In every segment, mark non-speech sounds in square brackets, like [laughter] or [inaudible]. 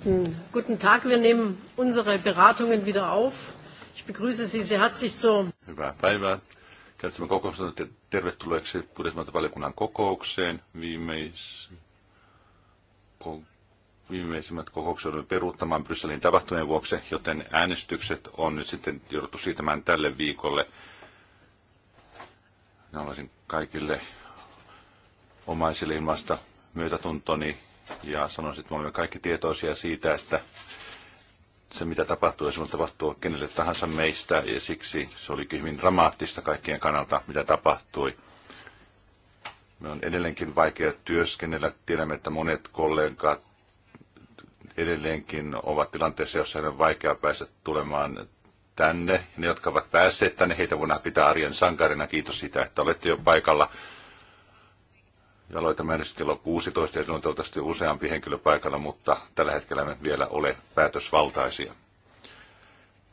Guten, guten Tag. Wir nehmen unsere Beratungen wieder auf. Ich begrüße Sie sehr herzlich zur... Hyvää päivää. Käytämme kokousta tervetulleeksi budjettivaliokunnan kokoukseen. Viimeis... Ko... Viimeisimmät kokoukset on peruuttamaan Brysselin tapahtumien vuoksi, joten äänestykset on nyt sitten jouduttu siirtämään tälle viikolle. Minä haluaisin kaikille omaisille ilmaista myötätuntoni ja sanoisin, että me olemme kaikki tietoisia siitä, että se mitä tapahtuu, ei sinulle tapahtuu kenelle tahansa meistä, ja siksi se oli hyvin dramaattista kaikkien kannalta, mitä tapahtui. Me on edelleenkin vaikea työskennellä. Tiedämme, että monet kollegat edelleenkin ovat tilanteessa, jossa heidän on vaikea päästä tulemaan tänne. Ne, jotka ovat päässeet tänne, heitä voidaan pitää arjen sankarina. Kiitos siitä, että olette jo paikalla ja aloitamme äänestys kello 16 ja silloin toivottavasti useampi henkilö paikalla, mutta tällä hetkellä me vielä ole päätösvaltaisia.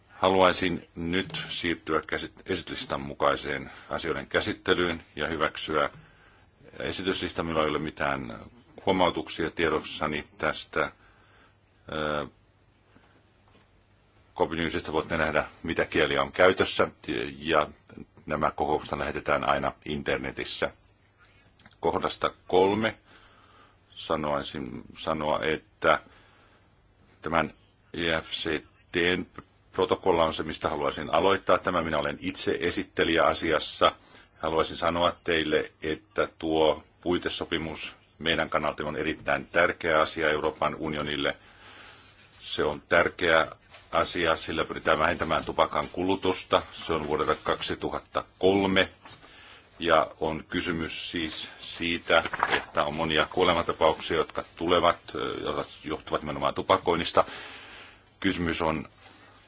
Haluaisin nyt siirtyä esityslistan mukaiseen asioiden käsittelyyn ja hyväksyä esityslista, millä ei ole mitään huomautuksia tiedossani tästä. Kopinyysistä voitte nähdä, mitä kieliä on käytössä ja nämä kokoukset lähetetään aina internetissä kohdasta kolme sanoisin, sanoa, että tämän EFCTn protokolla on se, mistä haluaisin aloittaa. Tämä minä olen itse esittelijä asiassa. Haluaisin sanoa teille, että tuo puitesopimus meidän kannalta on erittäin tärkeä asia Euroopan unionille. Se on tärkeä asia, sillä pyritään vähentämään tupakan kulutusta. Se on vuodelta 2003 ja on kysymys siis siitä, että on monia kuolematapauksia, jotka tulevat, jotka johtuvat nimenomaan tupakoinnista. Kysymys on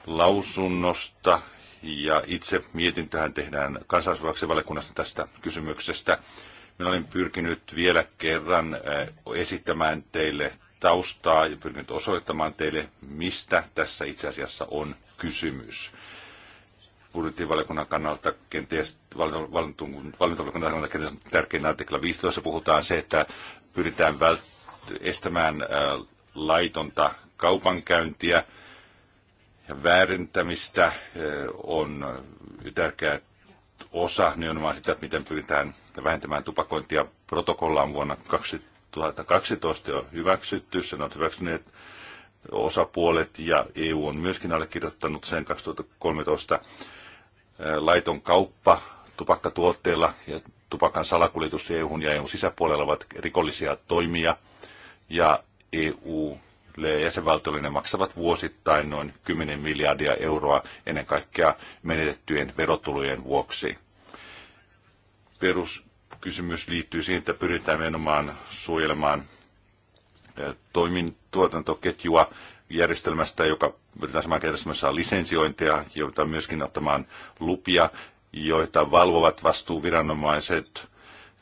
lausunnosta ja itse mietin tähän tehdään kansallisvalaksi valiokunnasta tästä kysymyksestä. Minä olin pyrkinyt vielä kerran esittämään teille taustaa ja pyrkinyt osoittamaan teille, mistä tässä itse asiassa on kysymys budjettivaliokunnan kannalta kenties, valintavaliokunnan kannalta kenties tärkein artikla 15 puhutaan se, että pyritään vält- estämään äh, laitonta kaupankäyntiä ja väärentämistä äh, on tärkeä osa nimenomaan sitä, miten pyritään vähentämään tupakointia. protokollaan vuonna 2012 on hyväksytty, sen on hyväksyneet osapuolet ja EU on myöskin allekirjoittanut sen 2013 laiton kauppa tupakkatuotteilla ja tupakan salakuljetus EU- ja EUn sisäpuolella ovat rikollisia toimia ja EU ja jäsenvaltioille maksavat vuosittain noin 10 miljardia euroa ennen kaikkea menetettyjen verotulojen vuoksi. Peruskysymys liittyy siihen, että pyritään menomaan suojelemaan toimin tuotantoketjua järjestelmästä, joka pyritään samaan järjestelmässä on lisensiointeja, joita myöskin ottamaan lupia, joita valvovat vastuuviranomaiset.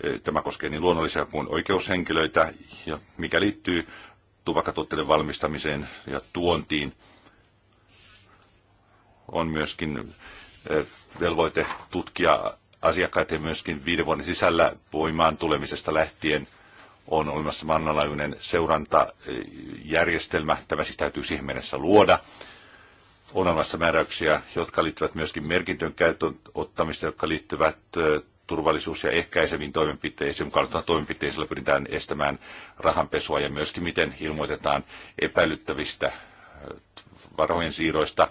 E, tämä koskee niin luonnollisia kuin oikeushenkilöitä, ja mikä liittyy tupakkatuotteiden valmistamiseen ja tuontiin. On myöskin e, velvoite tutkia asiakkaiden myöskin viiden vuoden sisällä voimaan tulemisesta lähtien – on olemassa maailmanlaajuinen seurantajärjestelmä. Tämä siis täytyy siihen mennessä luoda. On olemassa määräyksiä, jotka liittyvät myöskin merkintöjen käyttöön ottamista, jotka liittyvät turvallisuus- ja ehkäiseviin toimenpiteisiin. Mukaan toimenpiteisillä pyritään estämään rahanpesua ja myöskin miten ilmoitetaan epäilyttävistä varojen siirroista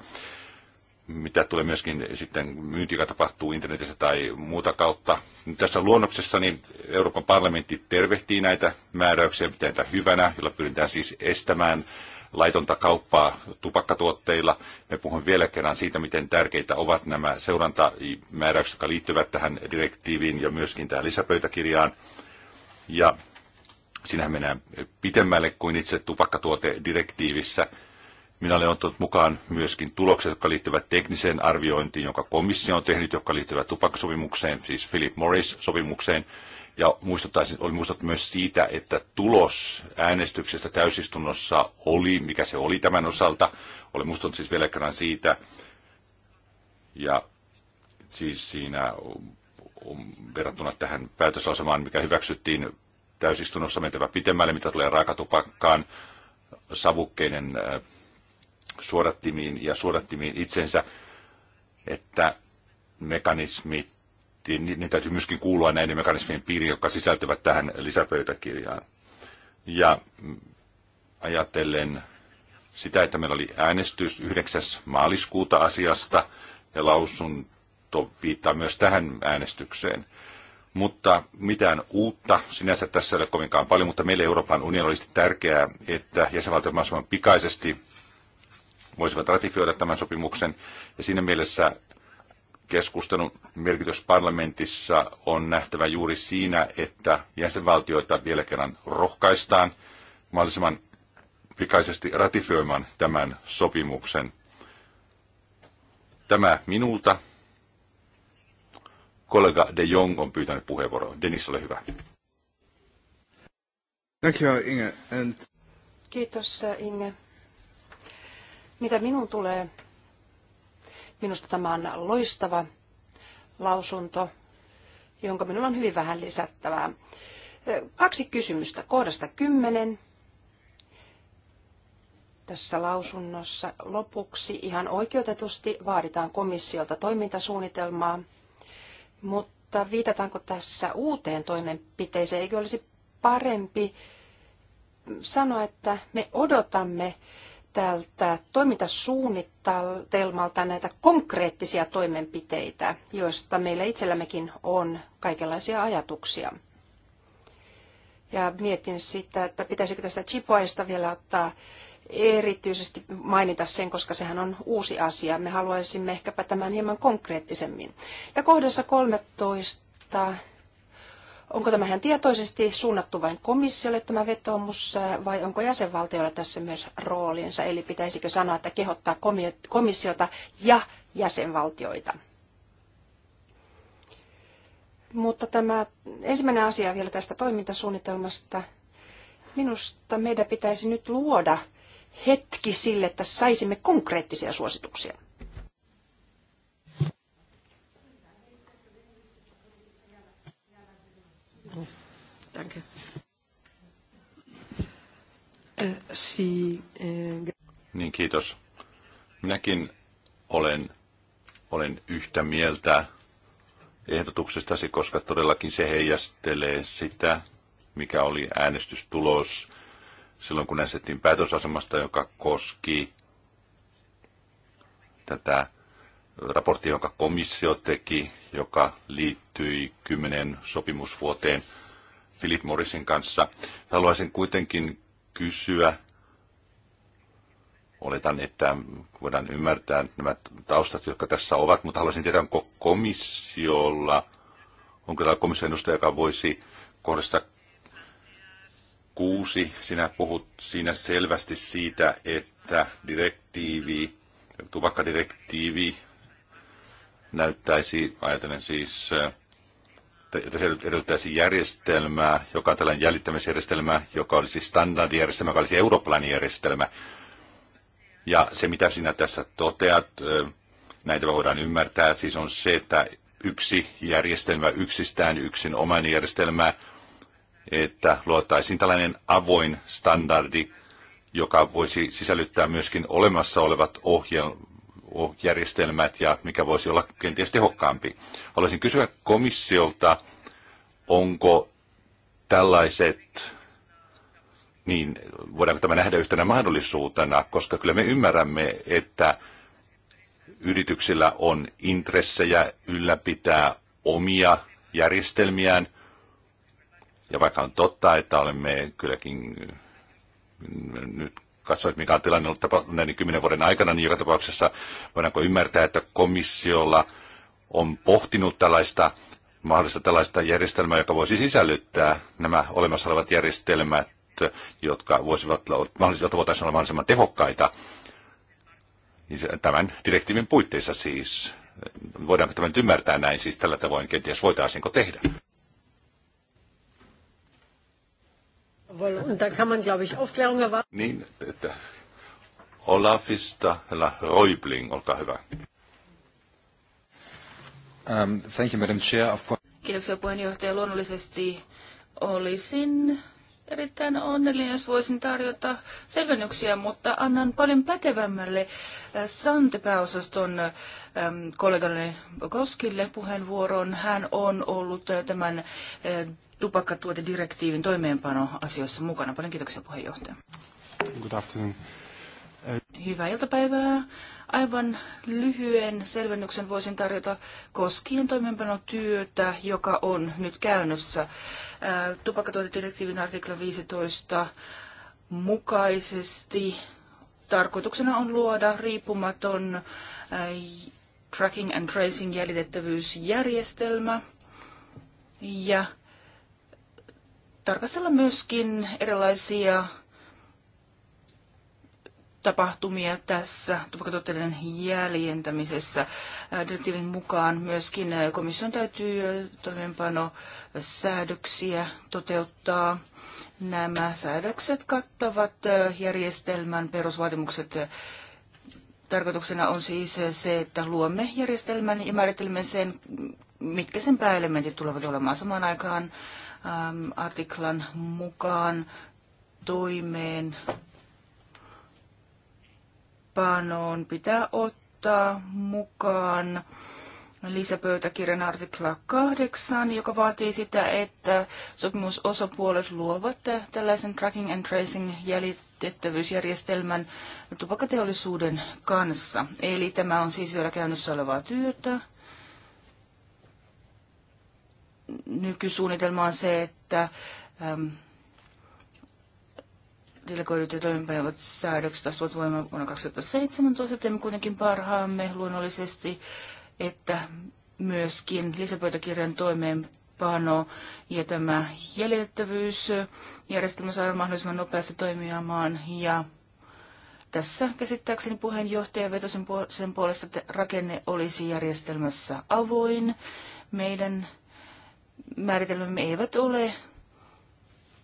mitä tulee myöskin sitten myynti, joka tapahtuu internetissä tai muuta kautta. Tässä luonnoksessa niin Euroopan parlamentti tervehtii näitä määräyksiä, pitää niitä hyvänä, jolla pyritään siis estämään laitonta kauppaa tupakkatuotteilla. Me puhun vielä kerran siitä, miten tärkeitä ovat nämä seurantamääräykset, jotka liittyvät tähän direktiiviin ja myöskin tähän lisäpöytäkirjaan. Ja sinähän mennään pitemmälle kuin itse tupakkatuotedirektiivissä. direktiivissä minä olen ottanut mukaan myöskin tulokset, jotka liittyvät tekniseen arviointiin, jonka komissio on tehnyt, jotka liittyvät tupakkasopimukseen, siis Philip Morris-sopimukseen. Ja muistuttaisin, oli muistuttanut myös siitä, että tulos äänestyksestä täysistunnossa oli, mikä se oli tämän osalta. Oli muistuttanut siis vielä kerran siitä. Ja siis siinä verrattuna tähän päätösasemaan, mikä hyväksyttiin täysistunnossa mentävä pitemmälle, mitä tulee raakatupakkaan, savukkeiden äh, suodattimiin ja suodattimiin itsensä, että mekanismit, niin, niin täytyy myöskin kuulua näiden mekanismien piiriin, jotka sisältyvät tähän lisäpöytäkirjaan. Ja ajatellen sitä, että meillä oli äänestys 9. maaliskuuta asiasta ja lausunto viittaa myös tähän äänestykseen. Mutta mitään uutta sinänsä tässä ei ole kovinkaan paljon, mutta meille Euroopan unionille olisi tärkeää, että jäsenvaltiot mahdollisimman pikaisesti voisivat ratifioida tämän sopimuksen. Ja siinä mielessä keskustelun merkitys parlamentissa on nähtävä juuri siinä, että jäsenvaltioita vielä kerran rohkaistaan mahdollisimman pikaisesti ratifioimaan tämän sopimuksen. Tämä minulta. Kollega De Jong on pyytänyt puheenvuoroa. Dennis, ole hyvä. Thank you, Inge. And... Kiitos Inge. Mitä minun tulee, minusta tämä on loistava lausunto, jonka minulla on hyvin vähän lisättävää. Kaksi kysymystä kohdasta kymmenen tässä lausunnossa. Lopuksi ihan oikeutetusti vaaditaan komissiolta toimintasuunnitelmaa, mutta viitataanko tässä uuteen toimenpiteeseen? Eikö olisi parempi sanoa, että me odotamme tältä toimintasuunnitelmalta näitä konkreettisia toimenpiteitä, joista meillä itsellämmekin on kaikenlaisia ajatuksia. Ja mietin sitä, että pitäisikö tästä Chipoista vielä ottaa erityisesti mainita sen, koska sehän on uusi asia. Me haluaisimme ehkäpä tämän hieman konkreettisemmin. Ja kohdassa 13 Onko tämä ihan tietoisesti suunnattu vain komissiolle tämä vetoomus äh, vai onko jäsenvaltioilla tässä myös roolinsa? Eli pitäisikö sanoa, että kehottaa komissiota ja jäsenvaltioita? Mutta tämä ensimmäinen asia vielä tästä toimintasuunnitelmasta. Minusta meidän pitäisi nyt luoda hetki sille, että saisimme konkreettisia suosituksia. Danke. Äh, äh, niin, kiitos. Minäkin olen, olen yhtä mieltä ehdotuksestasi, koska todellakin se heijastelee sitä, mikä oli äänestystulos silloin, kun äänestettiin päätösasemasta, joka koski tätä raporttia, jonka komissio teki, joka liittyi kymmenen sopimusvuoteen – Philip Morrisin kanssa. Haluaisin kuitenkin kysyä, oletan, että voidaan ymmärtää nämä taustat, jotka tässä ovat, mutta haluaisin tietää, onko komissiolla, onko tämä komission edustaja, joka voisi kohdistaa kuusi, sinä puhut siinä selvästi siitä, että direktiivi, tupakkadirektiivi näyttäisi, ajatellen siis että se edellyttäisi järjestelmää, joka on tällainen jäljittämisjärjestelmä, joka olisi standardijärjestelmä, joka olisi eurooppalainen järjestelmä. Ja se, mitä sinä tässä toteat, näitä voidaan ymmärtää, siis on se, että yksi järjestelmä yksistään, yksin oman järjestelmä, että luotaisiin tällainen avoin standardi, joka voisi sisällyttää myöskin olemassa olevat ohjel- järjestelmät ja mikä voisi olla kenties tehokkaampi. Haluaisin kysyä komissiolta, onko tällaiset, niin voidaanko tämä nähdä yhtenä mahdollisuutena, koska kyllä me ymmärrämme, että yrityksillä on intressejä ylläpitää omia järjestelmiään. Ja vaikka on totta, että olemme kylläkin nyt katsoit, mikä on tilanne ollut tapa- näiden kymmenen vuoden aikana, niin joka tapauksessa voidaanko ymmärtää, että komissiolla on pohtinut tällaista mahdollista tällaista järjestelmää, joka voisi sisällyttää nämä olemassa olevat järjestelmät, jotka voisivat olla, jotka voitaisiin olla mahdollisimman tehokkaita niin tämän direktiivin puitteissa siis. Voidaanko tämän ymmärtää näin, siis tällä tavoin kenties voitaisiinko tehdä? und da kann man, glaube ich, Aufklärung erwarten. Niin, että Olafista, La Roibling, olkaa hyvä. Um, thank you, Madam Chair. Of course. Kiitoksia puheenjohtaja. Luonnollisesti olisin erittäin onnellinen, jos voisin tarjota selvennyksiä, mutta annan paljon pätevämmälle äh, Sante-pääosaston ähm, kollegalle Koskille puheenvuoron. Hän on ollut äh, tämän äh, tupakkatuotedirektiivin toimeenpano mukana. Paljon kiitoksia puheenjohtaja. Good afternoon. Hyvää iltapäivää. Aivan lyhyen selvennyksen voisin tarjota koskien toimeenpanotyötä, joka on nyt käynnössä. Äh, tupakkatuotedirektiivin artikla 15 mukaisesti tarkoituksena on luoda riippumaton äh, tracking and tracing jäljitettävyysjärjestelmä ja tarkastella myöskin erilaisia tapahtumia tässä tupakkatuotteiden jäljentämisessä. Direktiivin mukaan myöskin komission täytyy toimeenpano säädöksiä toteuttaa. Nämä säädökset kattavat järjestelmän perusvaatimukset. Tarkoituksena on siis se, että luomme järjestelmän ja määrittelemme sen, mitkä sen pääelementit tulevat olemaan samaan aikaan äm, artiklan mukaan toimeen panoon pitää ottaa mukaan lisäpöytäkirjan artikla 8, joka vaatii sitä, että sopimusosapuolet luovat tällaisen tracking and tracing jäljitettävyysjärjestelmän tupakkateollisuuden kanssa. Eli tämä on siis vielä käynnissä olevaa työtä nykysuunnitelma on se, että äm, delegoidut ja toimenpäivät säädökset astuvat voimaan vuonna 2017. Teemme kuitenkin parhaamme luonnollisesti, että myöskin lisäpöytäkirjan toimeenpano ja tämä jäljitettävyysjärjestelmä saada mahdollisimman nopeasti toimimaan ja tässä käsittääkseni puheenjohtaja vetosen sen puolesta, että rakenne olisi järjestelmässä avoin. Meidän määritelmämme eivät ole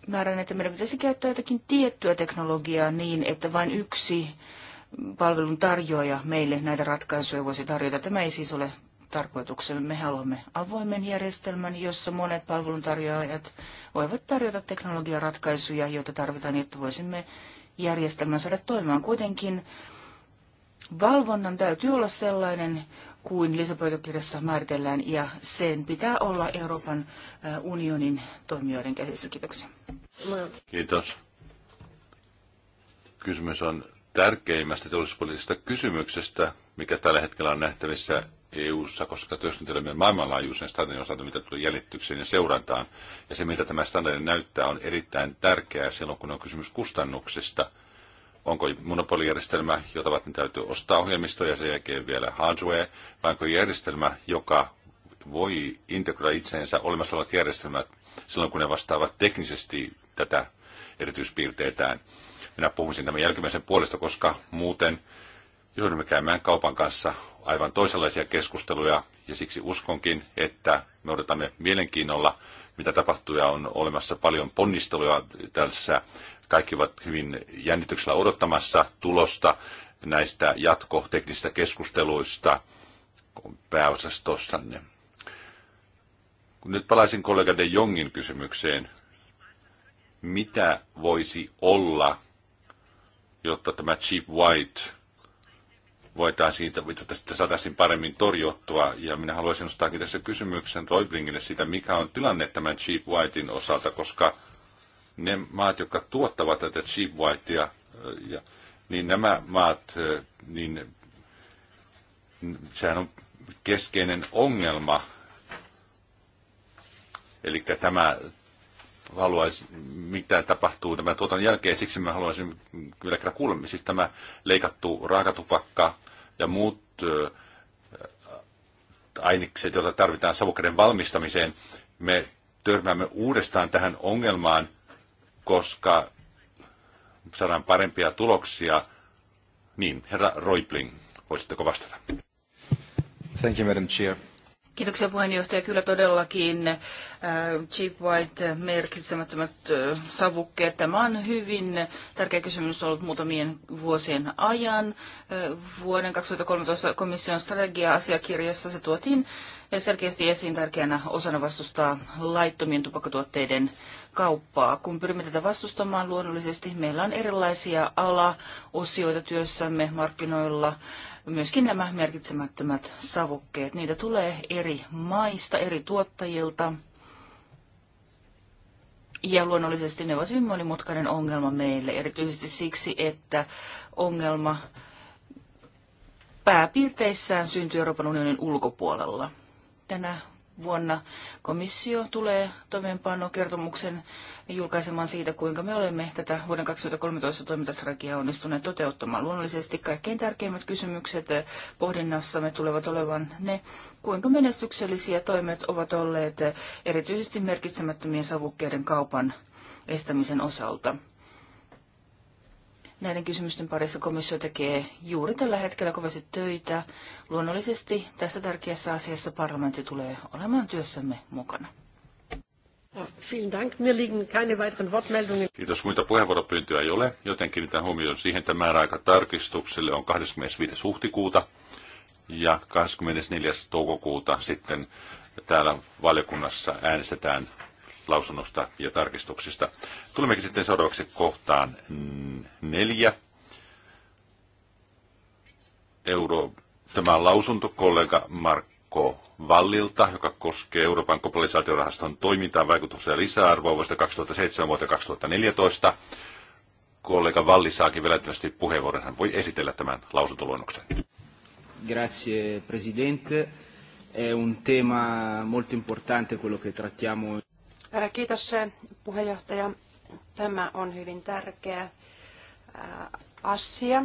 määrän, että meidän pitäisi käyttää jotakin tiettyä teknologiaa niin, että vain yksi palvelun tarjoaja meille näitä ratkaisuja voisi tarjota. Tämä ei siis ole tarkoituksemme. Me haluamme avoimen järjestelmän, jossa monet palveluntarjoajat voivat tarjota teknologiaratkaisuja, joita tarvitaan, jotta voisimme järjestelmän saada toimimaan. Kuitenkin valvonnan täytyy olla sellainen, kuin lisäpöytäkirjassa määritellään, ja sen pitää olla Euroopan äh, unionin toimijoiden käsissä. Kiitoksia. Kiitos. Kysymys on tärkeimmästä teollisuuspoliittisesta kysymyksestä, mikä tällä hetkellä on nähtävissä EU-ssa, koska työskentelemme maailmanlaajuisen standardin osalta, mitä tulee jäljitykseen ja seurantaan. Ja se, miltä tämä standardi näyttää, on erittäin tärkeää silloin, kun on kysymys kustannuksista – onko monopolijärjestelmä, jota varten täytyy ostaa ohjelmistoja ja sen jälkeen vielä hardware, vai onko järjestelmä, joka voi integroida itseensä olemassa olevat järjestelmät silloin, kun ne vastaavat teknisesti tätä erityispiirteetään. Minä puhuisin tämän jälkimmäisen puolesta, koska muuten joudumme käymään kaupan kanssa aivan toisenlaisia keskusteluja, ja siksi uskonkin, että me odotamme mielenkiinnolla mitä tapahtuu, ja on olemassa paljon ponnisteluja tässä. Kaikki ovat hyvin jännityksellä odottamassa tulosta näistä jatkoteknisistä keskusteluista pääosastossanne. Nyt palaisin kollega De Jongin kysymykseen. Mitä voisi olla, jotta tämä Cheap White – voitaisiin, että saataisiin paremmin torjottua. Ja minä haluaisin nostaakin tässä kysymyksen Toiblingille sitä mikä on tilanne tämän Cheap Whitein osalta, koska ne maat, jotka tuottavat tätä Cheap Whitea, ja, niin nämä maat, niin sehän on keskeinen ongelma. Eli tämä haluaisin, mitä tapahtuu tämän tuotan jälkeen. Siksi mä haluaisin kyllä kerran kuulla, siis tämä leikattu raakatupakka ja muut ainekset, joita tarvitaan savukkeiden valmistamiseen. Me törmäämme uudestaan tähän ongelmaan, koska saadaan parempia tuloksia. Niin, herra Roipling, voisitteko vastata? Thank you, Madam Chair. Kiitoksia puheenjohtaja. Kyllä todellakin äh, cheap white merkitsemättömät äh, savukkeet. Tämä on hyvin tärkeä kysymys ollut muutamien vuosien ajan. Äh, vuoden 2013 komission strategia-asiakirjassa se tuotiin selkeästi esiin tärkeänä osana vastustaa laittomien tupakkatuotteiden kauppaa. Kun pyrimme tätä vastustamaan luonnollisesti, meillä on erilaisia alaosioita työssämme markkinoilla myöskin nämä merkitsemättömät savukkeet. Niitä tulee eri maista, eri tuottajilta. Ja luonnollisesti ne ovat hyvin monimutkainen ongelma meille, erityisesti siksi, että ongelma pääpiirteissään syntyy Euroopan unionin ulkopuolella. Tänä vuonna komissio tulee toimeenpanokertomuksen julkaisemaan siitä, kuinka me olemme tätä vuoden 2013 toimintastrategiaa onnistuneet toteuttamaan. Luonnollisesti kaikkein tärkeimmät kysymykset pohdinnassamme tulevat olevan ne, kuinka menestyksellisiä toimet ovat olleet erityisesti merkitsemättömien savukkeiden kaupan estämisen osalta. Näiden kysymysten parissa komissio tekee juuri tällä hetkellä kovasti töitä. Luonnollisesti tässä tärkeässä asiassa parlamentti tulee olemaan työssämme mukana. Kiitos. Muita puheenvuoropyyntöjä ei ole, joten kiinnitän huomioon siihen, että määräaika tarkistukselle on 25. huhtikuuta ja 24. toukokuuta sitten täällä valiokunnassa äänestetään lausunnosta ja tarkistuksista. Tulemmekin sitten seuraavaksi kohtaan neljä. Euro, tämä on lausunto kollega Marko Vallilta, joka koskee Euroopan globalisaatiorahaston toimintaan vaikutuksia ja lisäarvoa vuodesta 2007 vuoteen 2014. Kollega Valli saakin välittömästi puheenvuoron. Hän voi esitellä tämän lausuntoluonnoksen. Grazie Presidente. È un tema molto importante quello che trattiamo. Kiitos puheenjohtaja. Tämä on hyvin tärkeä asia,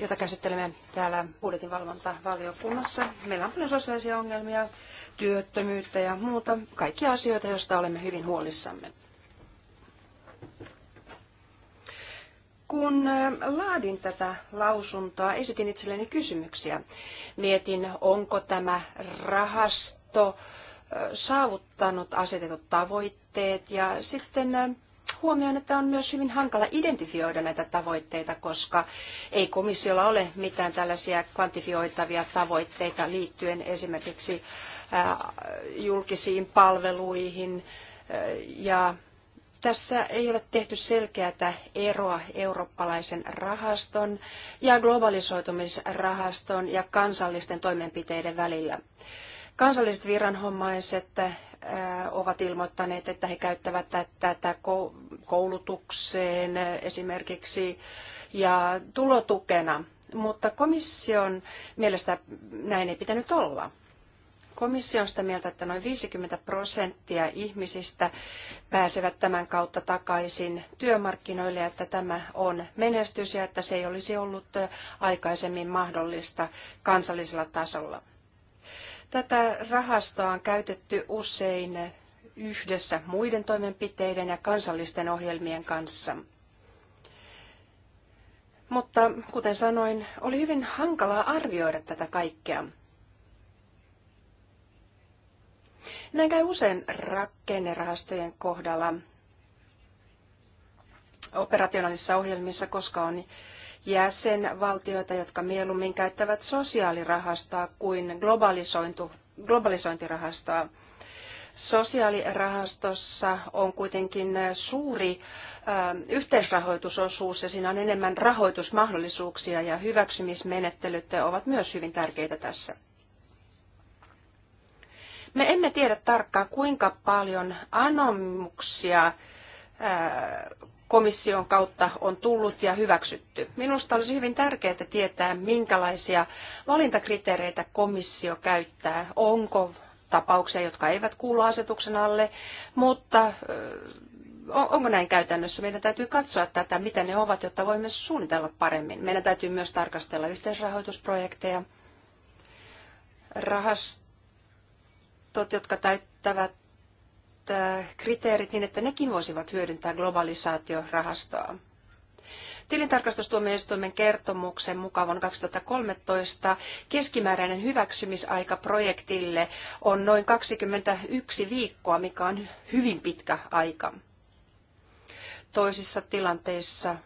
jota käsittelemme täällä valvontavaliokunnassa. Meillä on paljon sosiaalisia ongelmia, työttömyyttä ja muuta, kaikkia asioita, joista olemme hyvin huolissamme. kun laadin tätä lausuntoa, esitin itselleni kysymyksiä. Mietin, onko tämä rahasto saavuttanut asetetut tavoitteet ja sitten huomioon, että on myös hyvin hankala identifioida näitä tavoitteita, koska ei komissiolla ole mitään tällaisia kvantifioitavia tavoitteita liittyen esimerkiksi julkisiin palveluihin. Ja tässä ei ole tehty selkeää eroa eurooppalaisen rahaston ja globalisoitumisrahaston ja kansallisten toimenpiteiden välillä. Kansalliset viranhomaiset äh, ovat ilmoittaneet, että he käyttävät tätä koulutukseen esimerkiksi ja tulotukena, mutta komission mielestä näin ei pitänyt olla. Komissio on sitä mieltä, että noin 50 prosenttia ihmisistä pääsevät tämän kautta takaisin työmarkkinoille, ja että tämä on menestys ja että se ei olisi ollut aikaisemmin mahdollista kansallisella tasolla. Tätä rahastoa on käytetty usein yhdessä muiden toimenpiteiden ja kansallisten ohjelmien kanssa. Mutta kuten sanoin, oli hyvin hankalaa arvioida tätä kaikkea. Näin käy usein rakennerahastojen kohdalla operationaalisissa ohjelmissa, koska on jäsenvaltioita, jotka mieluummin käyttävät sosiaalirahastoa kuin globalisointirahastoa. Sosiaalirahastossa on kuitenkin suuri äh, yhteisrahoitusosuus ja siinä on enemmän rahoitusmahdollisuuksia ja hyväksymismenettelyt ovat myös hyvin tärkeitä tässä. Me emme tiedä tarkkaan, kuinka paljon anomuksia äh, komission kautta on tullut ja hyväksytty. Minusta olisi hyvin tärkeää tietää, minkälaisia valintakriteereitä komissio käyttää. Onko tapauksia, jotka eivät kuulu asetuksen alle, mutta onko näin käytännössä? Meidän täytyy katsoa tätä, mitä ne ovat, jotta voimme suunnitella paremmin. Meidän täytyy myös tarkastella yhteisrahoitusprojekteja, rahastot, jotka täyttävät Äh, kriteerit niin, että nekin voisivat hyödyntää globalisaatiorahastoa. Tilintarkastustuomioistuimen kertomuksen mukaan vuonna 2013 keskimääräinen hyväksymisaika projektille on noin 21 viikkoa, mikä on hyvin pitkä aika. Toisissa tilanteissa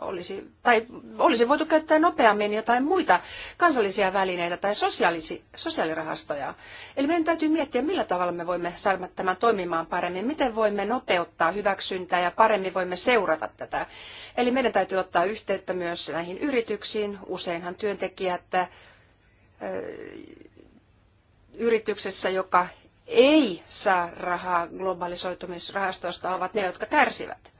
olisi, tai olisi voitu käyttää nopeammin jotain muita kansallisia välineitä tai sosiaalisi, sosiaalirahastoja. Eli meidän täytyy miettiä, millä tavalla me voimme saada tämän toimimaan paremmin, miten voimme nopeuttaa hyväksyntää ja paremmin voimme seurata tätä. Eli meidän täytyy ottaa yhteyttä myös näihin yrityksiin. Useinhan työntekijät äh, yrityksessä, joka ei saa rahaa globalisoitumisrahastosta, ovat ne, jotka kärsivät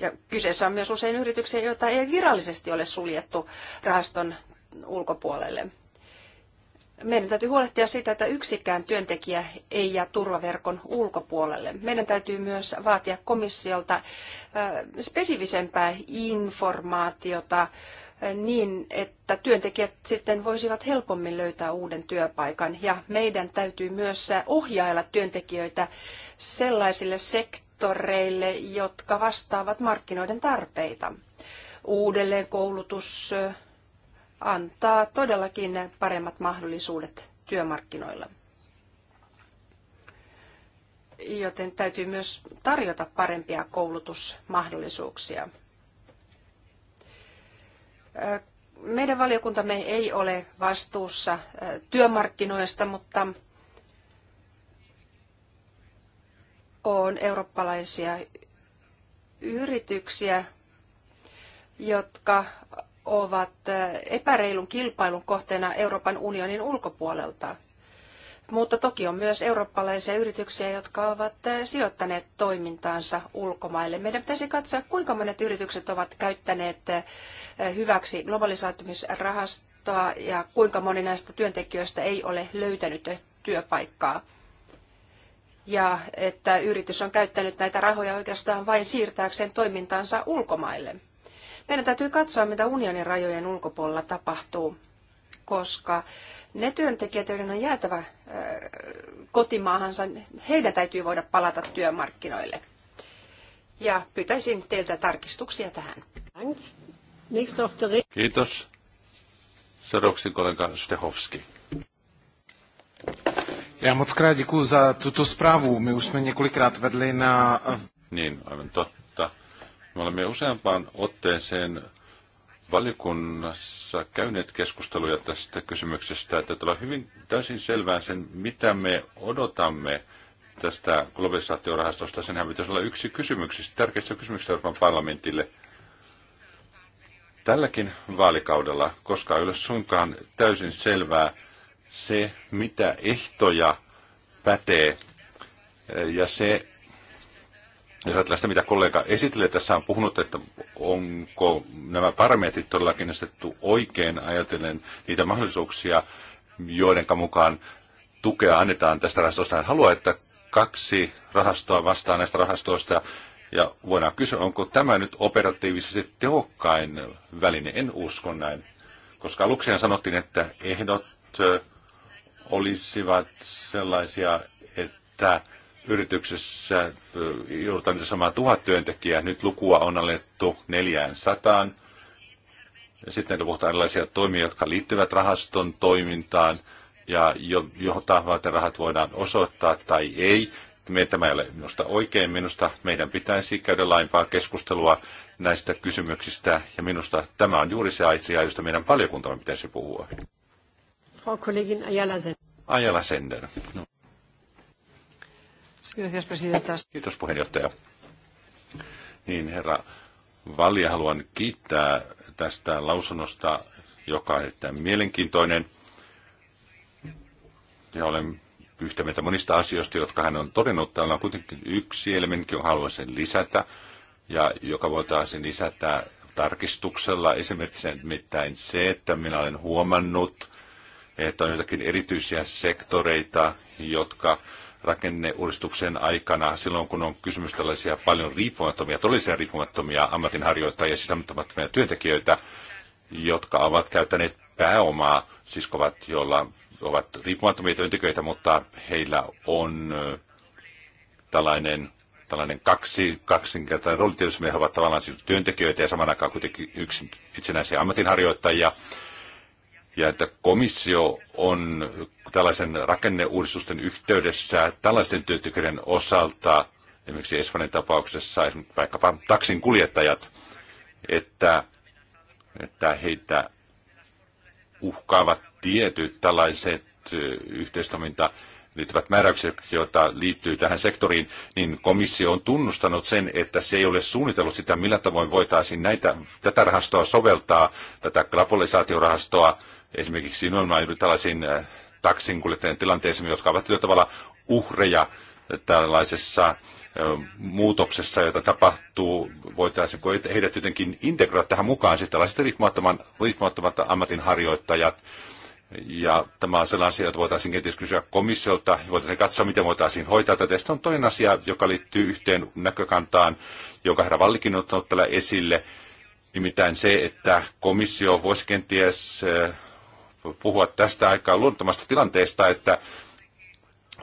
ja kyseessä on myös usein yrityksiä, joita ei virallisesti ole suljettu rahaston ulkopuolelle. Meidän täytyy huolehtia siitä, että yksikään työntekijä ei jää turvaverkon ulkopuolelle. Meidän täytyy myös vaatia komissiolta spesivisempää informaatiota niin, että työntekijät sitten voisivat helpommin löytää uuden työpaikan. Ja meidän täytyy myös ohjailla työntekijöitä sellaisille sektoreille, sektoreille, jotka vastaavat markkinoiden tarpeita. Uudelleenkoulutus antaa todellakin paremmat mahdollisuudet työmarkkinoilla. Joten täytyy myös tarjota parempia koulutusmahdollisuuksia. Meidän valiokuntamme ei ole vastuussa työmarkkinoista, mutta on eurooppalaisia yrityksiä, jotka ovat eh, epäreilun kilpailun kohteena Euroopan unionin ulkopuolelta. Mutta toki on myös eurooppalaisia yrityksiä, jotka ovat eh, sijoittaneet toimintaansa ulkomaille. Meidän pitäisi katsoa, kuinka monet yritykset ovat käyttäneet eh, hyväksi globalisaatumisrahastoa ja kuinka moni näistä työntekijöistä ei ole löytänyt työpaikkaa ja että yritys on käyttänyt näitä rahoja oikeastaan vain siirtääkseen toimintaansa ulkomaille. Meidän täytyy katsoa, mitä unionin rajojen ulkopuolella tapahtuu, koska ne työntekijät, joiden on jäätävä kotimaahansa, heidän täytyy voida palata työmarkkinoille. Ja pyytäisin teiltä tarkistuksia tähän. Kiitos. Seuraavaksi kollega Stehovski. Já moc krát děkuji za tuto zprávu. My už jsme několikrát vedli na... Eh, niin, aivan totta. Me olemme useampaan otteeseen valiokunnassa käyneet keskusteluja tästä kysymyksestä, että on hyvin täysin selvää sen, mitä me odotamme tästä globalisaatiorahastosta. Senhän pitäisi olla yksi kysymyksistä, tärkeistä kysymyksistä Euroopan parlamentille. Tälläkin vaalikaudella, koska ei ole suinkaan täysin selvää, se, mitä ehtoja pätee ja se, jos ajatellaan sitä, mitä kollega esittelee, tässä on puhunut, että onko nämä parametrit todellakin asetettu oikein ajatellen niitä mahdollisuuksia, joiden mukaan tukea annetaan tästä rahastosta. Hän haluaa, että kaksi rahastoa vastaa näistä rahastoista ja voidaan kysyä, onko tämä nyt operatiivisesti tehokkain väline. En usko näin, koska aluksi sanottiin, että ehdot olisivat sellaisia, että yrityksessä joudutaan niitä samaa tuhat työntekijää. Nyt lukua on alettu 400. Sitten näitä puhutaan erilaisia toimia, jotka liittyvät rahaston toimintaan ja jo, johtaa rahat voidaan osoittaa tai ei. Tämä ei ole minusta oikein. Minusta meidän pitäisi käydä laajempaa keskustelua näistä kysymyksistä ja minusta tämä on juuri se asia, josta meidän valiokuntamme pitäisi puhua. Frau Kollegin Ayala Sender. Ayala Sender. No. Kiitos, Kiitos puheenjohtaja. Niin, herra Valja, haluan kiittää tästä lausunnosta, joka on erittäin mielenkiintoinen. Ja olen yhtä mieltä monista asioista, jotka hän on todennut. Täällä on kuitenkin yksi elementti, johon haluan sen lisätä, ja joka voitaisiin lisätä tarkistuksella. Esimerkiksi nimittäin se, että minä olen huomannut, että on jotakin erityisiä sektoreita, jotka rakenneuudistuksen aikana, silloin kun on kysymys tällaisia paljon riippumattomia, todellisia riippumattomia ammatinharjoittajia sisämättömättömiä työntekijöitä, jotka ovat käyttäneet pääomaa, siis ovat, joilla ovat riippumattomia työntekijöitä, mutta heillä on tällainen tällainen kaksi, kaksinkertainen rooli. Tietysti he ovat tavallaan siis työntekijöitä ja saman aikaan kuitenkin yksin, itsenäisiä ammatinharjoittajia ja että komissio on tällaisen rakenneuudistusten yhteydessä tällaisten työntekijöiden osalta, esimerkiksi Espanjan tapauksessa vaikkapa taksin kuljettajat, että, että heitä uhkaavat tietyt tällaiset yhteistoiminta liittyvät määräykset, joita liittyy tähän sektoriin, niin komissio on tunnustanut sen, että se ei ole suunnitellut sitä, millä tavoin voitaisiin näitä, tätä rahastoa soveltaa, tätä globalisaatiorahastoa esimerkiksi normaaliin tällaisiin äh, taksinkuljettajien tilanteisiin, jotka ovat tietyllä tavalla uhreja äh, tällaisessa äh, muutoksessa, jota tapahtuu, voitaisiinko heidät jotenkin integroida tähän mukaan, siis tällaiset riippumattoman, riippumattomat ammatinharjoittajat, ja tämä on sellainen asia, jota voitaisiin kenties kysyä komissiolta, voitaisiin katsoa, miten voitaisiin hoitaa tätä. Sitten on toinen asia, joka liittyy yhteen näkökantaan, joka herra Vallikin on ottanut tällä esille, nimittäin se, että komissio voisi kenties puhua tästä aikaa luonnottomasta tilanteesta, että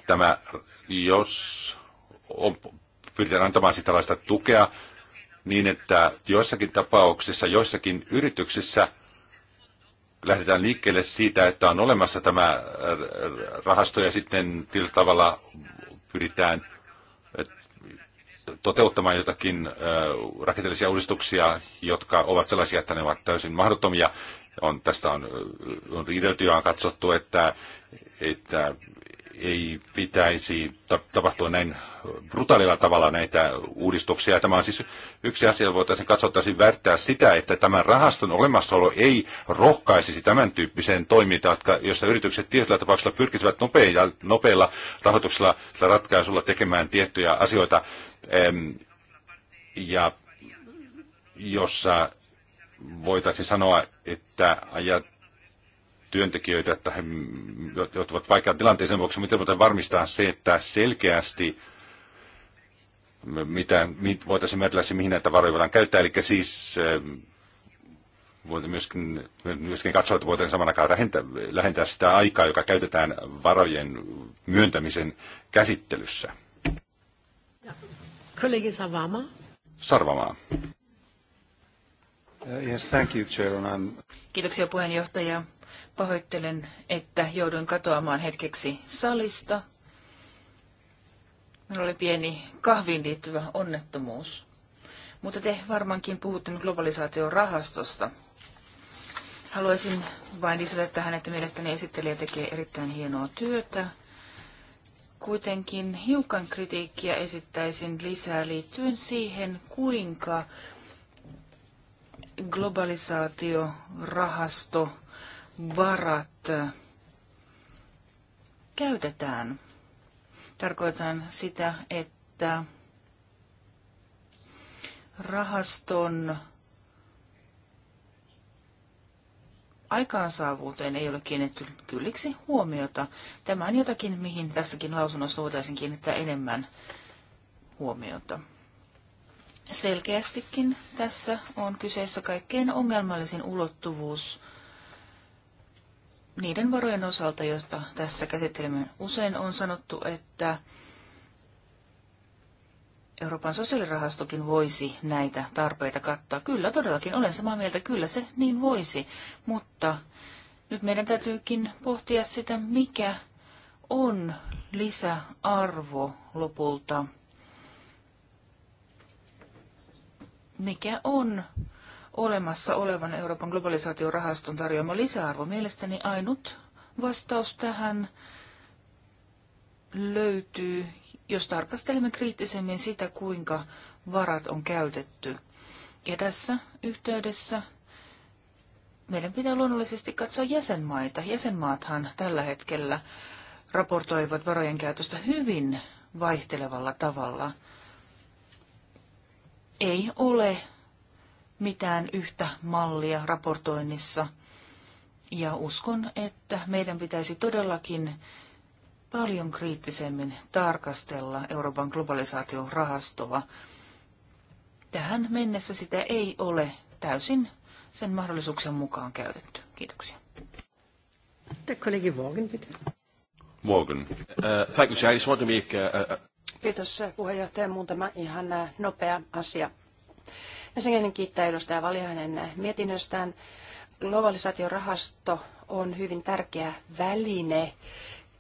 tämä, jos on, pyritään antamaan sitä tällaista tukea, niin että joissakin tapauksissa, joissakin yrityksissä lähdetään liikkeelle siitä, että on olemassa tämä rahasto ja sitten tällä tavalla pyritään toteuttamaan jotakin rakenteellisia uudistuksia, jotka ovat sellaisia, että ne ovat täysin mahdottomia. On, tästä on, on riidelty ja on katsottu, että, että ei pitäisi tapahtua näin brutaalilla tavalla näitä uudistuksia. Tämä on siis yksi asia, voitaisiin katsottaisiin välttää sitä, että tämän rahaston olemassaolo ei rohkaisisi tämän tyyppiseen toimintaan, jossa yritykset tietyllä tapauksella pyrkisivät nopeilla, nopeilla rahoituksella tai ratkaisulla tekemään tiettyjä asioita, ja jossa voitaisiin sanoa, että ajat työntekijöitä, että he joutuvat vaikeaan tilanteeseen vuoksi, miten voitaisiin varmistaa se, että selkeästi mitä, mit, voitaisiin määritellä se, mihin näitä varoja voidaan käyttää. Eli siis eh, myöskin, myöskin katsoa, että voitaisiin saman aikaan lähentää, lähentää sitä aikaa, joka käytetään varojen myöntämisen käsittelyssä. Kollegi Savama. Sarvamaa. Uh, yes, thank you, Kiitoksia puheenjohtaja. Pahoittelen, että jouduin katoamaan hetkeksi salista. Minulla oli pieni kahviin liittyvä onnettomuus. Mutta te varmaankin puhutte nyt globalisaation rahastosta. Haluaisin vain lisätä tähän, että mielestäni esittelijä tekee erittäin hienoa työtä. Kuitenkin hiukan kritiikkiä esittäisin lisää liittyen siihen, kuinka Globalisaatio, rahasto, varat käytetään. Tarkoitan sitä, että rahaston aikaansaavuuteen ei ole kiinnitetty kylliksi huomiota. Tämä on jotakin, mihin tässäkin lausunnossa voitaisiin kiinnittää enemmän huomiota. Selkeästikin tässä on kyseessä kaikkein ongelmallisin ulottuvuus niiden varojen osalta, joita tässä käsittelemme. Usein on sanottu, että Euroopan sosiaalirahastokin voisi näitä tarpeita kattaa. Kyllä, todellakin olen samaa mieltä, kyllä se niin voisi, mutta nyt meidän täytyykin pohtia sitä, mikä on lisäarvo lopulta mikä on olemassa olevan Euroopan globalisaatiorahaston tarjoama lisäarvo. Mielestäni ainut vastaus tähän löytyy, jos tarkastelemme kriittisemmin sitä, kuinka varat on käytetty. Ja tässä yhteydessä meidän pitää luonnollisesti katsoa jäsenmaita. Jäsenmaathan tällä hetkellä raportoivat varojen käytöstä hyvin vaihtelevalla tavalla – ei ole mitään yhtä mallia raportoinnissa. Ja uskon, että meidän pitäisi todellakin paljon kriittisemmin tarkastella Euroopan globalisaation rahastoa. Tähän mennessä sitä ei ole täysin sen mahdollisuuksien mukaan käytetty. Kiitoksia. Kollegi Morgan, bitte. Morgan. Uh, thank you, Chair. I just want to make a, uh, a, uh, Kiitos eh, puheenjohtaja. Muutama ihan eh, nopea asia. Ensinnäkin kiittää edustaja Valiainen eh, mietinnöstään. Globalisaatiorahasto on hyvin tärkeä väline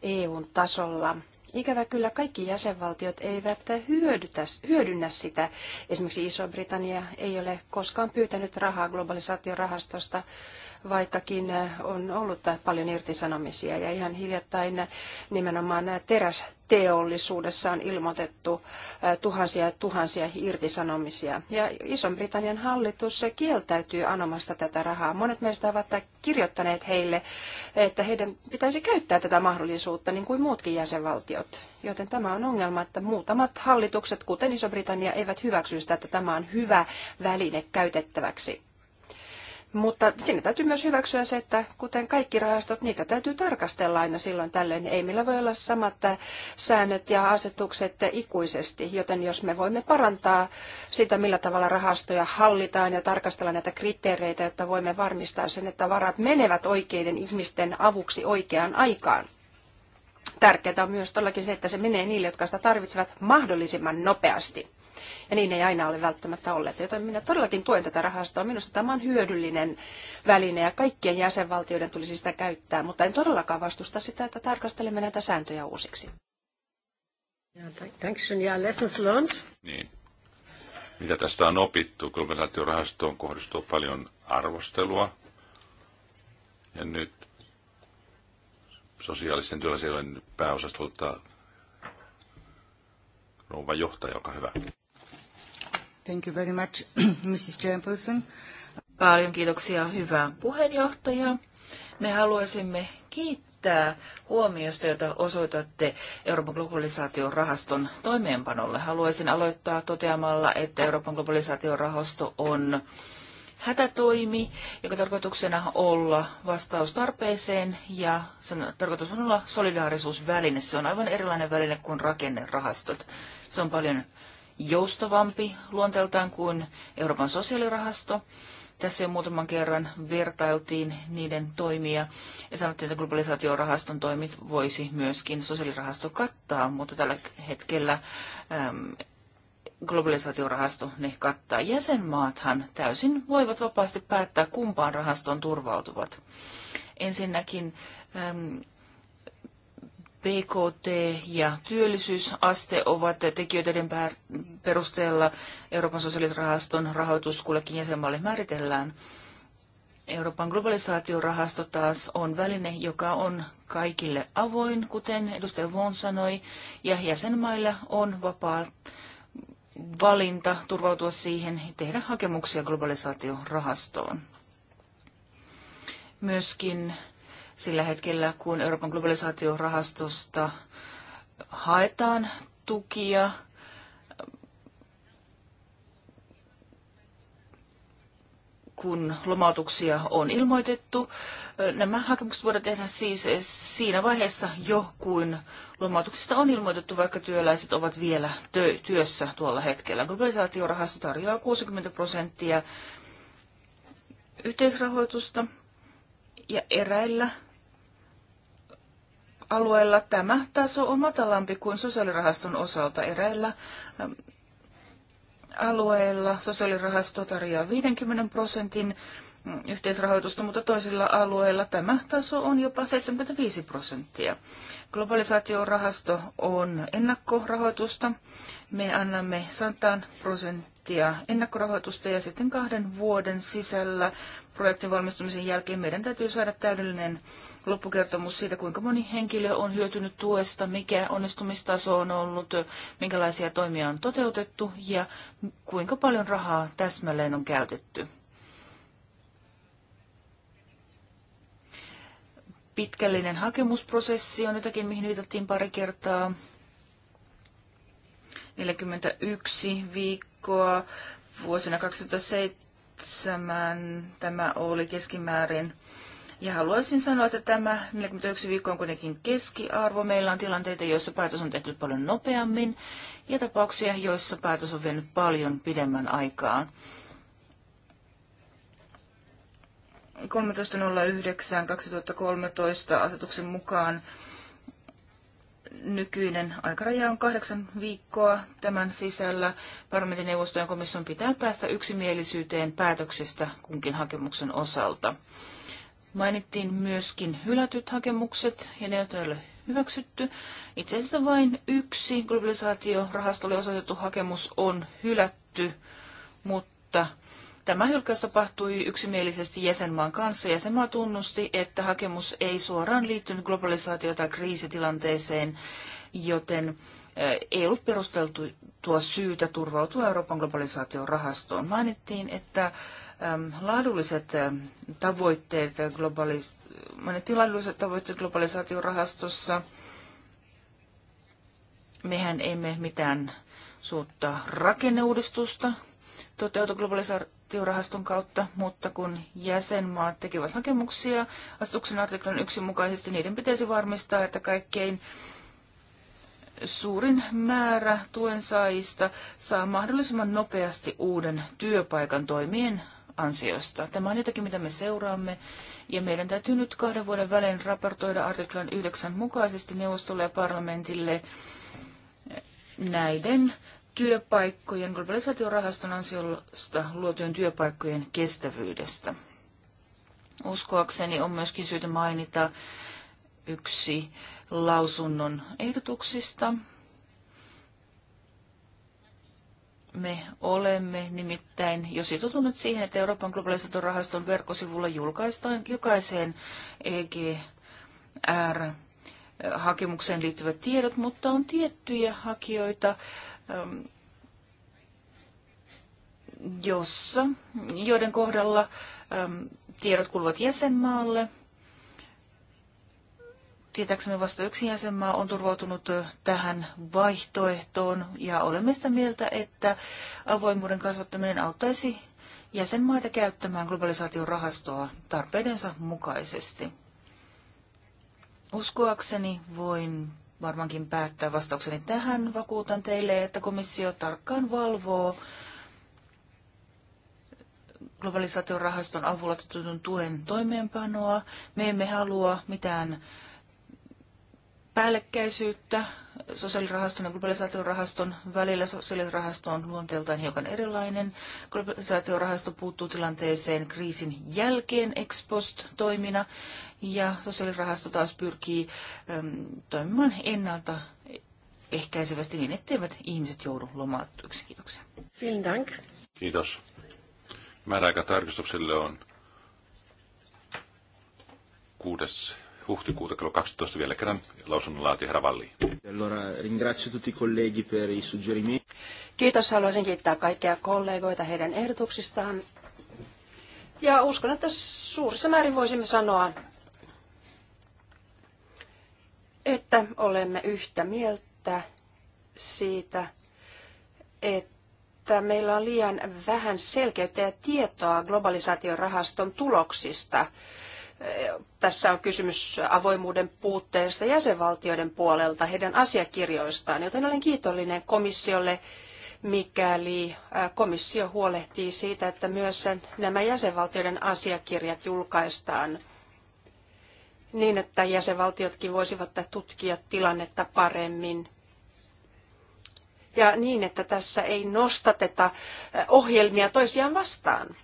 EUn tasolla. Ikävä kyllä kaikki jäsenvaltiot eivät hyödytä, hyödynnä sitä. Esimerkiksi Iso-Britannia ei ole koskaan pyytänyt rahaa globalisaatiorahastosta, vaikkakin eh, on ollut paljon irtisanomisia. Ja ihan hiljattain eh, nimenomaan eh, terästeollisuudessa on ilmoitettu tuhansia ja tuhansia irtisanomisia. Ja Ison-Britannian hallitus kieltäytyy anomasta tätä rahaa. Monet meistä ovat kirjoittaneet heille, että heidän pitäisi käyttää tätä mahdollisuutta niin kuin muutkin jäsenvaltiot. Joten tämä on ongelma, että muutamat hallitukset, kuten Iso-Britannia, eivät hyväksy sitä, että tämä on hyvä väline käytettäväksi. Mutta siinä täytyy myös hyväksyä se, että kuten kaikki rahastot, niitä täytyy tarkastella aina silloin tällöin. Ei meillä voi olla samat äh, säännöt ja asetukset ikuisesti, joten jos me voimme parantaa sitä, millä tavalla rahastoja hallitaan ja tarkastella näitä kriteereitä, jotta voimme varmistaa sen, että varat menevät oikeiden ihmisten avuksi oikeaan aikaan. Tärkeää on myös todellakin se, että se menee niille, jotka sitä tarvitsevat mahdollisimman nopeasti. Ja niin ei aina ole välttämättä olleet. Joten minä todellakin tuen tätä rahastoa. Minusta tämä on hyödyllinen väline ja kaikkien jäsenvaltioiden tulisi sitä käyttää, mutta en todellakaan vastusta sitä, että tarkastelemme näitä sääntöjä uusiksi. Ja, Dankeschön. Ja, lessons learned. Niin. Mitä tästä on opittu? Globalisaatiorahastoon kohdistuu paljon arvostelua. Ja nyt sosiaalisten työläisyyden pääosastolta rouva johtaja, joka hyvä. Thank you very much, [clears throat] Mrs. Chairperson. Paljon kiitoksia, Me haluaisimme kiittää huomiosta, jota osoitatte Euroopan globalisaation rahaston toimeenpanolle. Haluaisin aloittaa toteamalla, että Euroopan globalisaation rahasto on hätätoimi, joka tarkoituksena olla vastaus tarpeeseen ja sen tarkoitus on olla solidaarisuusväline. Se on aivan erilainen väline kuin rakennerahastot. Se on paljon joustavampi luonteeltaan kuin Euroopan sosiaalirahasto. Tässä jo muutaman kerran vertailtiin niiden toimia ja sanottiin, että globalisaatiorahaston toimit voisi myöskin sosiaalirahasto kattaa, mutta tällä hetkellä äm, globalisaatiorahasto ne kattaa. Jäsenmaathan täysin voivat vapaasti päättää, kumpaan rahastoon turvautuvat. Ensinnäkin äm, BKT ja työllisyysaste ovat tekijöiden perusteella Euroopan sosiaalisrahaston rahoitus kullekin jäsenmaalle määritellään. Euroopan globalisaatiorahasto taas on väline, joka on kaikille avoin, kuten edustaja Von sanoi, ja jäsenmailla on vapaa valinta turvautua siihen tehdä hakemuksia globalisaatiorahastoon. Myöskin sillä hetkellä, kun Euroopan globalisaatiorahastosta haetaan tukia. kun lomautuksia on ilmoitettu. Nämä hakemukset voidaan tehdä siis siinä vaiheessa jo, kun lomautuksista on ilmoitettu, vaikka työläiset ovat vielä tö- työssä tuolla hetkellä. Globalisaatiorahasto tarjoaa 60 prosenttia yhteisrahoitusta ja eräillä alueella tämä taso on matalampi kuin sosiaalirahaston osalta eräillä ähm, alueilla sosiaalirahasto tarjoaa 50 prosentin mm, yhteisrahoitusta, mutta toisilla alueilla tämä taso on jopa 75 prosenttia. Globalisaatiorahasto on ennakkorahoitusta. Me annamme 100 prosenttia prosenttia ennakkorahoitusta ja sitten kahden vuoden sisällä projektin valmistumisen jälkeen meidän täytyy saada täydellinen loppukertomus siitä, kuinka moni henkilö on hyötynyt tuesta, mikä onnistumistaso on ollut, minkälaisia toimia on toteutettu ja kuinka paljon rahaa täsmälleen on käytetty. Pitkällinen hakemusprosessi on jotakin, mihin viitattiin pari kertaa. 41 viikkoa viikkoa. Vuosina 2007 tämä oli keskimäärin. Ja haluaisin sanoa, että tämä 41 viikko on kuitenkin keskiarvo. Meillä on tilanteita, joissa päätös on tehty paljon nopeammin ja tapauksia, joissa päätös on vienyt paljon pidemmän aikaan. 13.09.2013 asetuksen mukaan nykyinen aikaraja on kahdeksan viikkoa. Tämän sisällä parlamentin neuvosto ja komission pitää päästä yksimielisyyteen päätöksestä kunkin hakemuksen osalta. Mainittiin myöskin hylätyt hakemukset ja ne, joita ei ole hyväksytty. Itse asiassa vain yksi globalisaatiorahastolle osoitettu hakemus on hylätty, mutta Tämä hylkäys tapahtui yksimielisesti jäsenmaan kanssa. Jäsenmaa tunnusti, että hakemus ei suoraan liittynyt globalisaatio- tai kriisitilanteeseen, joten eh, ei ollut perusteltu tuo syytä turvautua Euroopan globalisaatiorahastoon. Mainittiin, että laadulliset tavoitteet, globalis- laadulliset tavoitteet globalisaatiorahastossa. Mehän emme mitään suutta rakenneuudistusta toteutu globalisaatiorahaston kautta, mutta kun jäsenmaat tekevät hakemuksia asetuksen artiklan 1 mukaisesti, niiden pitäisi varmistaa, että kaikkein suurin määrä tuen saajista saa mahdollisimman nopeasti uuden työpaikan toimien ansiosta. Tämä on jotakin, mitä me seuraamme, ja meidän täytyy nyt kahden vuoden välein raportoida artiklan 9 mukaisesti neuvostolle ja parlamentille näiden työpaikkojen, globalisaatiorahaston ansiosta luotujen työpaikkojen kestävyydestä. Uskoakseni on myöskin syytä mainita yksi lausunnon ehdotuksista. Me olemme nimittäin jo sitoutuneet siihen, että Euroopan globalisaatiorahaston verkkosivulla julkaistaan jokaiseen EGR hakemukseen liittyvät tiedot, mutta on tiettyjä hakijoita, jossa, joiden kohdalla tiedot kuuluvat jäsenmaalle. Tietääksemme vasta yksi jäsenmaa on turvautunut tähän vaihtoehtoon ja olemme sitä mieltä, että avoimuuden kasvattaminen auttaisi jäsenmaita käyttämään globalisaation rahastoa tarpeidensa mukaisesti. Uskoakseni voin varmaankin päättää vastaukseni tähän. Vakuutan teille, että komissio tarkkaan valvoo globalisaatiorahaston avulla tutun tuen toimeenpanoa. Me emme halua mitään päällekkäisyyttä sosiaalirahaston ja globalisaatiorahaston välillä. Sosiaalirahasto on luonteeltaan hiukan erilainen. Globalisaatiorahasto puuttuu tilanteeseen kriisin jälkeen ex post toimina ja sosiaalirahasto taas pyrkii äm, toimimaan ennalta ehkäisevästi niin, etteivät ihmiset joudu lomautetuiksi. Kiitoksia. Vielen dank. Kiitos. Määräaika tarkistukselle on 6 huhtikuuta kello 12 vielä kerran lausunnonlaati herra Valli. Kiitos, haluaisin kiittää kaikkia kollegoita heidän ehdotuksistaan. Ja uskon, että suurissa määrin voisimme sanoa, että olemme yhtä mieltä siitä, että meillä on liian vähän selkeyttä ja tietoa globalisaatiorahaston tuloksista tässä on kysymys avoimuuden puutteesta jäsenvaltioiden puolelta heidän asiakirjoistaan, joten olen kiitollinen komissiolle, mikäli komissio huolehtii siitä, että myös nämä jäsenvaltioiden asiakirjat julkaistaan niin, että jäsenvaltiotkin voisivat tutkia tilannetta paremmin ja niin, että tässä ei nostateta ohjelmia toisiaan vastaan.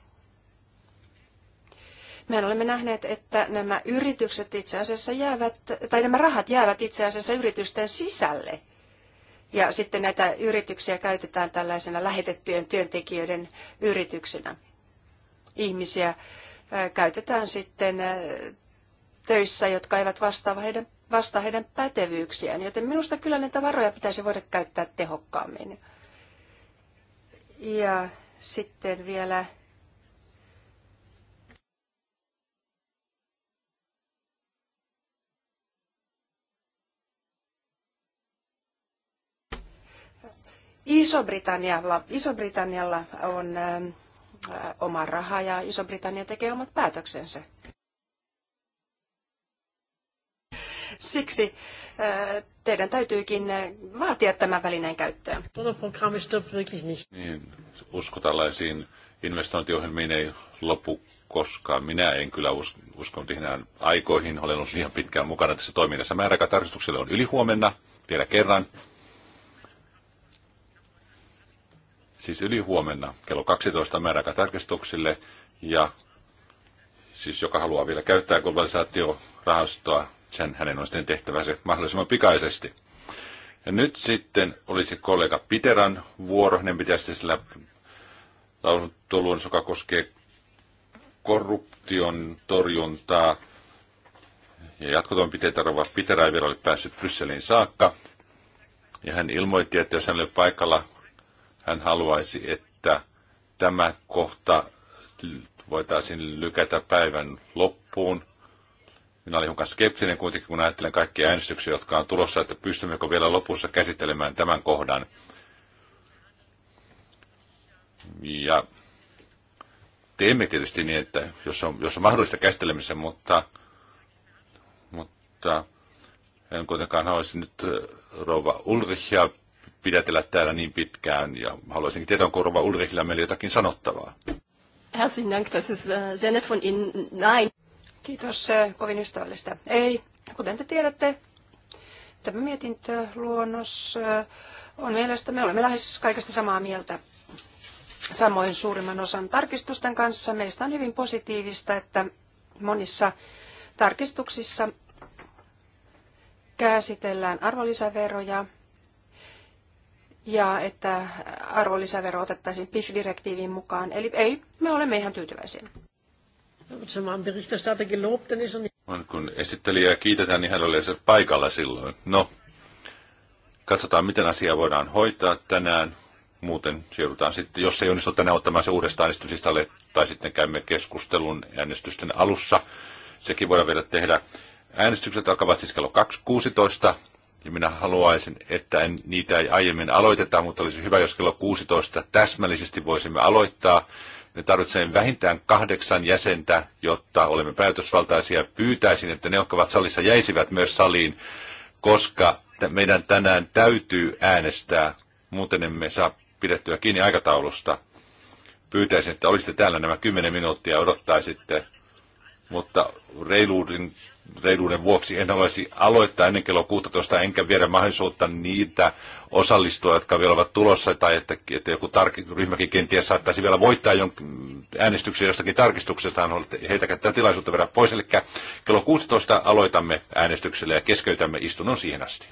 Mehän olemme nähneet, että nämä yritykset itse asiassa jäävät, tai nämä rahat jäävät itse asiassa yritysten sisälle. Ja sitten näitä yrityksiä käytetään tällaisena lähetettyjen työntekijöiden yrityksinä. Ihmisiä käytetään sitten töissä, jotka eivät vastaa heidän, vastaa heidän pätevyyksiään. Joten minusta kyllä näitä varoja pitäisi voida käyttää tehokkaammin. Ja sitten vielä Iso-Britannialla, Iso-Britannialla on ähm, äh, oma raha ja Iso-Britannia tekee omat päätöksensä. Siksi äh, teidän täytyykin äh, vaatia tämän välineen käyttöä. Niin, usko tällaisiin investointiohjelmiin ei lopu koskaan. Minä en kyllä usko, uskon aikoihin. Olen ollut liian pitkään mukana tässä toiminnassa. Määräaikatarkistukselle on yli huomenna vielä kerran. siis huomenna kello 12 määräaika ja siis joka haluaa vielä käyttää globalisaatiorahastoa, sen hänen on sitten tehtävä se mahdollisimman pikaisesti. Ja nyt sitten olisi kollega Piteran vuoro, hänen pitäisi siis sillä lausuntoluun, joka koskee korruption torjuntaa ja jatkotoimenpiteitä rovaa Pitera ei vielä ole päässyt Brysseliin saakka. Ja hän ilmoitti, että jos hän oli paikalla hän haluaisi, että tämä kohta voitaisiin lykätä päivän loppuun. Minä olin hiukan skeptinen kuitenkin, kun ajattelen kaikkia äänestyksiä, jotka on tulossa, että pystymmekö vielä lopussa käsittelemään tämän kohdan. Ja teemme tietysti niin, että jos on, jos on mahdollista käsittelemisen, mutta, mutta en kuitenkaan haluaisi nyt rouva Ulrichia pidätellä täällä niin pitkään ja haluaisinkin tietää, onko Rova Ulrichillä meillä jotakin sanottavaa. Herzlichen Dank, das ist äh, sehr von Ihnen. Nein. Kiitos, äh, kovin ystävällistä. Ei, kuten te tiedätte, tämä mietintöluonnos äh, on mielestäni, me olemme lähes kaikesta samaa mieltä. Samoin suurimman osan tarkistusten kanssa meistä on hyvin positiivista, että monissa tarkistuksissa käsitellään arvonlisäveroja ja että arvonlisävero otettaisiin PIF-direktiiviin mukaan. Eli ei, me olemme ihan tyytyväisiä. On, niin kun esittelijää kiitetään, niin hän oli paikalla silloin. No, katsotaan, miten asia voidaan hoitaa tänään. Muuten joudutaan sitten, jos ei onnistu tänään ottamaan se uudestaan äänestyslistalle, tai sitten käymme keskustelun äänestysten alussa. Sekin voidaan vielä tehdä. Äänestykset alkavat siis kello 2.16 ja minä haluaisin, että en, niitä ei aiemmin aloiteta, mutta olisi hyvä, jos kello 16 täsmällisesti voisimme aloittaa. Me tarvitsemme vähintään kahdeksan jäsentä, jotta olemme päätösvaltaisia. Pyytäisin, että ne, jotka ovat salissa, jäisivät myös saliin, koska meidän tänään täytyy äänestää, muuten emme saa pidettyä kiinni aikataulusta. Pyytäisin, että olisitte täällä nämä kymmenen minuuttia odottaisitte, mutta reiluuden reiluuden vuoksi en haluaisi aloittaa ennen kello 16, enkä viedä mahdollisuutta niitä osallistua, jotka vielä ovat tulossa, tai että, että joku tar- ryhmäkin kenties saattaisi vielä voittaa jonkin äänestyksen jostakin tarkistuksesta, heitä käyttää tilaisuutta verran pois. Eli kello 16 aloitamme äänestyksellä ja keskeytämme istunnon siihen asti.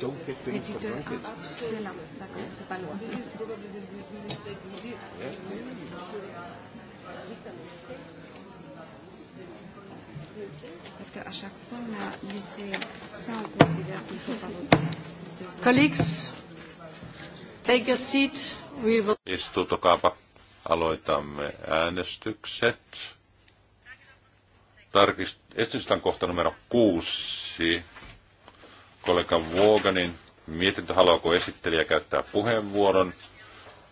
don't take things this is the mistake did. Parce qu'à chaque fois, on a laissé ça, on considère qu'il ne faut pas voter. Colleagues, take your seat. We will... Istutokaapa. Aloitamme äänestykset. Tarkist... Esitystän kohta numero kuusi kollega Vuoganin mietintö. Haluaako esittelijä käyttää puheenvuoron?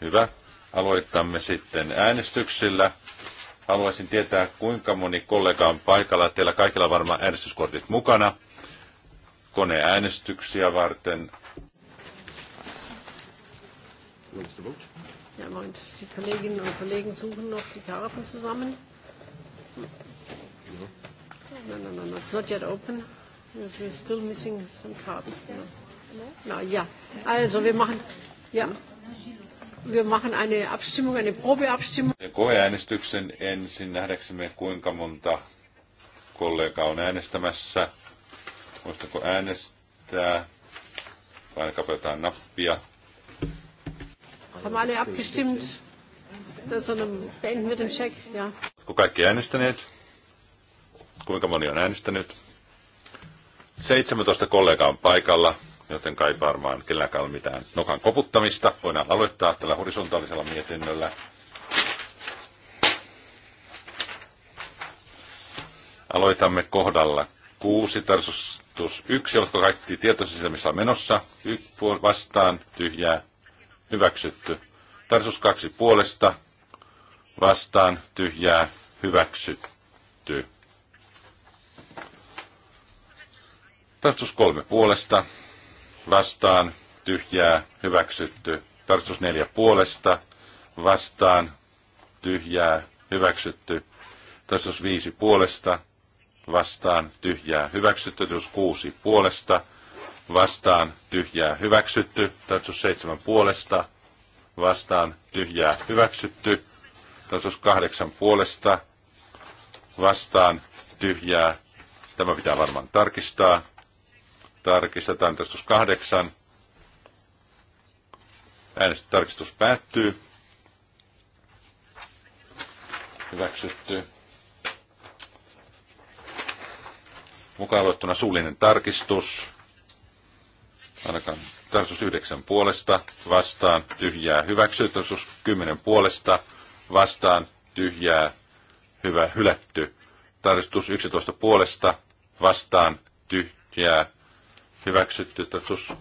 Hyvä. Aloitamme sitten äänestyksillä. Haluaisin tietää, kuinka moni kollega on paikalla. Teillä kaikilla varmaan äänestyskortit mukana koneäänestyksiä varten. Ja, Moment. Die Kolleginnen und Kollegen suchen noch die Karten zusammen. No, no, no, open. Yes, we're still missing some cards. No. No, ja. Also wir machen, ja. Wir machen eine Abstimmung, eine Probeabstimmung. Koeäänestyksen ensin nähdäksemme kuinka monta kollegaa on äänestämässä. Muistako äänestää? Vain kapetaan nappia. Haben alle abgestimmt? Das on beenden wir den Check, ja. Oletko kaikki äänestäneet? Kuinka moni on äänestänyt? 17 kollegaa on paikalla, joten kai varmaan kenelläkään ole mitään nokan koputtamista. Voidaan aloittaa tällä horisontaalisella mietinnöllä. Aloitamme kohdalla kuusi, tarkistus yksi, oletko kaikki tietoisia missä on menossa? Yksi vastaan, tyhjää, hyväksytty. Tarsus kaksi puolesta, vastaan, tyhjää, hyväksytty. Tarkastus kolme puolesta, vastaan, tyhjää, hyväksytty. Tarkastus neljä puolesta, vastaan, tyhjää, hyväksytty. Tarkastus viisi puolesta, vastaan, tyhjää, hyväksytty. Tarkastus kuusi puolesta, vastaan, tyhjää, hyväksytty. Tarkastus seitsemän puolesta, vastaan, tyhjää, hyväksytty. Tarkastus kahdeksan puolesta, vastaan, tyhjää. Tämä pitää varmaan tarkistaa. Tarkistetaan tarkistus kahdeksan. Äänestystarkistus päättyy. Hyväksytty. Mukaan luettuna suullinen tarkistus. Ainakaan tarkistus yhdeksän puolesta vastaan tyhjää hyväksytty. Tarkistus kymmenen puolesta vastaan tyhjää hyvä hylätty. Tarkistus 11 puolesta vastaan tyhjää hyväksytty, totuus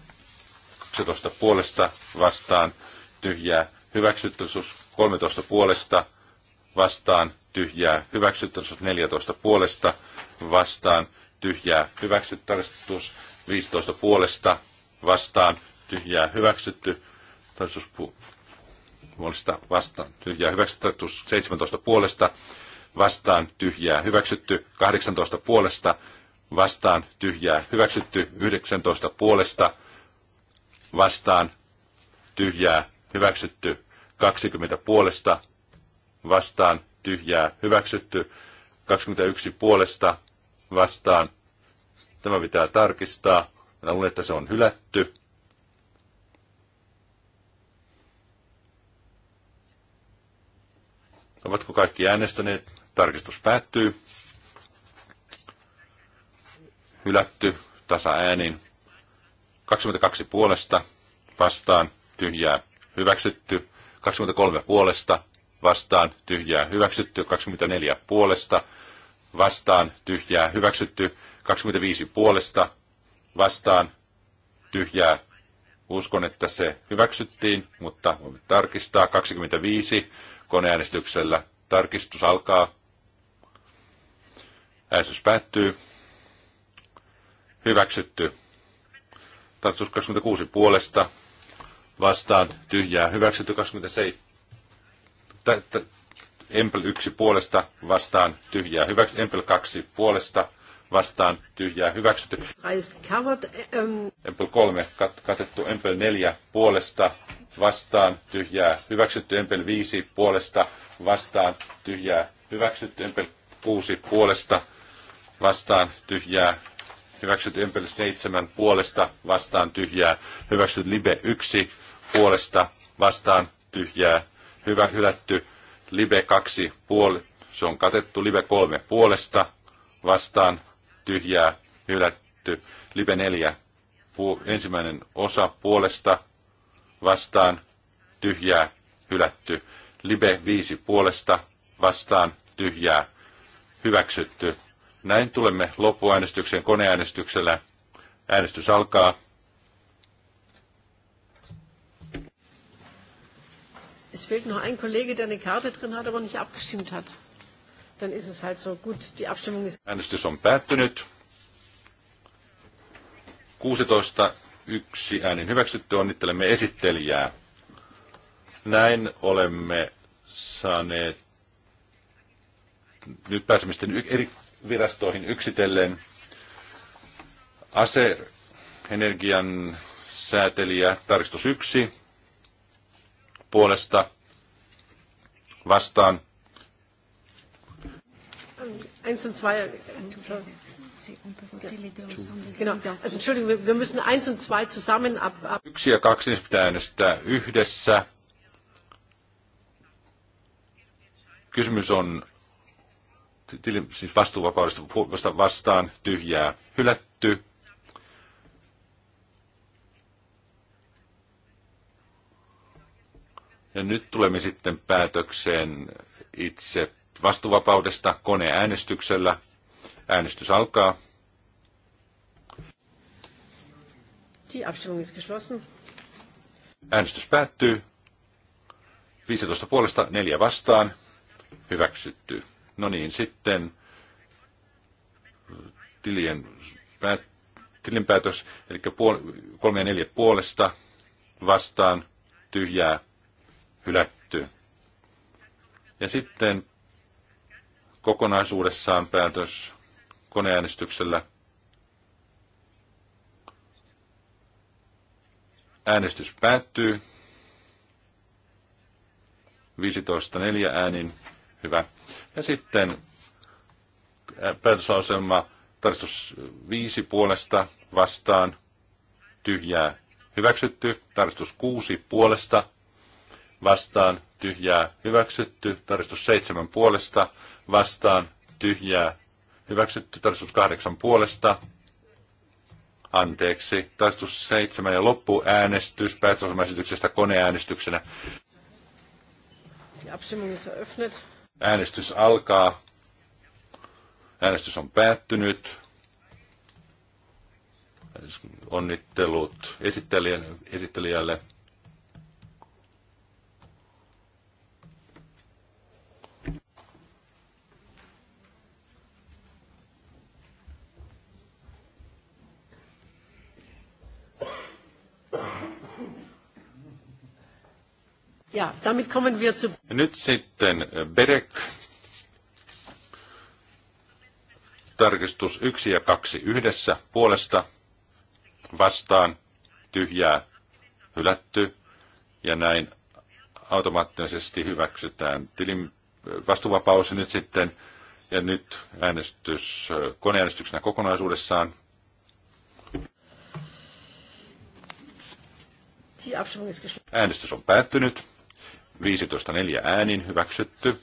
11 puolesta vastaan tyhjää, hyväksytty, totuus 13 puolesta vastaan tyhjää, hyväksytty, totuus 14 puolesta vastaan tyhjää, hyväksytty, totuus 15 puolesta vastaan tyhjää, hyväksytty, totuus puolesta vastaan tyhjää, hyväksytty, totuus 17 puolesta vastaan tyhjää, hyväksytty, 18 puolesta vastaan tyhjää hyväksytty, 19 puolesta vastaan tyhjää hyväksytty, 20 puolesta vastaan tyhjää hyväksytty, 21 puolesta vastaan. Tämä pitää tarkistaa. Mä luulen, että se on hylätty. Ovatko kaikki äänestäneet? Tarkistus päättyy hylätty tasa äänin. 22 puolesta vastaan tyhjää hyväksytty. 23 puolesta vastaan tyhjää hyväksytty. 24 puolesta vastaan tyhjää hyväksytty. 25 puolesta vastaan tyhjää. Uskon, että se hyväksyttiin, mutta voimme tarkistaa. 25 koneäänestyksellä tarkistus alkaa. Äänestys päättyy. Hyväksytty. Tartus 26 puolesta. Vastaan tyhjää. Hyväksytty 27. Empel 1 ähm, puolesta. Vastaan tyhjää. Hyväksytty. Empel 2 puolesta. Vastaan tyhjää. Hyväksytty. Empel 3 kat- katettu. Empel 4 puolesta. Vastaan tyhjää. Hyväksytty. Empel 5 puolesta. Vastaan tyhjää. Hyväksytty. Empel 6 puolesta. Vastaan tyhjää hyväksytty Empel 7 puolesta vastaan tyhjää, hyväksytty Libe 1 puolesta vastaan tyhjää, hyvä hylätty Libe 2 puoli, se on katettu Libe 3 puolesta vastaan tyhjää, hylätty Libe 4 puu, ensimmäinen osa puolesta vastaan tyhjää, hylätty Libe 5 puolesta vastaan tyhjää, hyväksytty näin tulemme loppuäänestykseen koneäänestyksellä. Äänestys alkaa. Es fehlt noch ein Kollege, der eine Karte drin hat, aber nicht abgestimmt hat. Dann ist es halt so gut, die Abstimmung ist. Äänestys on päättynyt. 16 yksi äänin hyväksytty. Onnittelemme esittelijää. Näin olemme saaneet nyt pääsemme sitten eri virastoihin yksitellen. ASER, energian säätelijä, tarkistus 1 puolesta vastaan. Eins und zwei. Genau. Also, Entschuldigung, wir müssen eins und zwei zusammen ab, ab. Yksi ja kaksi niin pitää äänestää yhdessä. Kysymys on tili, siis vastuuvapaudesta vastaan tyhjää hylätty. Ja nyt tulemme sitten päätökseen itse vastuuvapaudesta koneäänestyksellä. Äänestys alkaa. Die Abstimmung ist geschlossen. Äänestys päättyy. 15 puolesta, 4 vastaan. Hyväksytty. No niin, sitten äh, tilien päät, päätös, eli puol, kolme ja neljä puolesta vastaan tyhjää hylätty. Ja sitten kokonaisuudessaan päätös koneäänestyksellä. Äänestys päättyy. 15.4 äänin Hyvä. Ja sitten äh, päätöslauselma tarkistus viisi puolesta vastaan tyhjää hyväksytty. Tarkistus kuusi puolesta vastaan tyhjää hyväksytty. Tarkistus seitsemän puolesta vastaan tyhjää hyväksytty. Tarkistus kahdeksan puolesta anteeksi. Tarkistus seitsemän ja loppuäänestys päätöslauselmaesityksestä koneäänestyksenä. Die Abstimmung ist eröffnet. Äänestys alkaa. Äänestys on päättynyt. Onnittelut esittelijälle. Ja, damit kommen wir zu... Nyt sitten äh, Berek. Tarkistus 1 ja 2 yhdessä puolesta vastaan tyhjää hylätty ja näin automaattisesti hyväksytään tilin vastuvapaus nyt sitten ja nyt äänestys äh, koneäänestyksenä kokonaisuudessaan. Äänestys on päättynyt. 15.4 äänin hyväksytty.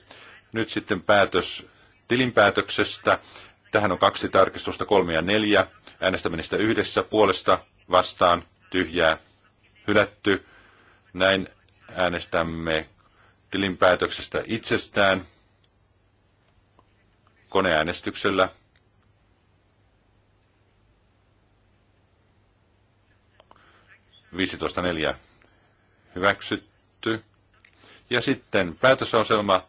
Nyt sitten päätös tilinpäätöksestä. Tähän on kaksi tarkistusta, kolme ja neljä. Äänestäminen yhdessä, puolesta, vastaan, tyhjää, hylätty. Näin äänestämme tilinpäätöksestä itsestään koneäänestyksellä. neljä hyväksytty. Ja sitten päätösaselma,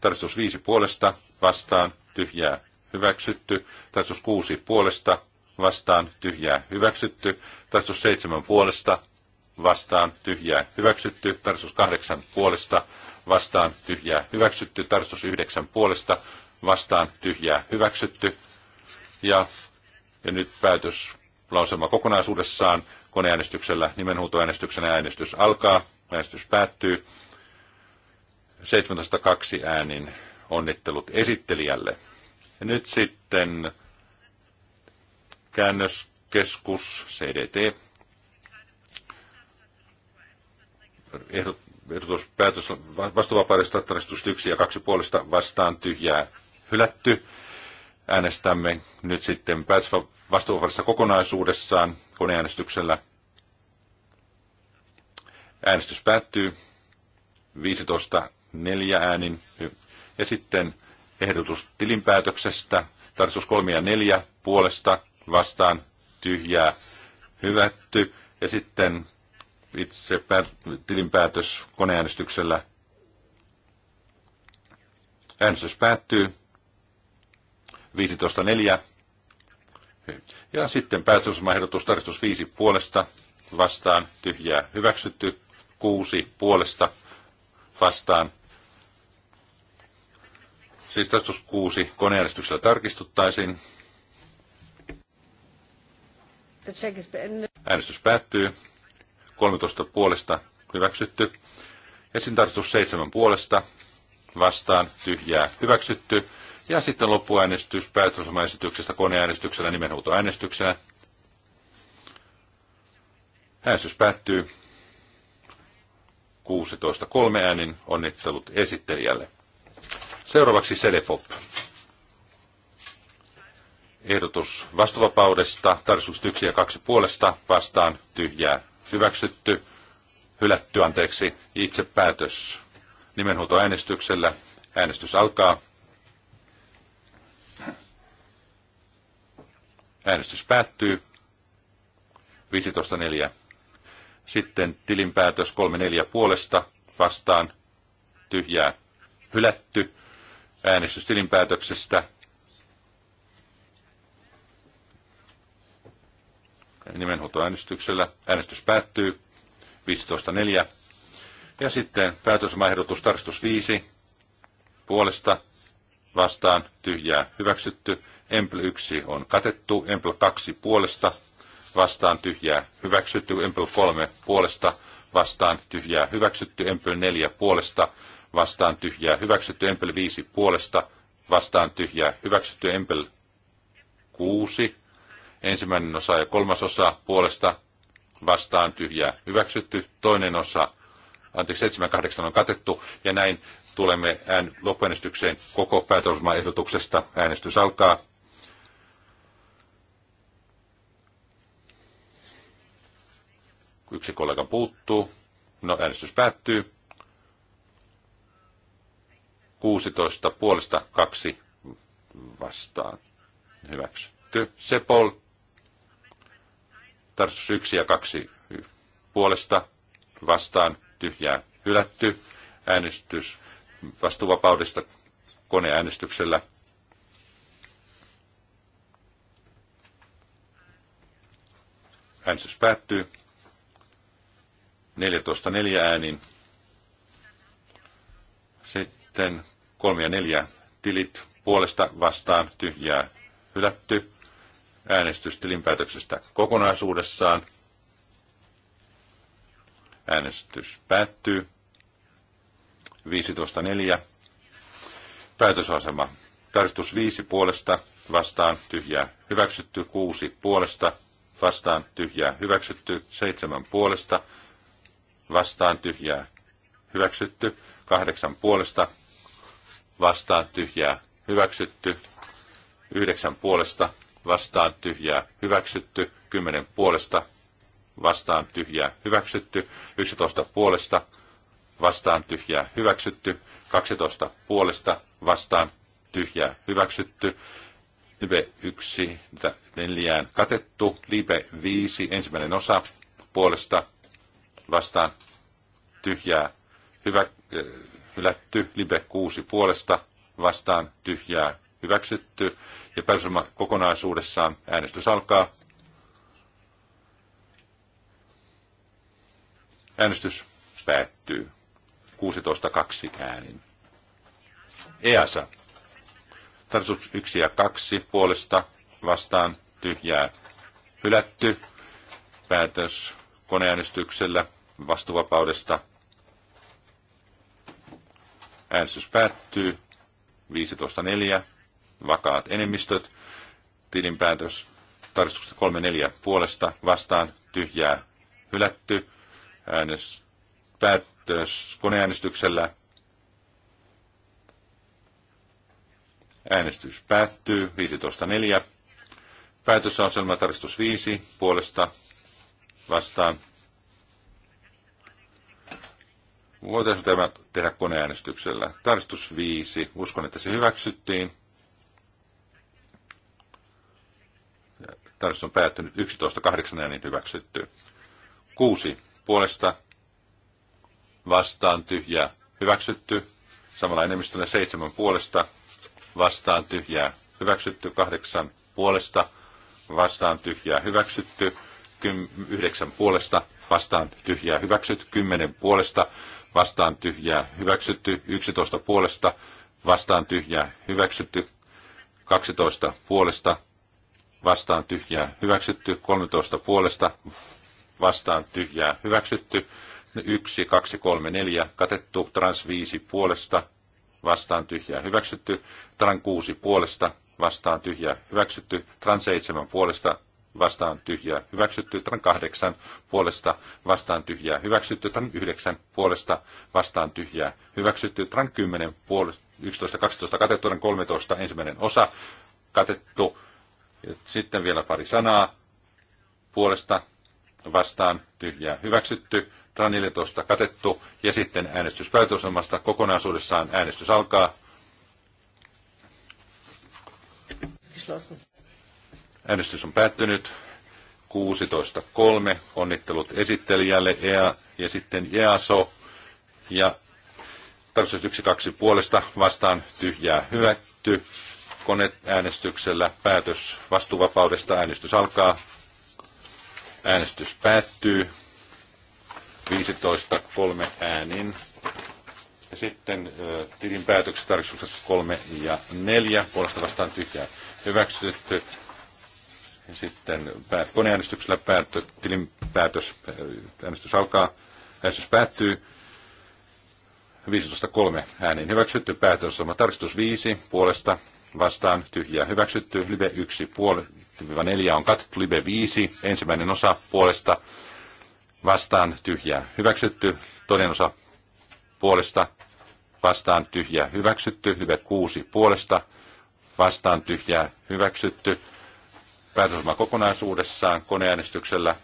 tarkistus 5 puolesta, vastaan, tyhjää, hyväksytty. Tarkistus 6 puolesta, vastaan, tyhjää, hyväksytty. Tarkistus 7 puolesta, vastaan, tyhjää, hyväksytty. Tarkistus 8 puolesta, vastaan, tyhjää, hyväksytty. Tarkistus 9 puolesta, vastaan, tyhjää, hyväksytty. Ja, ja nyt päätös lauselma kokonaisuudessaan koneäänestyksellä, nimenhuutoäänestyksenä äänestys alkaa, äänestys päättyy. 17.2 äänin onnittelut esittelijälle. Ja nyt sitten käännöskeskus CDT. Ehdotus päätös vastuvapaudesta tarkistus 1 ja 2 puolesta vastaan tyhjää hylätty. Äänestämme nyt sitten päätös vastuvapaudesta kokonaisuudessaan koneäänestyksellä. Äänestys päättyy 15 neljä äänin. Ja sitten ehdotus tilinpäätöksestä, tarkoitus kolme ja neljä puolesta vastaan tyhjää hyvätty. Ja sitten itse tilinpäätös koneäänestyksellä. Äänestys päättyy 15.4. Ja sitten päätösmaehdotus tarkistus 5 puolesta vastaan tyhjää hyväksytty, 6 puolesta vastaan Siis tarkistus kuusi koneäänestyksellä tarkistuttaisiin. Äänestys päättyy. 13 puolesta hyväksytty. Esin tarkistus 7 puolesta vastaan tyhjää hyväksytty. Ja sitten loppuäänestys päätösmaesityksestä koneäänestyksellä nimenhuutoäänestyksellä. Äänestys päättyy 16.3 äänin. Onnittelut esittelijälle. Seuraavaksi Sedefop. Ehdotus vastuvapaudesta, tarkistukset 1 ja 2 puolesta, vastaan tyhjää, hyväksytty, hylätty, anteeksi, itse päätös nimenhuutoäänestyksellä. Äänestys alkaa. Äänestys päättyy. 15.4. Sitten tilinpäätös 3.4 puolesta vastaan tyhjää hylätty äänestys tilinpäätöksestä. Nimenhuutoäänestyksellä. Äänestys päättyy 15.4. Ja sitten päätösmaehdotus tarkistus 5. Puolesta vastaan tyhjää hyväksytty. Empl 1 on katettu. Empl 2 puolesta vastaan tyhjää hyväksytty. Empl 3 puolesta vastaan tyhjää hyväksytty. Empl 4 puolesta vastaan tyhjää hyväksytty, Empel 5 puolesta vastaan tyhjää hyväksytty, Empel 6, ensimmäinen osa ja kolmas osa puolesta vastaan tyhjää hyväksytty, toinen osa, anteeksi 7 8 on katettu ja näin tulemme ään, loppuäänestykseen koko ehdotuksesta. Äänestys alkaa. Yksi kollega puuttuu. No, äänestys päättyy. 16 puolesta kaksi vastaan. Hyväksytty. Sepol. Tarkistus 1 ja 2 puolesta vastaan. Tyhjää hylätty. Äänestys vastuvapaudesta koneäänestyksellä. Äänestys päättyy. 14.4 äänin. Sitten sitten kolme ja neljä tilit puolesta vastaan tyhjää hylätty. Äänestys tilinpäätöksestä kokonaisuudessaan. Äänestys päättyy. 15.4. Päätösasema. Tarkistus 5 puolesta vastaan tyhjää hyväksytty. 6 puolesta vastaan tyhjää hyväksytty. 7 puolesta vastaan tyhjää hyväksytty. 8 puolesta vastaan tyhjää hyväksytty, yhdeksän puolesta vastaan tyhjää hyväksytty, kymmenen puolesta vastaan tyhjää hyväksytty, yksitoista puolesta vastaan tyhjää hyväksytty, kaksitoista puolesta vastaan tyhjää hyväksytty, live 1 neljään katettu, live 5 ensimmäinen osa puolesta vastaan tyhjää hyvä, hylätty, Libe 6 puolesta vastaan tyhjää hyväksytty ja perusoma kokonaisuudessaan äänestys alkaa. Äänestys päättyy 16.2 äänin. EASA. Tarkoitus 1 ja 2 puolesta vastaan tyhjää hylätty. Päätös koneäänestyksellä vastuvapaudesta Äänestys päättyy. 15.4. Vakaat enemmistöt. Tilinpäätös. Tarkistukset 3.4. Puolesta vastaan. Tyhjää. Hylätty. Äänestys päätös koneäänestyksellä. Äänestys päättyy 15.4. Päätösasema tarkistus 5 puolesta vastaan Voitaisiin tämä tehdä koneäänestyksellä. Tarkistus 5. Uskon, että se hyväksyttiin. Tarkistus on päättynyt 11.8 äänin hyväksytty. 6. Puolesta vastaan tyhjä hyväksytty. Samalla enemmistöllä 7 puolesta vastaan tyhjä hyväksytty. 8 puolesta vastaan tyhjä hyväksytty. 9 puolesta vastaan tyhjä hyväksytty. 10 puolesta vastaan tyhjää hyväksytty, 11 puolesta vastaan tyhjää hyväksytty, 12 puolesta vastaan tyhjää hyväksytty, 13 puolesta vastaan tyhjää hyväksytty, 1, 2, 3, 4 katettu, trans 5 puolesta vastaan tyhjää hyväksytty, trans 6 puolesta vastaan tyhjää hyväksytty, trans 7 puolesta vastaan tyhjää hyväksytty, tran kahdeksan puolesta vastaan tyhjää hyväksytty, tran yhdeksän puolesta vastaan tyhjää hyväksytty, tran kymmenen puolesta, yksitoista, kaksitoista, katettu, tämän kolmetoista, ensimmäinen osa katettu. Sitten vielä pari sanaa puolesta vastaan tyhjää hyväksytty, tran 14 katettu ja sitten äänestys päätösosamasta kokonaisuudessaan äänestys alkaa. geschlossen. Äänestys on päättynyt. 16.3. Onnittelut esittelijälle EA ja sitten EASO. Ja tarkoitus 1.2. puolesta vastaan tyhjää hyvätty. Koneäänestyksellä päätös vastuuvapaudesta. Äänestys alkaa. Äänestys päättyy. 15.3 äänin. Ja sitten tilinpäätökset tarkistukset 3 ja 4. Puolesta vastaan tyhjää hyväksytty. Sitten päät, koneäänestyksellä päättö, tilinpäätös, äänestys alkaa, äänestys päättyy. 15.3 ääniin hyväksytty, päätös on tarkistus 5 puolesta, vastaan tyhjää hyväksytty, live 1 puoli, 4 on katettu, live 5, ensimmäinen osa puolesta, vastaan tyhjää hyväksytty, toinen osa puolesta, vastaan tyhjää hyväksytty, live 6 puolesta, vastaan tyhjää hyväksytty, päätösmaa kokonaisuudessaan koneäänestyksellä.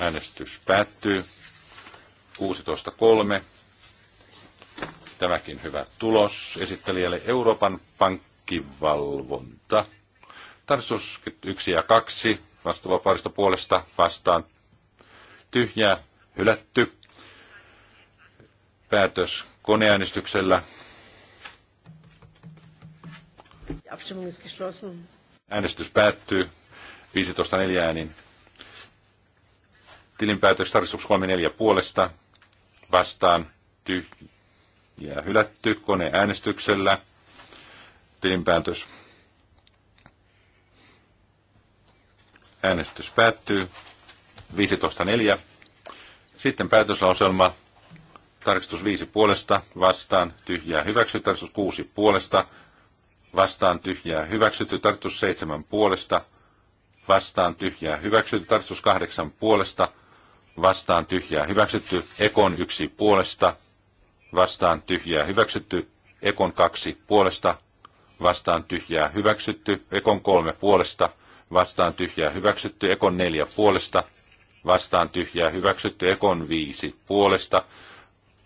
Äänestys päättyy 16.3. Tämäkin hyvä tulos esittelijälle Euroopan pankkivalvonta. Tarkistus 1 ja 2 parista puolesta vastaan tyhjää hylätty. Päätös koneäänestyksellä Abstimmung ist geschlossen. Äänestys päättyy. 15.4 äänin. Tilinpäätös tarkistuksessa 34 puolesta. Vastaan tyhjää hylätty koneäänestyksellä. Tilinpäätös. Äänestys päättyy. 15.4. Sitten päätöslauselma. Tarkistus 5 puolesta. Vastaan tyhjää hyväksy. Tarkistus 6 puolesta vastaan tyhjää hyväksytty, tartus seitsemän puolesta, vastaan tyhjää hyväksytty, tartus kahdeksan puolesta, vastaan tyhjää hyväksytty, ekon yksi puolesta, vastaan tyhjää hyväksytty, ekon kaksi puolesta, vastaan tyhjää hyväksytty, ekon kolme puolesta, vastaan tyhjää hyväksytty, ekon neljä puolesta, vastaan tyhjää hyväksytty, ekon viisi puolesta,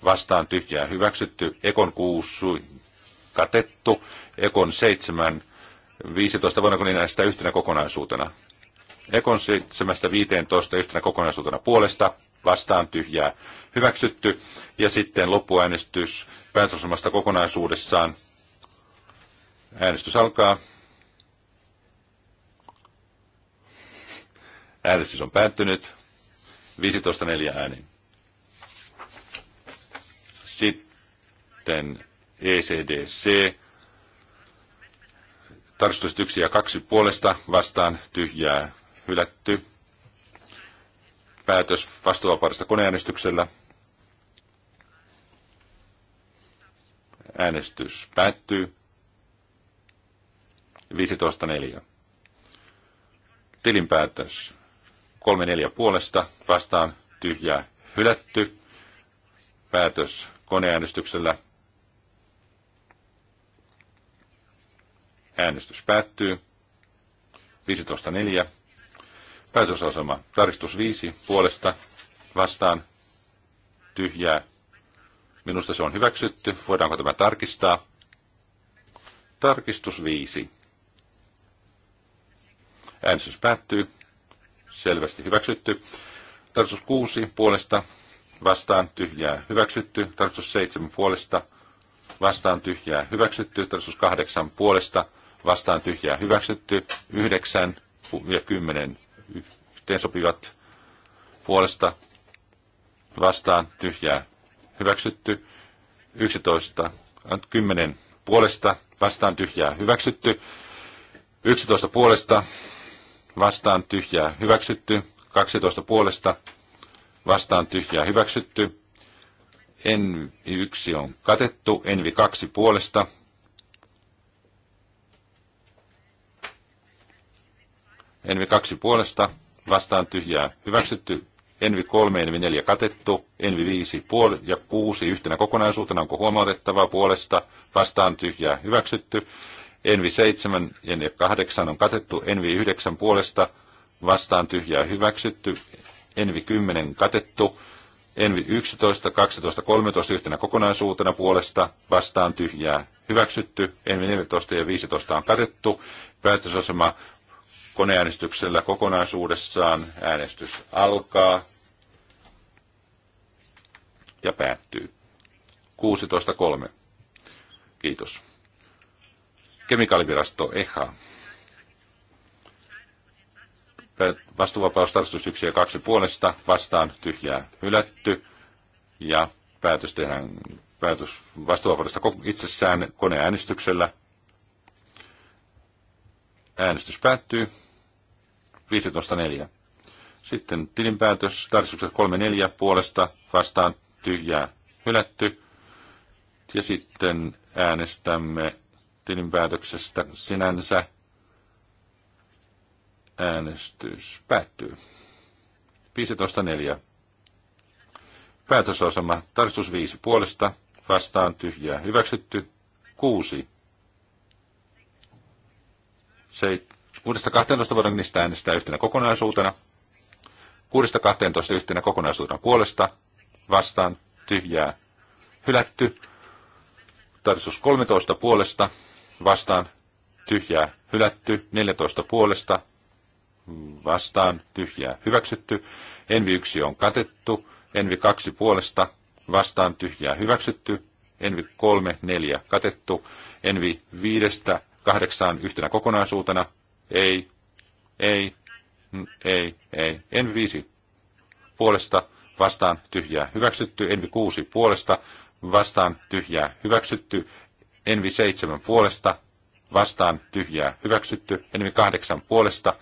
vastaan tyhjää hyväksytty, ekon kuusi katettu Ekon 7 15 vuonna, kun näistä yhtenä kokonaisuutena. Ekon 7-15 yhtenä kokonaisuutena puolesta, vastaan tyhjää hyväksytty. Ja sitten loppuäänestys päätösomasta kokonaisuudessaan. Äänestys alkaa. Äänestys on päättynyt. 15.4 ääni. Sitten ECDC. Tarkistukset 1 ja 2 puolesta vastaan tyhjää hylätty. Päätös vastuvapaudesta koneäänestyksellä. Äänestys päättyy. 15.4. Tilinpäätös 3.4 puolesta vastaan tyhjää hylätty. Päätös koneäänestyksellä Äänestys päättyy. 15.4. Päätösasema. Tarkistus 5. Puolesta. Vastaan. Tyhjää. Minusta se on hyväksytty. Voidaanko tämä tarkistaa? Tarkistus 5. Äänestys päättyy. Selvästi hyväksytty. Tarkistus 6. Puolesta. Vastaan. Tyhjää. Hyväksytty. Tarkistus 7. Puolesta. Vastaan. Tyhjää. Hyväksytty. Tarkistus 8. Puolesta vastaan tyhjää hyväksytty, 9 ja 10 sopivat puolesta vastaan tyhjää hyväksytty, 11, 10 äh, puolesta vastaan tyhjää hyväksytty, 11 puolesta vastaan tyhjää hyväksytty, 12 puolesta vastaan tyhjää hyväksytty, en 1 on katettu, Envi 2 puolesta Envi 2 puolesta, vastaan tyhjää hyväksytty. Envi 3, Envi 4 katettu. Envi 5 puol ja 6 yhtenä kokonaisuutena, onko huomautettavaa puolesta, vastaan tyhjää hyväksytty. Envi 7, Envi 8 on katettu. Envi 9 puolesta, vastaan tyhjää hyväksytty. Envi 10 katettu. Envi 11, 12, 13 yhtenä kokonaisuutena puolesta vastaan tyhjää hyväksytty. Envi 14 ja 15 on katettu. Päätösasema koneäänestyksellä kokonaisuudessaan. Äänestys alkaa ja päättyy. 16.3. Kiitos. Kemikaalivirasto EHA. Vastuuvapaus tarkastus 1 ja 2 puolesta vastaan tyhjää hylätty ja päätös tehdään päätös vastuuvapaudesta itsessään koneäänestyksellä. Äänestys päättyy. 15.4. Sitten tilinpäätös, tarkistukset 3.4 puolesta vastaan tyhjää hylätty. Ja sitten äänestämme tilinpäätöksestä sinänsä. Äänestys päättyy. 15.4. Päätösosama tarkistus 5 puolesta vastaan tyhjää hyväksytty. 6. 7 Uudesta 12 voidaan niistä äänestää yhtenä kokonaisuutena. Kuudesta 12 yhtenä kokonaisuutena puolesta, vastaan, tyhjää, hylätty. Tarkistus 13 puolesta, vastaan, tyhjää, hylätty. 14 puolesta, vastaan, tyhjää, hyväksytty. Envi 1 on katettu, Envi 2 puolesta, vastaan, tyhjää, hyväksytty. Envi 3, 4 katettu, Envi 5, 8 yhtenä kokonaisuutena, ei, ei, n- ei, ei. Envi 5 puolesta vastaan tyhjää hyväksytty. Envi 6 puolesta vastaan tyhjää hyväksytty. Envi 7 puolesta vastaan tyhjää hyväksytty. Envi 8 puolesta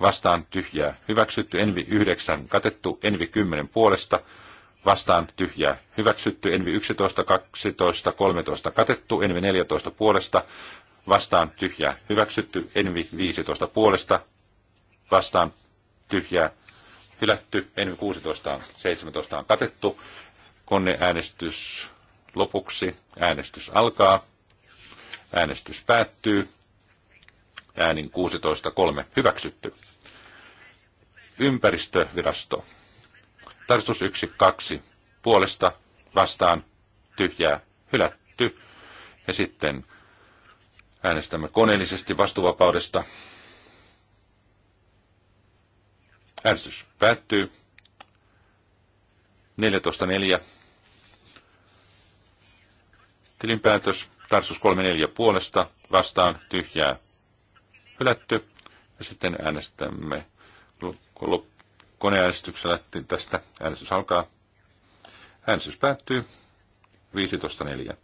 vastaan tyhjää hyväksytty. Envi 9 katettu. Envi 10 puolesta vastaan tyhjää hyväksytty. Envi 11, 12, 13 katettu. Envi 14 puolesta vastaan tyhjää hyväksytty, envi 15 puolesta vastaan tyhjää hylätty, envi 16 on 17 on katettu, koneäänestys lopuksi, äänestys alkaa, äänestys päättyy, äänin 16.3 hyväksytty. Ympäristövirasto. Tarkistus 1.2. Puolesta vastaan tyhjää hylätty. Ja sitten Äänestämme koneellisesti vastuvapaudesta. Äänestys päättyy. 14.4. Tilinpäätös. Tarsus 3.4 puolesta. Vastaan tyhjää. Hylätty. Ja sitten äänestämme koneäänestyksellä tästä. Äänestys alkaa. Äänestys päättyy. 15.4.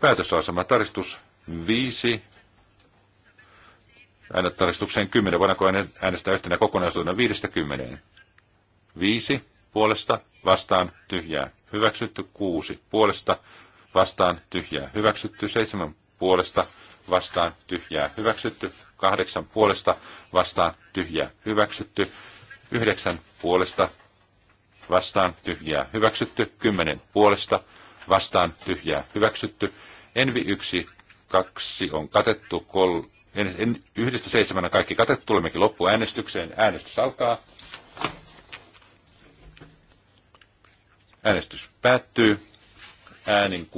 Päätösasema tarkistus 5 tarkistukseen 10. Voidaanko äänestää yhtenä kokonaisuutena 50? 5 puolesta vastaan tyhjää hyväksytty, 6 puolesta vastaan tyhjää hyväksytty, 7 puolesta vastaan tyhjää hyväksytty, 8 puolesta vastaan tyhjää hyväksytty, 9 puolesta vastaan tyhjää hyväksytty, 10 puolesta vastaan tyhjää hyväksytty, envi 1 kaksi on katettu, kol, en, en, yhdestä seitsemänä kaikki katettu, tulemmekin loppuäänestykseen. Äänestys alkaa. Äänestys päättyy. Äänin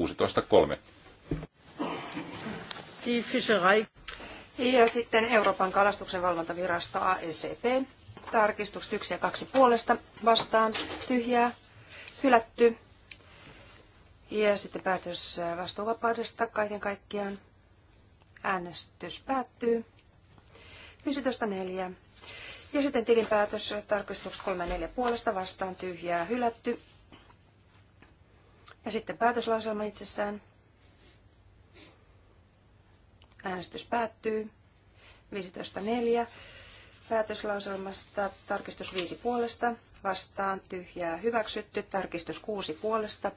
16.3. Ja sitten Euroopan kalastuksen valvontavirasto AECP. Tarkistukset yksi ja kaksi puolesta vastaan. Tyhjää. Hylätty. Ja sitten päätös vastuuvapaudesta kaiken kaikkiaan. Äänestys päättyy. 15.4. Ja sitten tilinpäätös tarkistus 3.4 puolesta vastaan tyhjää hylätty. Ja sitten päätöslauselma itsessään. Äänestys päättyy. 15.4. Päätöslauselmasta tarkistus 5 puolesta, vastaan tyhjää hyväksytty, tarkistus 6 puolesta,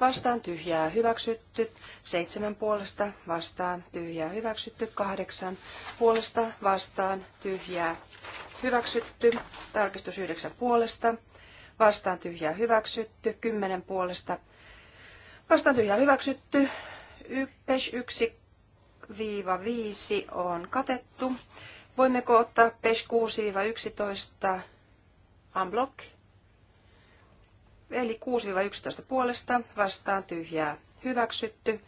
vastaan tyhjää hyväksytty, seitsemän puolesta vastaan tyhjää hyväksytty, kahdeksan puolesta vastaan tyhjää hyväksytty, tarkistus yhdeksän puolesta vastaan tyhjää hyväksytty, kymmenen puolesta vastaan tyhjää hyväksytty, PES viiva 5 on katettu. Voimmeko ottaa PES viiva yksitoista unblock? Eli 6-11 puolesta vastaan tyhjää hyväksytty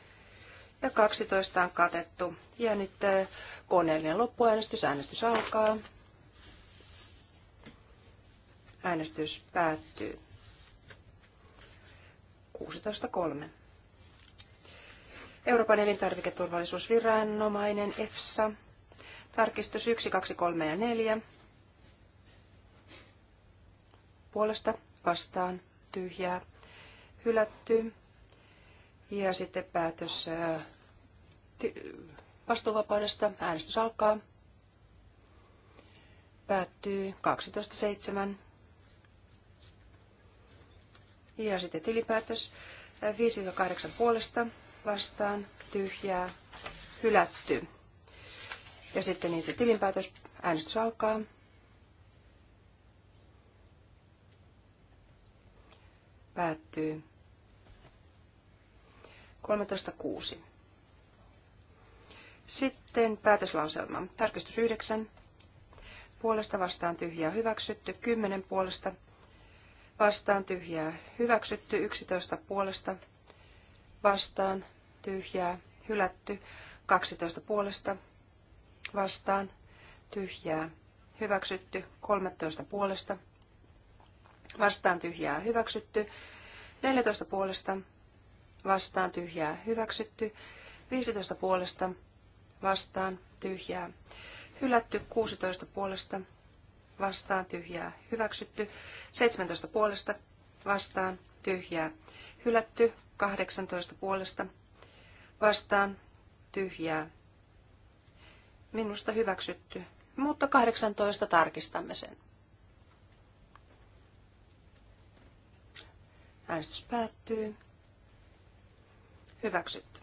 ja 12 on katettu. Ja nyt äh, koneellinen loppuäänestys. Äänestys alkaa. Äänestys päättyy. 16.3. Euroopan elintarviketurvallisuusviranomainen EFSA. Tarkistus 1, 2, 3 ja 4. Puolesta vastaan tyhjää hylätty. Ja sitten päätös vastuuvapaudesta. Äänestys alkaa. Päättyy 12.7. Ja sitten tilipäätös 5-8 puolesta vastaan tyhjää hylätty. Ja sitten niin se tilinpäätös. Äänestys alkaa. päättyy 13.6. Sitten päätöslauselma. Tarkistus 9. Puolesta vastaan tyhjää hyväksytty. 10 puolesta vastaan tyhjää hyväksytty. 11 puolesta vastaan tyhjää hylätty. 12 puolesta vastaan tyhjää hyväksytty. 13 puolesta vastaan, vastaan tyhjää hyväksytty, 14 puolesta vastaan tyhjää hyväksytty, 15 puolesta vastaan tyhjää hylätty, 16 puolesta vastaan tyhjää hyväksytty, 17 puolesta vastaan tyhjää hylätty, 18 puolesta vastaan tyhjää minusta hyväksytty, mutta 18 tarkistamme sen. Äänestys päättyy. Hyväksytty.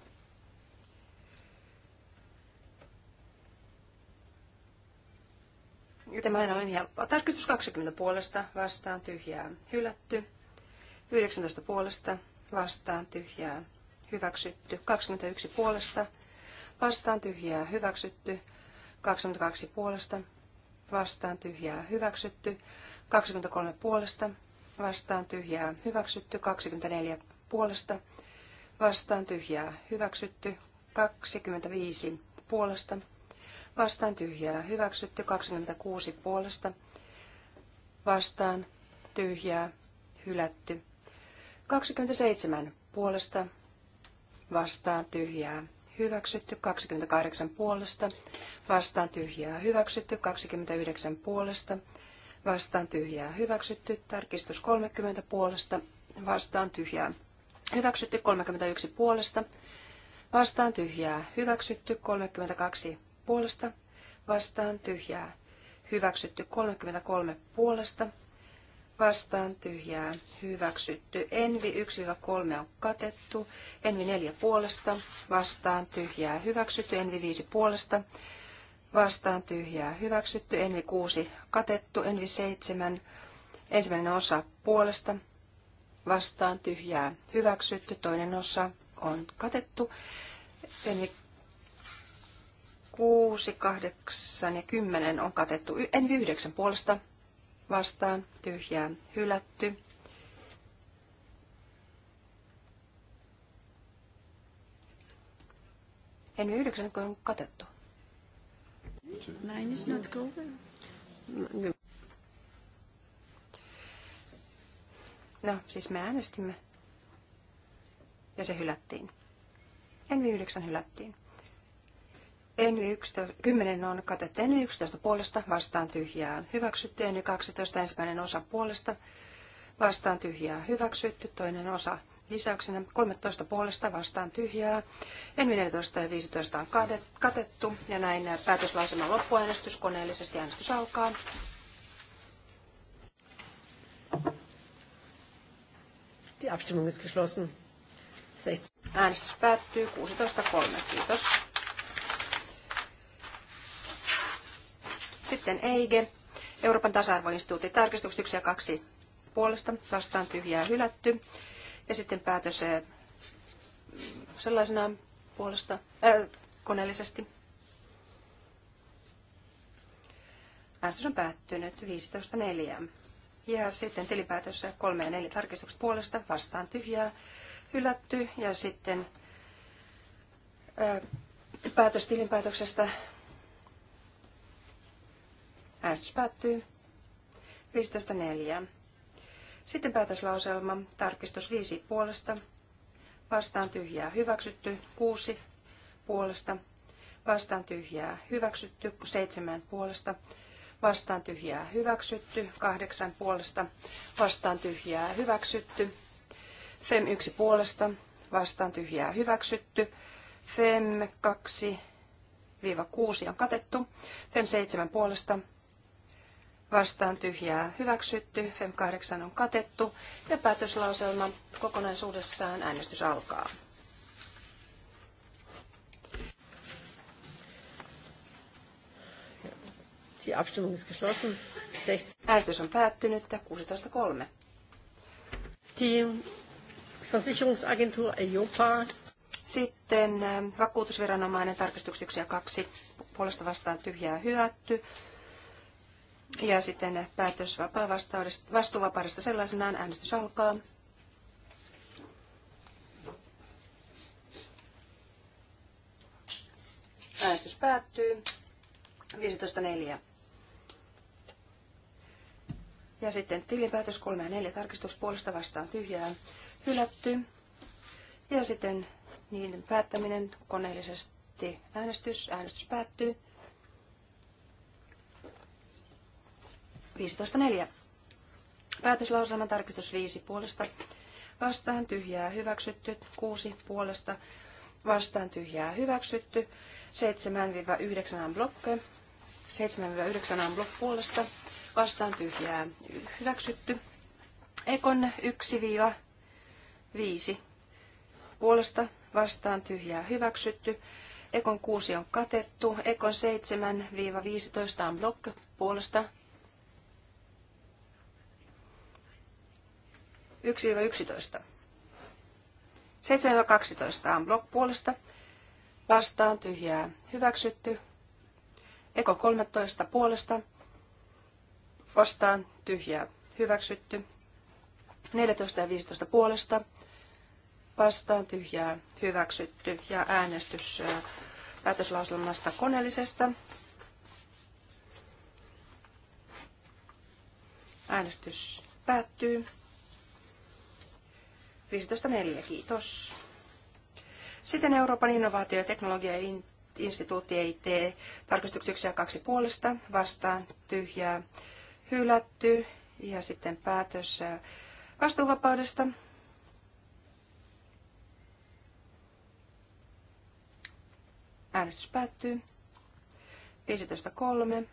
Tämä on niin helppoa. Tarkistus 20 puolesta vastaan tyhjää hylätty. 19 puolesta vastaan tyhjää hyväksytty. 21 puolesta vastaan tyhjää hyväksytty. 22 puolesta vastaan tyhjää hyväksytty. 23 puolesta vastaan tyhjää hyväksytty, 24 puolesta vastaan tyhjää hyväksytty, 25 puolesta vastaan tyhjää hyväksytty, 26 puolesta vastaan tyhjää hylätty, 27 puolesta vastaan tyhjää hyväksytty, 28 puolesta vastaan tyhjää hyväksytty, 29 puolesta vastaan tyhjää hyväksytty, tarkistus 30 puolesta vastaan tyhjää hyväksytty, 31 puolesta vastaan tyhjää hyväksytty, 32 puolesta vastaan tyhjää hyväksytty, 33 puolesta vastaan tyhjää hyväksytty. Envi 1-3 on katettu, Envi 4 puolesta vastaan tyhjää hyväksytty, Envi 5 puolesta vastaan tyhjää hyväksytty, envi 6 katettu, envi 7 ensimmäinen osa puolesta vastaan tyhjää hyväksytty, toinen osa on katettu, envi 6, 8 ja 10 on katettu, envi 9 puolesta vastaan tyhjää hylätty. Envi 9 on katettu. Mine is not going. No, siis me äänestimme. Ja se hylättiin. Envi 9 hylättiin. Envi 11, 10 on katettu Envi 11 puolesta vastaan tyhjää. Hyväksytty Envi 12 ensimmäinen osa puolesta vastaan tyhjää. Hyväksytty toinen osa lisäyksenä 13 puolesta vastaan tyhjää. En 14 ja 15 on katettu ja näin päätöslauseman loppuäänestys koneellisesti äänestys alkaa. Die Abstimmung ist geschlossen. 16. Äänestys päättyy 16.3. Kiitos. Sitten EIGE, Euroopan tasa-arvoinstituutin tarkistuksia kaksi puolesta, vastaan tyhjää hylätty. Ja sitten päätös eh, sellaisena puolesta, äh, koneellisesti. Äänestys on päättynyt 15.4. Ja sitten tilipäätös 3 ja 4 tarkistukset puolesta vastaan tyhjää hylätty. Ja sitten äh, päätös tilinpäätöksestä. Äänestys päättyy 15.4. Sitten päätöslauselma, tarkistus 5 puolesta, vastaan tyhjää hyväksytty, 6 puolesta, vastaan tyhjää hyväksytty, 7 puolesta, vastaan tyhjää hyväksytty, 8 puolesta, vastaan tyhjää hyväksytty, FEM 1 puolesta, vastaan tyhjää hyväksytty, FEM 2 6 on katettu, FEM 7 puolesta, vastaan tyhjää hyväksytty, FEM 8 on katettu ja päätöslauselma kokonaisuudessaan äänestys alkaa. Die Abstimmung ist geschlossen. Äänestys on päättynyt 16.3. Die Versicherungsagentur EIOPA. Sitten äh, vakuutusviranomainen tarkistuksia kaksi puolesta vastaan tyhjää hyötty. Ja sitten päätös vastuuvapaudesta sellaisenaan. Äänestys alkaa. Äänestys päättyy. 15.4. Ja sitten tilinpäätös 3 ja 4 tarkistus puolesta vastaan tyhjää hylätty. Ja sitten niiden päättäminen koneellisesti äänestys. Äänestys päättyy. 15.4. Päätöslauselman tarkistus 5 puolesta. Vastaan tyhjää hyväksytty. 6 puolesta. Vastaan tyhjää hyväksytty. 7-9 on blokke. 7-9 on blok puolesta. Vastaan tyhjää hyväksytty. Ekon 1-5 puolesta. Vastaan tyhjää hyväksytty. Ekon 6 on katettu. Ekon 7-15 on blokki puolesta 1-11. 7-12 on blog puolesta. Vastaan tyhjää hyväksytty. Eko 13 puolesta. Vastaan tyhjää hyväksytty. 14 ja 15 puolesta. Vastaan tyhjää hyväksytty. Ja äänestys päätöslauselmasta koneellisesta. Äänestys päättyy. 15.4. Kiitos. Sitten Euroopan innovaatio- ja teknologiainstituutti ei tee tarkistuksia kaksi puolesta vastaan tyhjää hylätty ja sitten päätös äh, vastuuvapaudesta. Äänestys päättyy. 15.3.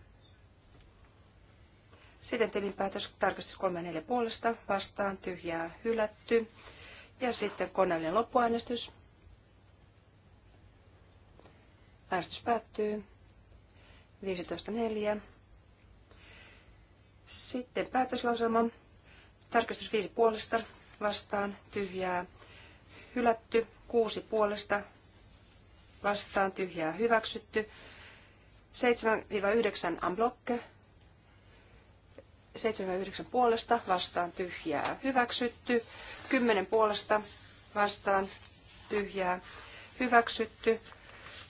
Sitten tilinpäätös tarkistus 3.4 puolesta vastaan tyhjää hylätty. Ja sitten koneellinen loppuäänestys. Äänestys päättyy 15.4. Sitten päätöslauselma. Tarkastus 5 puolesta vastaan tyhjää hylätty. 6 puolesta vastaan tyhjää hyväksytty. 7-9 unblock 79 puolesta vastaan tyhjää hyväksytty. 10 puolesta vastaan tyhjää hyväksytty.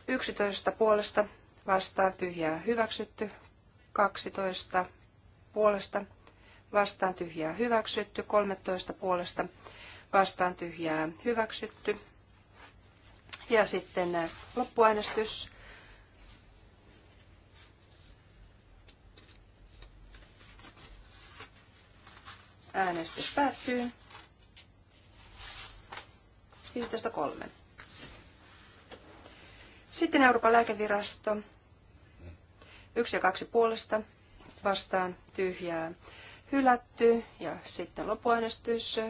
11 puolesta vastaan tyhjää hyväksytty. 12 puolesta vastaan tyhjää hyväksytty. 13 puolesta vastaan tyhjää hyväksytty. Ja sitten äh, loppuäänestys Äänestys päättyy. 15.3. Sitten Euroopan lääkevirasto. Yksi ja kaksi puolesta vastaan tyhjää hylätty ja sitten lopuäänestys.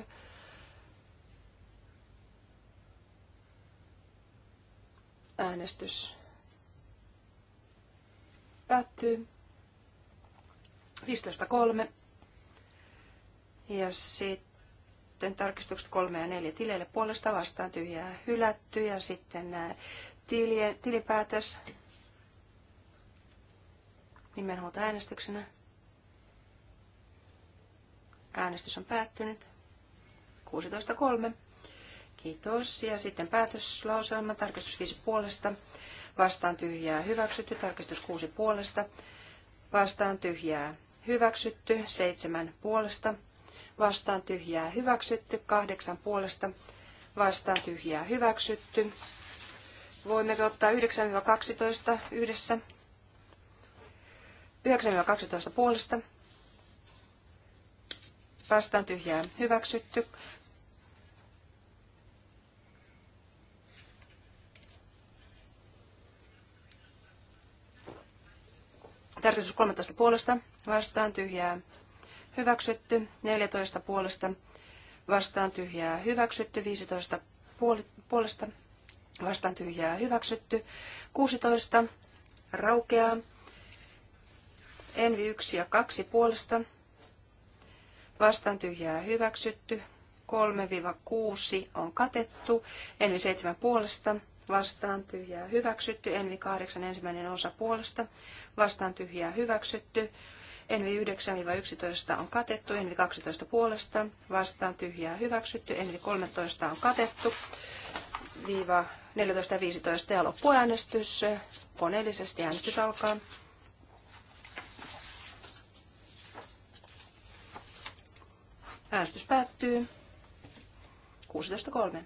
Äänestys päättyy. 15.3. Ja sitten tarkistukset kolme ja neljä tileille puolesta vastaan tyhjää hylätty. Ja sitten nämä tilien, tilipäätös nimenhuolta äänestyksenä. Äänestys on päättynyt. 16.3. Kiitos. Ja sitten päätöslauselma. Tarkistus 5 puolesta. Vastaan tyhjää hyväksytty. Tarkistus 6 puolesta. Vastaan tyhjää hyväksytty. 7 puolesta vastaan tyhjää hyväksytty, kahdeksan puolesta vastaan tyhjää hyväksytty. voimme ottaa 9-12 yhdessä? 9-12 puolesta vastaan tyhjää hyväksytty. Tarkistus 13 puolesta vastaan tyhjää hyväksytty, 14 puolesta vastaan tyhjää hyväksytty, 15 puolesta vastaan tyhjää hyväksytty, 16 raukeaa, envi 1 ja 2 puolesta vastaan tyhjää hyväksytty, 3-6 on katettu, envi 7 puolesta vastaan tyhjää hyväksytty, envi 8 ensimmäinen osa puolesta vastaan tyhjää hyväksytty, Envi 9-11 on katettu, Envi 12 puolesta, vastaan tyhjää hyväksytty, Envi 13 on katettu, viiva 14 ja 15 ja loppuäänestys. Koneellisesti äänestys alkaa. Äänestys päättyy 16.3.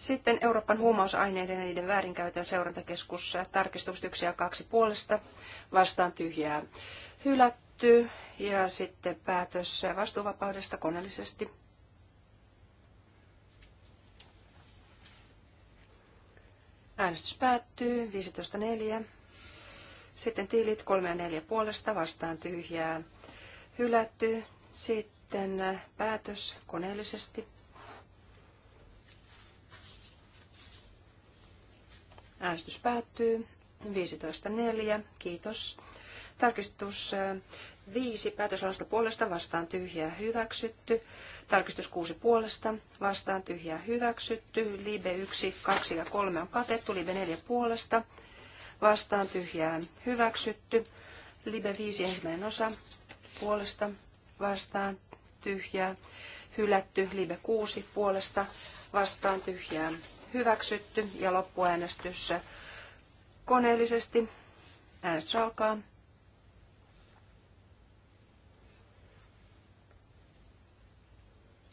Sitten Euroopan huumausaineiden ja niiden väärinkäytön seurantakeskus tarkistukset 1 ja 2 puolesta vastaan tyhjää hylätty ja sitten päätös vastuuvapaudesta koneellisesti. Äänestys päättyy 15.4. Sitten tiilit 3 ja 4 puolesta vastaan tyhjää hylätty. Sitten päätös koneellisesti. Äänestys päättyy. 15.4. Kiitos. Tarkistus 5. Päätöslausta puolesta vastaan tyhjää hyväksytty. Tarkistus 6 puolesta vastaan tyhjää hyväksytty. Libe 1, 2 ja 3 on katettu. Libe 4 puolesta vastaan tyhjää hyväksytty. Libe 5 ensimmäinen osa puolesta vastaan tyhjää hylätty. Libe 6 puolesta vastaan tyhjää hyväksytty ja loppuäänestys koneellisesti. Äänestys alkaa.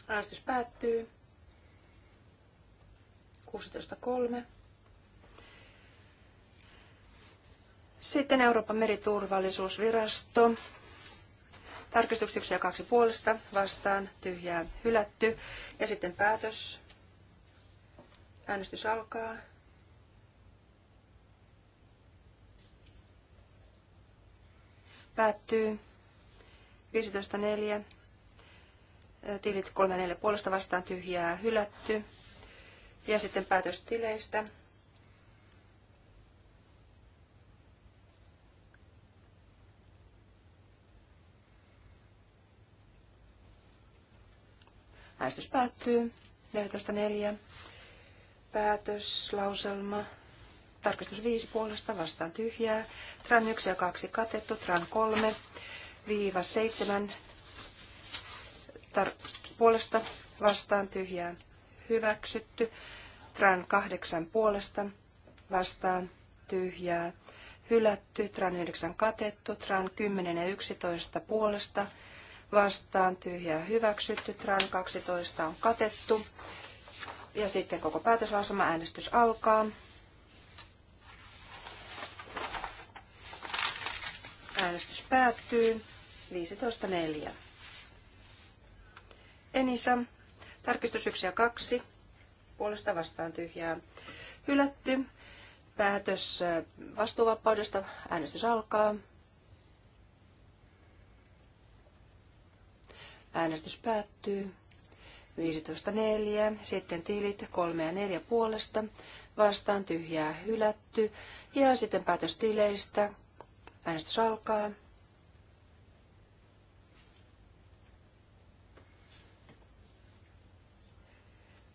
Äänestys päättyy. 16.3. Sitten Euroopan meriturvallisuusvirasto. Tarkistuksia kaksi puolesta vastaan tyhjää hylätty. Ja sitten päätös Äänestys alkaa. Päättyy. 15.4. Tilit 3.4 puolesta vastaan tyhjää hylätty. Ja sitten päätös tileistä. Äänestys päättyy 14.4 päätöslauselma. Tarkistus 5 puolesta vastaan tyhjää. Tran 1 ja 2 katettu. Tran 3 viiva 7 tar- puolesta vastaan tyhjään hyväksytty. Tran 8 puolesta vastaan tyhjää hylätty. Tran 9 katettu. Tran 10 ja 11 puolesta vastaan tyhjää hyväksytty. Tran 12 on katettu. Ja sitten koko päätöslausuma äänestys alkaa. Äänestys päättyy 15.4. Enisa, tarkistus 1 ja 2, puolesta vastaan tyhjää, hylätty. Päätös vastuuvapaudesta, äänestys alkaa. Äänestys päättyy 15.4. Sitten tilit 3 ja 4 puolesta. Vastaan tyhjää hylätty. Ja sitten päätös tileistä. Äänestys alkaa.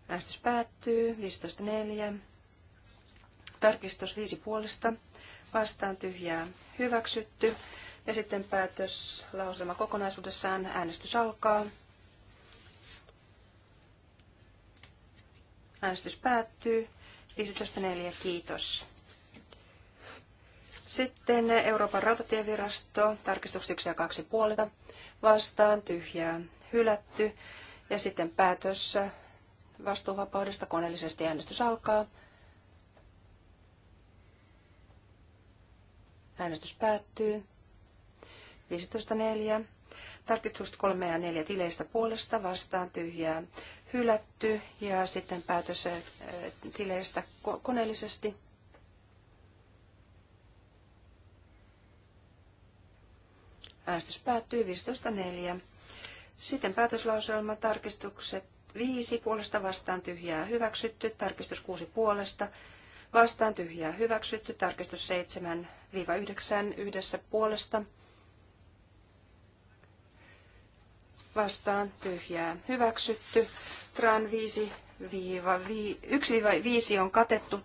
Äänestys päättyy 15.4. Tarkistus 5 puolesta. Vastaan tyhjää hyväksytty. Ja sitten päätös lauselma kokonaisuudessaan. Äänestys alkaa. Äänestys päättyy. 15.4. Kiitos. Sitten Euroopan rautatievirasto, tarkistukset 1 ja 2 puolelta, vastaan tyhjää, hylätty. Ja sitten päätös vastuuvapaudesta koneellisesti äänestys alkaa. Äänestys päättyy. 15.4. Tarkistus kolme ja neljä tileistä puolesta vastaan tyhjää hylätty ja sitten päätös äh, tileistä koneellisesti. Äänestys päättyy 15.4. Sitten päätöslauselma tarkistukset 5 puolesta vastaan tyhjää hyväksytty, tarkistus 6 puolesta vastaan tyhjää hyväksytty, tarkistus 7-9 yhdessä puolesta vastaan tyhjää hyväksytty. Tran 5 viiva, vi, 1-5 on katettu.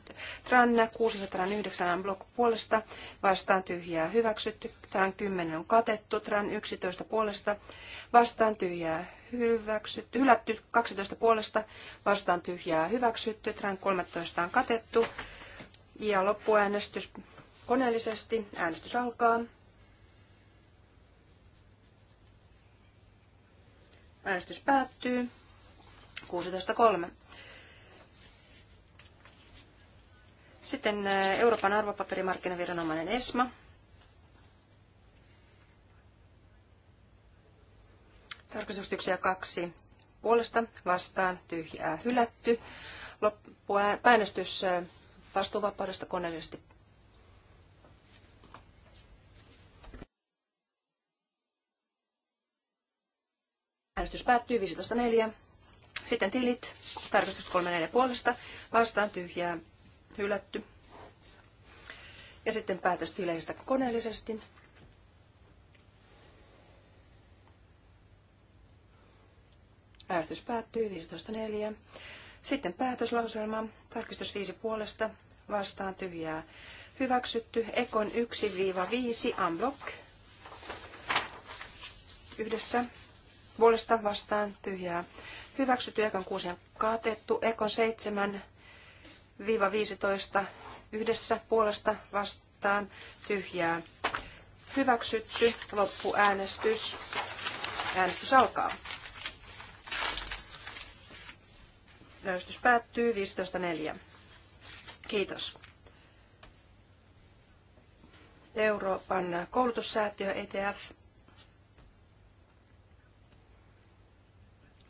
Tran 6 ja Tran 9 on blok puolesta vastaan tyhjää hyväksytty. Tran 10 on katettu. Tran 11 puolesta vastaan tyhjää hyväksytty. Hylätty 12 puolesta vastaan tyhjää hyväksytty. Tran 13 on katettu. Ja loppuäänestys koneellisesti. Äänestys alkaa. Äänestys päättyy. 16.3. Sitten äh, Euroopan arvopaperimarkkinaviranomainen ESMA. Tarkastustyksiä kaksi puolesta vastaan tyhjää hylätty. Loppuäänestys äh, vastuuvapaudesta koneellisesti Äänestys päättyy 15.4. Sitten tilit. Tarkastus 34 puolesta. Vastaan tyhjää. Hylätty. Ja sitten päätös tileistä koneellisesti. Äänestys päättyy 15.4. Sitten päätöslauselma. Tarkistus 5 puolesta. Vastaan tyhjää. Hyväksytty. Ekon 1-5 unblock. Yhdessä puolesta vastaan tyhjää. Hyväksytty ekon 6 on katettu. Ekon 7 viiva 15 yhdessä puolesta vastaan tyhjää. Hyväksytty loppuäänestys. Äänestys alkaa. Äänestys päättyy 15.4. Kiitos. Euroopan koulutussäätiö ETF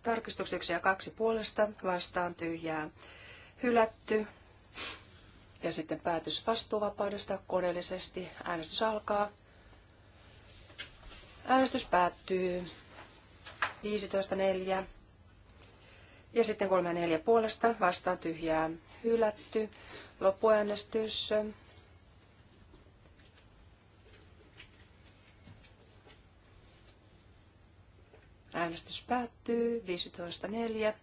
Tarkistus 1 ja 2 puolesta vastaan tyhjää hylätty. Ja sitten päätös vastuuvapaudesta koneellisesti. Äänestys alkaa. Äänestys päättyy 15.4. Ja sitten 3 ja 4 puolesta vastaan tyhjää hylätty. Loppuäänestys. Äänestys päättyy 15.4.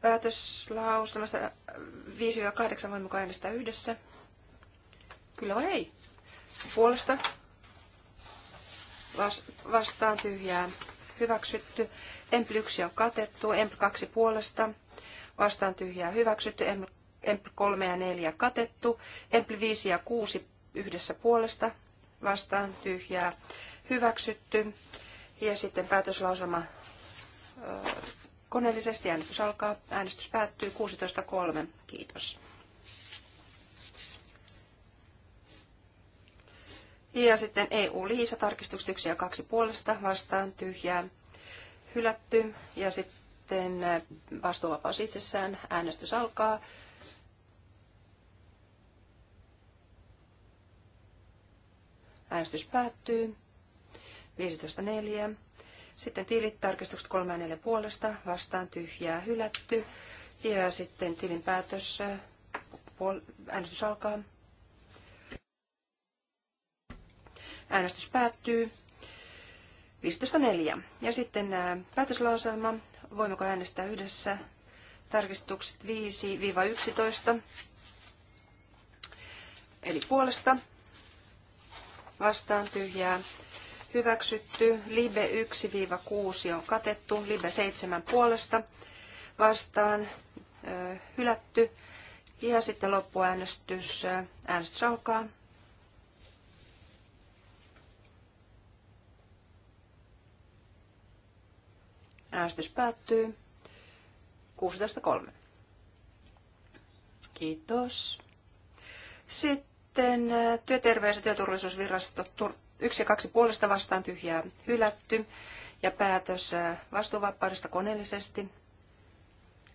Päätöslauselmasta 5-8 voimme äänestää yhdessä. Kyllä vai ei? Puolesta Vas- vastaan tyhjää hyväksytty. Empl 1 on katettu. Empl 2 puolesta vastaan tyhjää hyväksytty. Empl 3 ja 4 katettu. Empl 5 ja 6 yhdessä puolesta vastaan tyhjää hyväksytty. Ja sitten päätöslauselma koneellisesti. Äänestys alkaa. Äänestys päättyy 16.3. Kiitos. Ja sitten EU-liisa tarkistukset 1 ja 2 puolesta vastaan tyhjää hylätty. Ja sitten vastuuvapaus itsessään. Äänestys alkaa. Äänestys päättyy. 15.4. Sitten tilit, tarkistukset 3 4 puolesta, vastaan tyhjää, hylätty. Ja sitten tilin päätös, puol- äänestys alkaa. Äänestys päättyy 15.4. Ja sitten päätöslauselma, voimmeko äänestää yhdessä, tarkistukset 5-11, eli puolesta, vastaan tyhjää, hyväksytty. Libe 1-6 on katettu. Libe 7 puolesta vastaan hylätty. Ja sitten loppuäänestys. Äänestys alkaa. Äänestys päättyy 16.3. Kiitos. Sitten työterveys- ja työturvallisuusvirasto yksi ja kaksi puolesta vastaan tyhjää hylätty. Ja päätös äh, vastuuvapaudesta koneellisesti.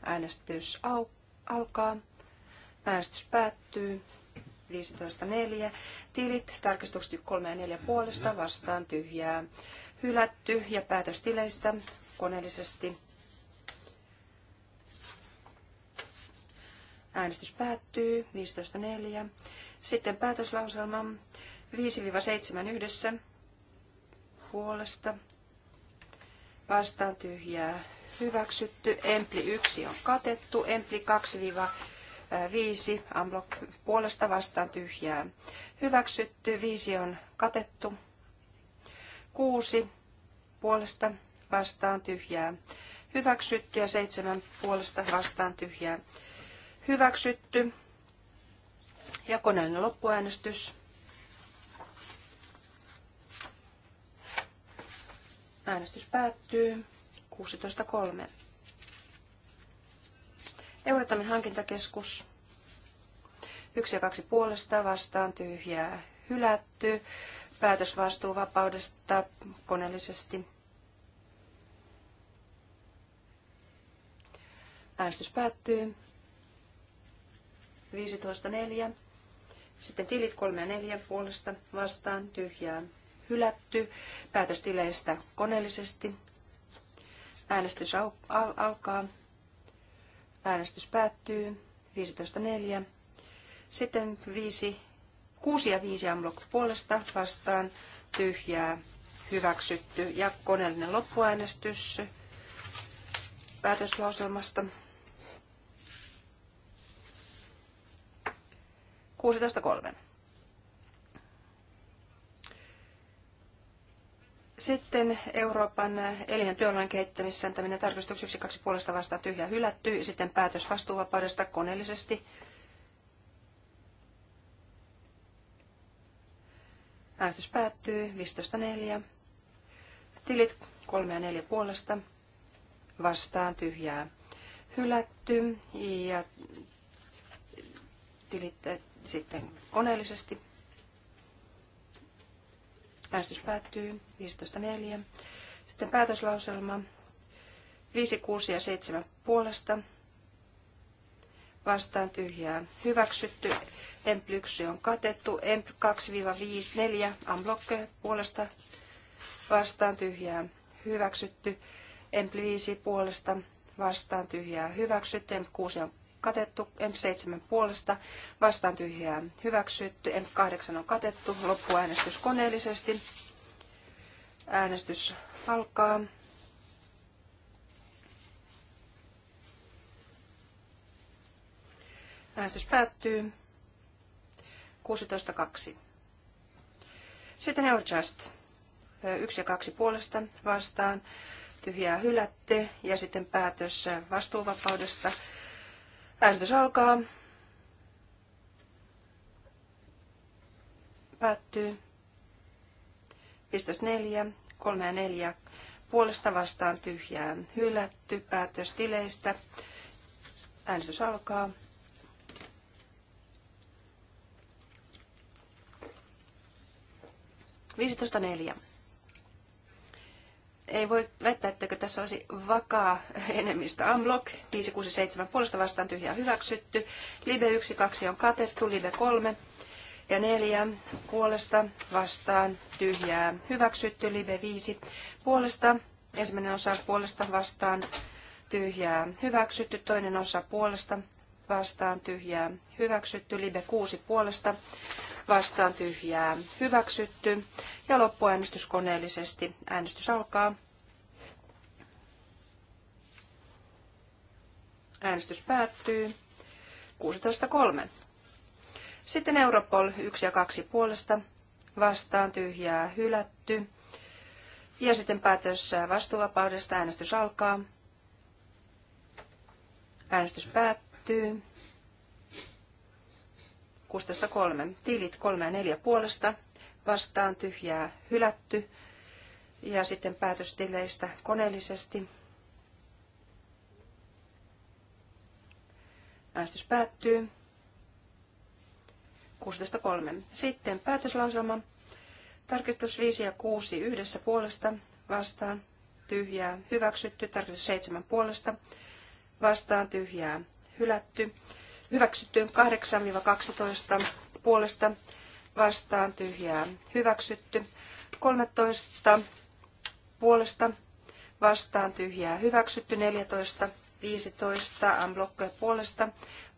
Äänestys au, alkaa. Äänestys päättyy. 15.4. Tilit, tarkistukset 3 ja 4 puolesta, vastaan tyhjää, hylätty ja päätös tileistä koneellisesti. Äänestys päättyy 15.4. Sitten päätöslauselma 5-7 yhdessä puolesta. Vastaan tyhjää hyväksytty. Empli 1 on katettu. Empli 2-5 Amblok puolesta vastaan tyhjää hyväksytty. 5 on katettu. 6 puolesta vastaan tyhjää hyväksytty ja 7 puolesta vastaan tyhjää hyväksytty. Ja koneellinen loppuäänestys. Äänestys päättyy 16.3. Euroopan hankintakeskus 1 ja 2 puolesta vastaan tyhjää hylätty. Päätös vastuuvapaudesta koneellisesti. Äänestys päättyy 15.4. Sitten tilit 3 ja 4 puolesta vastaan tyhjää hylätty. Päätös tileistä koneellisesti. Äänestys al- al- alkaa. Äänestys päättyy. 15.4. Sitten 5, 6 ja 5 amlok puolesta vastaan tyhjää hyväksytty ja koneellinen loppuäänestys päätöslauselmasta. 16.3. Sitten Euroopan elinen työolojen kehittämisessä antaminen tarkistukseksi kaksi puolesta vastaan tyhjä hylätty. Sitten päätös vastuuvapaudesta koneellisesti. Äänestys päättyy 15.4. Tilit 3 ja 4 puolesta vastaan tyhjää hylätty ja tilit äh, sitten koneellisesti Äänestys päättyy 15.4. Sitten päätöslauselma 5, 6 ja 7 puolesta. Vastaan tyhjää hyväksytty. Emp 1 on katettu. Emp 2-4 unblock puolesta. Vastaan tyhjää hyväksytty. Emp 5 puolesta. Vastaan tyhjää hyväksytty. Emp 6 on katettu, M7 puolesta, vastaan tyhjää hyväksytty, M8 on katettu, loppuäänestys koneellisesti. Äänestys alkaa. Äänestys päättyy. 16.2. Sitten Eurojust. 1 ja 2 puolesta vastaan. Tyhjää hylätty. Ja sitten päätös vastuuvapaudesta. Äänitys alkaa. Päättyy. 15.4. 3 ja 4. Puolesta vastaan tyhjää. Hylätty. Päätös tileistä. Äänestys alkaa. Viisitoista neljä ei voi väittää, että tässä olisi vakaa enemmistö. Amblok 567 puolesta vastaan tyhjää hyväksytty. Live 1, 2 on katettu. Live 3 ja 4 puolesta vastaan tyhjää hyväksytty. Live 5 puolesta. Ensimmäinen osa puolesta vastaan tyhjää hyväksytty. Toinen osa puolesta vastaan tyhjää hyväksytty. Live 6 puolesta vastaan tyhjää hyväksytty. Ja loppuäänestys koneellisesti. Äänestys alkaa. Äänestys päättyy 16.3. Sitten Europol 1 ja 2 puolesta vastaan tyhjää hylätty. Ja sitten päätös vastuuvapaudesta äänestys alkaa. Äänestys päättyy 16.3. Tilit 3 ja 4 puolesta vastaan tyhjää hylätty. Ja sitten päätöstileistä koneellisesti. Äänestys päättyy. 16.3. Sitten päätöslauselma. Tarkistus 5 ja 6 yhdessä puolesta vastaan tyhjää hyväksytty. Tarkistus 7 puolesta vastaan tyhjää hylätty. Hyväksytty 8-12 puolesta vastaan tyhjää. Hyväksytty 13 puolesta vastaan tyhjää. Hyväksytty 14 15 amblokkoja puolesta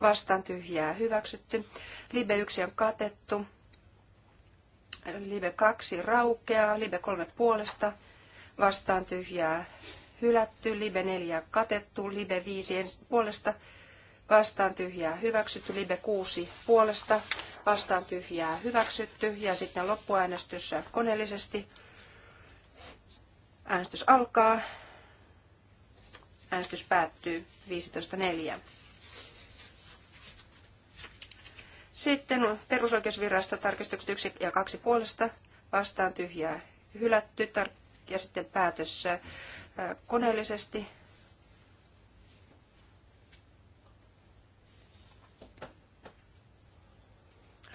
vastaan tyhjää. Hyväksytty. Libe 1 on katettu. Live 2 raukeaa, Live 3 puolesta, vastaan tyhjää hylätty, Live 4 katettu, Live 5 puolesta, vastaan tyhjää hyväksytty, libe 6 puolesta vastaan tyhjää hyväksytty ja sitten loppuäänestys koneellisesti. Äänestys alkaa. Äänestys päättyy 15.4. Sitten perusoikeusvirasto tarkistukset 1 ja 2 puolesta vastaan tyhjää hylätty ja sitten päätös äh, koneellisesti.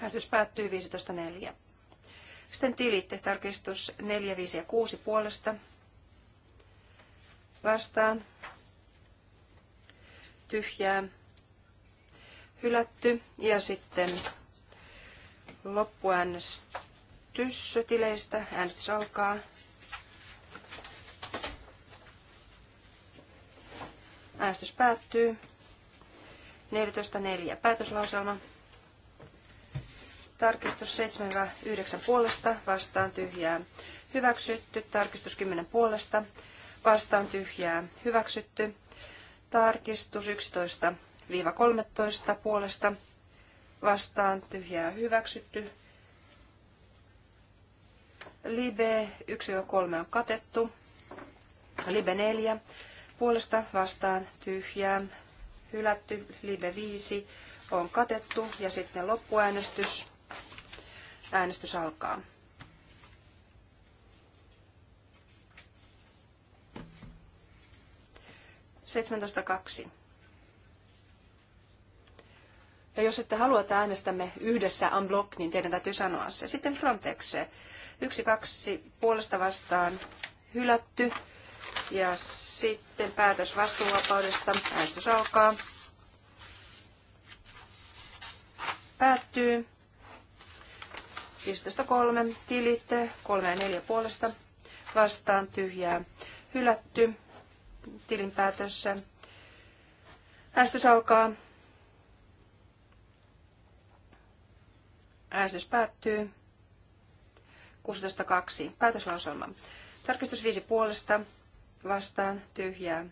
Äänestys päättyy 15.4. Sitten tilit, tarkistus 4, 5 ja 6 puolesta. Vastaan. Tyhjää. Hylätty. Ja sitten loppuäänestys tileistä. Äänestys alkaa. Äänestys päättyy. 14.4. Päätöslauselma. Tarkistus 7-9 puolesta vastaan tyhjää. Hyväksytty. Tarkistus 10 puolesta vastaan tyhjää. Hyväksytty. Tarkistus 11-13 puolesta vastaan tyhjää. Hyväksytty. Libe 1-3 on katettu. Libe 4 puolesta vastaan tyhjää. Hylätty. Libe 5 on katettu ja sitten loppuäänestys Äänestys alkaa. Seitsemäntoista kaksi. Ja jos ette halua, että äänestämme yhdessä bloc, niin teidän täytyy sanoa se. Sitten Frontex. Yksi, kaksi puolesta vastaan hylätty. Ja sitten päätös vastuuvapaudesta. Äänestys alkaa. Päättyy. 15.3. Tilit 3 ja 4 puolesta vastaan tyhjää hylätty. Tilinpäätössä. Äänestys alkaa. Äänestys päättyy. 16.2. Päätöslauselma. Tarkistus 5 puolesta vastaan tyhjää.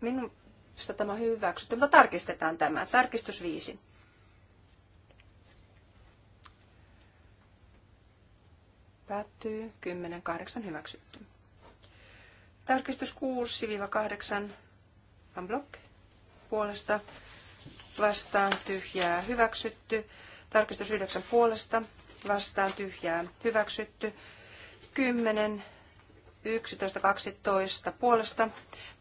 Minusta tämä on hyväksytty, mutta tarkistetaan tämä. Tarkistus 5. Päättyy 10.8. hyväksytty. Tarkistus 6-8 on block puolesta. Vastaan tyhjää hyväksytty. Tarkistus 9 puolesta. Vastaan tyhjää hyväksytty. 10 11, 12 puolesta,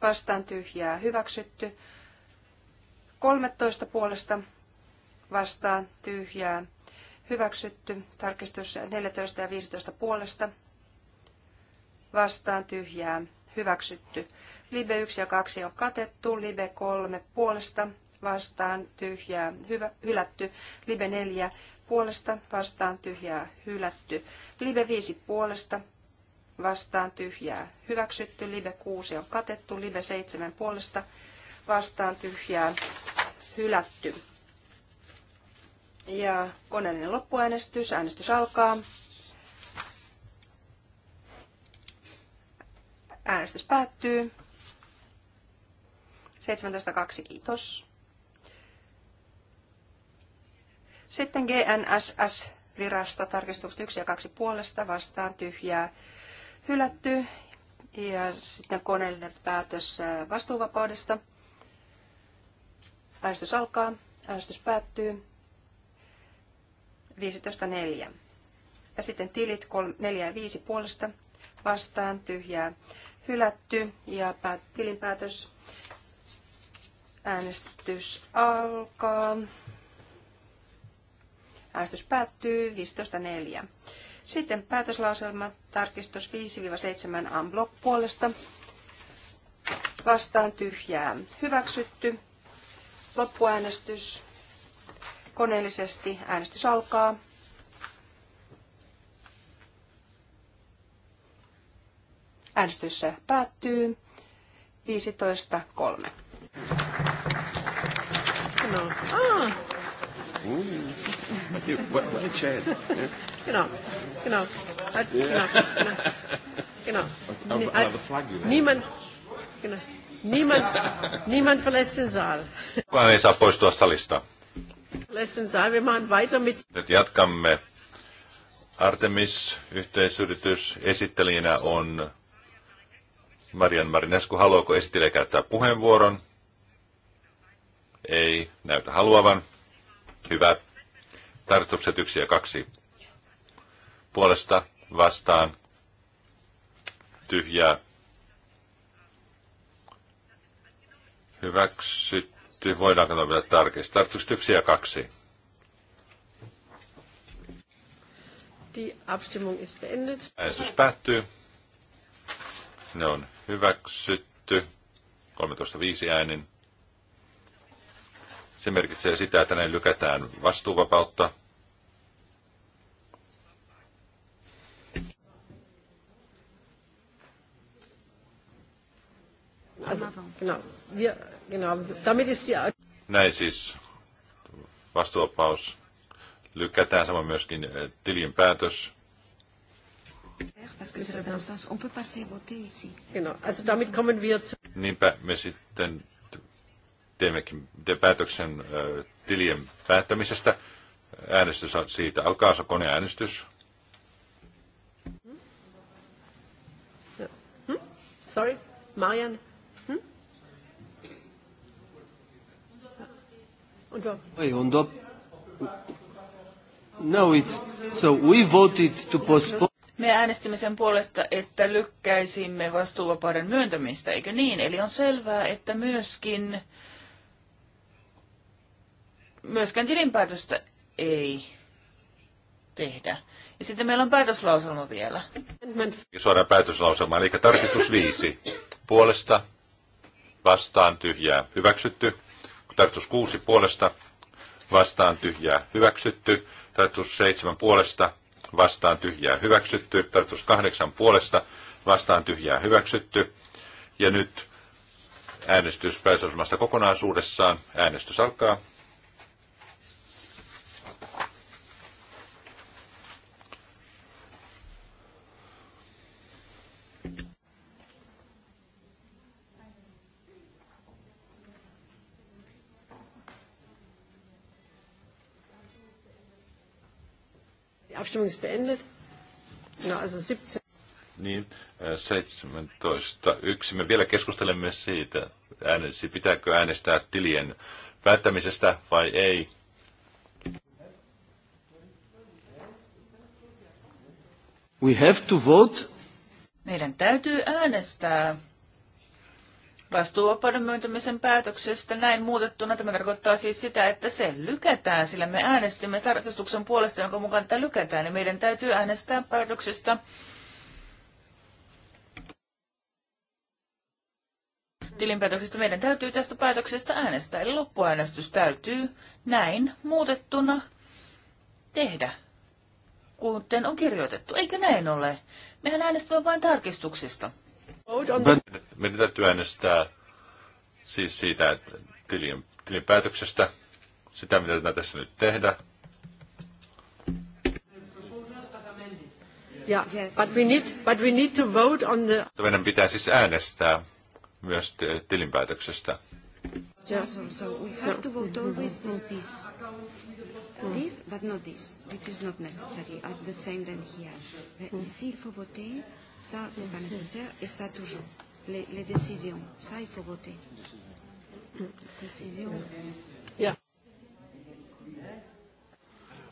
vastaan tyhjää hyväksytty. 13 puolesta, vastaan tyhjää Hyväksytty. Tarkistus 14 ja 15 puolesta. Vastaan tyhjää. Hyväksytty. Libe 1 ja 2 on katettu. Libe 3 puolesta. Vastaan tyhjää. Hyvä, hylätty. Libe 4 puolesta. Vastaan tyhjää. Hylätty. Libe 5 puolesta vastaan tyhjää. Hyväksytty live 6 on katettu, live 7 puolesta vastaan tyhjää, hylätty. Ja koneellinen loppuäänestys, äänestys alkaa. Äänestys päättyy. 17.2, kiitos. Sitten GNSS virasto tarkistukset 1 ja 2 puolesta vastaan tyhjää hylätty. Ja sitten koneellinen päätös äh, vastuuvapaudesta. Äänestys alkaa, äänestys päättyy. 15.4. Ja sitten tilit 4 ja 5 puolesta vastaan tyhjää hylätty ja päät, tilinpäätös äänestys alkaa. Äänestys päättyy 15.4. Sitten päätöslauselma tarkistus 5-7 unblock puolesta. Vastaan tyhjää hyväksytty. Loppuäänestys koneellisesti. Äänestys alkaa. Äänestys päättyy 15.3. Genau. Ah. Mm. What, what a chat. Yeah. Genau, genau. yeah. genau. genau. Hat, niemand, genau. Niemand, niemand verlässt den Saal. Kukaan ei saa poistua salista. Nyt jatkamme. Artemis-yhteisyritys esittelijänä on Marian Marinescu. Haluaako esittelijä käyttää puheenvuoron? Ei näytä haluavan. Hyvä. Tartukset yksi ja kaksi. Puolesta vastaan tyhjää. Hyväksyt hylätty. voidaan katsoa vielä tarkistaa? Tarkistukset yksi ja kaksi. Die Abstimmung ist beendet. Äänestys päättyy. Ne on hyväksytty. 13.5 äänin. Se merkitsee sitä, että näin lykätään vastuuvapautta. Also, genau. Wir, genau, damit ist ja... Näin siis vastuopaus lykätään, samoin myöskin äh, tilin päätös. Niinpä me sitten teemmekin te päätöksen äh, tilien päättämisestä. Äänestys siitä alkaa, se koneäänestys. Hmm? Sorry, Marianne. On on top. No, it's, so we voted to postpone. Me äänestimme sen puolesta, että lykkäisimme vastuuvapauden myöntämistä, eikö niin? Eli on selvää, että myöskin, myöskään tilinpäätöstä ei tehdä. Ja sitten meillä on päätöslauselma vielä. Suoraan päätöslauselma, eli tarkistus viisi. Puolesta, vastaan, tyhjää, hyväksytty. Taitus 6 puolesta vastaan tyhjää hyväksytty. Taitus 7 puolesta vastaan tyhjää hyväksytty. Taitus 8 puolesta vastaan tyhjää hyväksytty. Ja nyt äänestys päätösosmasta kokonaisuudessaan. Äänestys alkaa. Abstimmung ist beendet. No, also 17. Niin, 17.1. Äh, Me vielä keskustelemme siitä, äänesi, pitääkö äänestää tilien päättämisestä vai ei. We have to vote. Meidän täytyy äänestää vastuuvapauden myöntämisen päätöksestä. Näin muutettuna tämä tarkoittaa siis sitä, että se lykätään, sillä me äänestimme tarkastuksen puolesta, jonka mukaan tätä lykätään, niin meidän täytyy äänestää päätöksestä tilinpäätöksestä. Meidän täytyy tästä päätöksestä äänestää, eli loppuäänestys täytyy näin muutettuna tehdä, kuten on kirjoitettu. Eikö näin ole? Mehän äänestämme vain tarkistuksista. Meidän täytyy äänestää siis siitä että tilin, tilin päätöksestä, sitä mitä tässä nyt tehdä. Yeah, Meidän pitää siis äänestää myös tilinpäätöksestä. Yeah. So, so we have to vote always this, this. This, but not this. It is not necessary. At uh, the same than here. see il faut voter Ça, ce n'est pas nécessaire. Et ça, toujours. Les, les décisions. Ça, il faut voter. Décision. Yeah.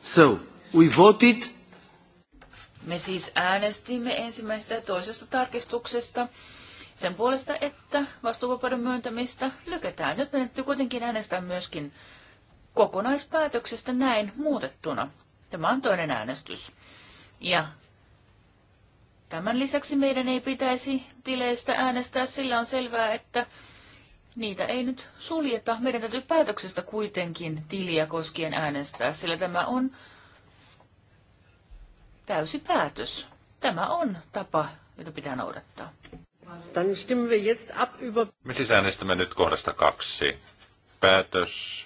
So, we voted. Me siis äänestimme ensimmäisestä ja toisesta tarkistuksesta sen puolesta, että vastuuvapauden myöntämistä lykätään. Nyt menetty kuitenkin äänestää myöskin kokonaispäätöksestä näin muutettuna. Tämä on toinen äänestys. Ja Tämän lisäksi meidän ei pitäisi tileistä äänestää, sillä on selvää, että niitä ei nyt suljeta. Meidän täytyy päätöksestä kuitenkin tiliä koskien äänestää, sillä tämä on täysi päätös. Tämä on tapa, jota pitää noudattaa. Me siis äänestämme nyt kohdasta kaksi. Päätös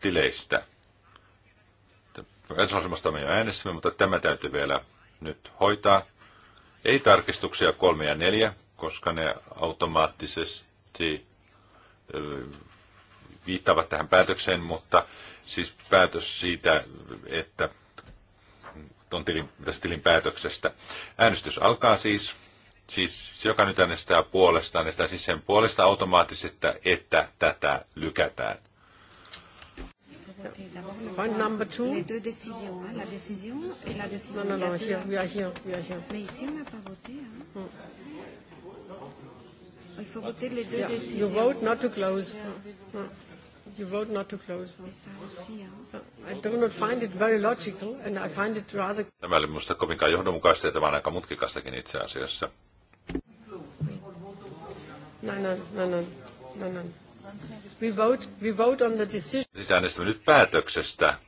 tileistä. Ensimmäisestä me jo äänestämme, mutta tämä täytyy vielä nyt hoitaa. Ei tarkistuksia kolme ja neljä, koska ne automaattisesti viittaavat tähän päätökseen, mutta siis päätös siitä, että on tilin, tästä tilin päätöksestä. Äänestys alkaa siis, siis joka nyt äänestää puolesta, äänestää siis sen puolesta automaattisesti, että tätä lykätään. Point number two. Les deux décisions, hein, la décision et la décision. Non, non, non, here, we are here, we are here. Mais ici, on n'a pas voté. Hein. Hmm. Il faut voter les deux yeah. décisions. Hmm, hmm. You vote not to close. Yeah. You vote not to close. I do not find it very logical and I find it rather... Tämä oli minusta kovinkaan johdonmukaista ja tämä on aika mutkikastakin itse asiassa. No, no, no, no, no, no. no. We vote, we vote on the decision. Siis äänestämme nyt päätöksestä.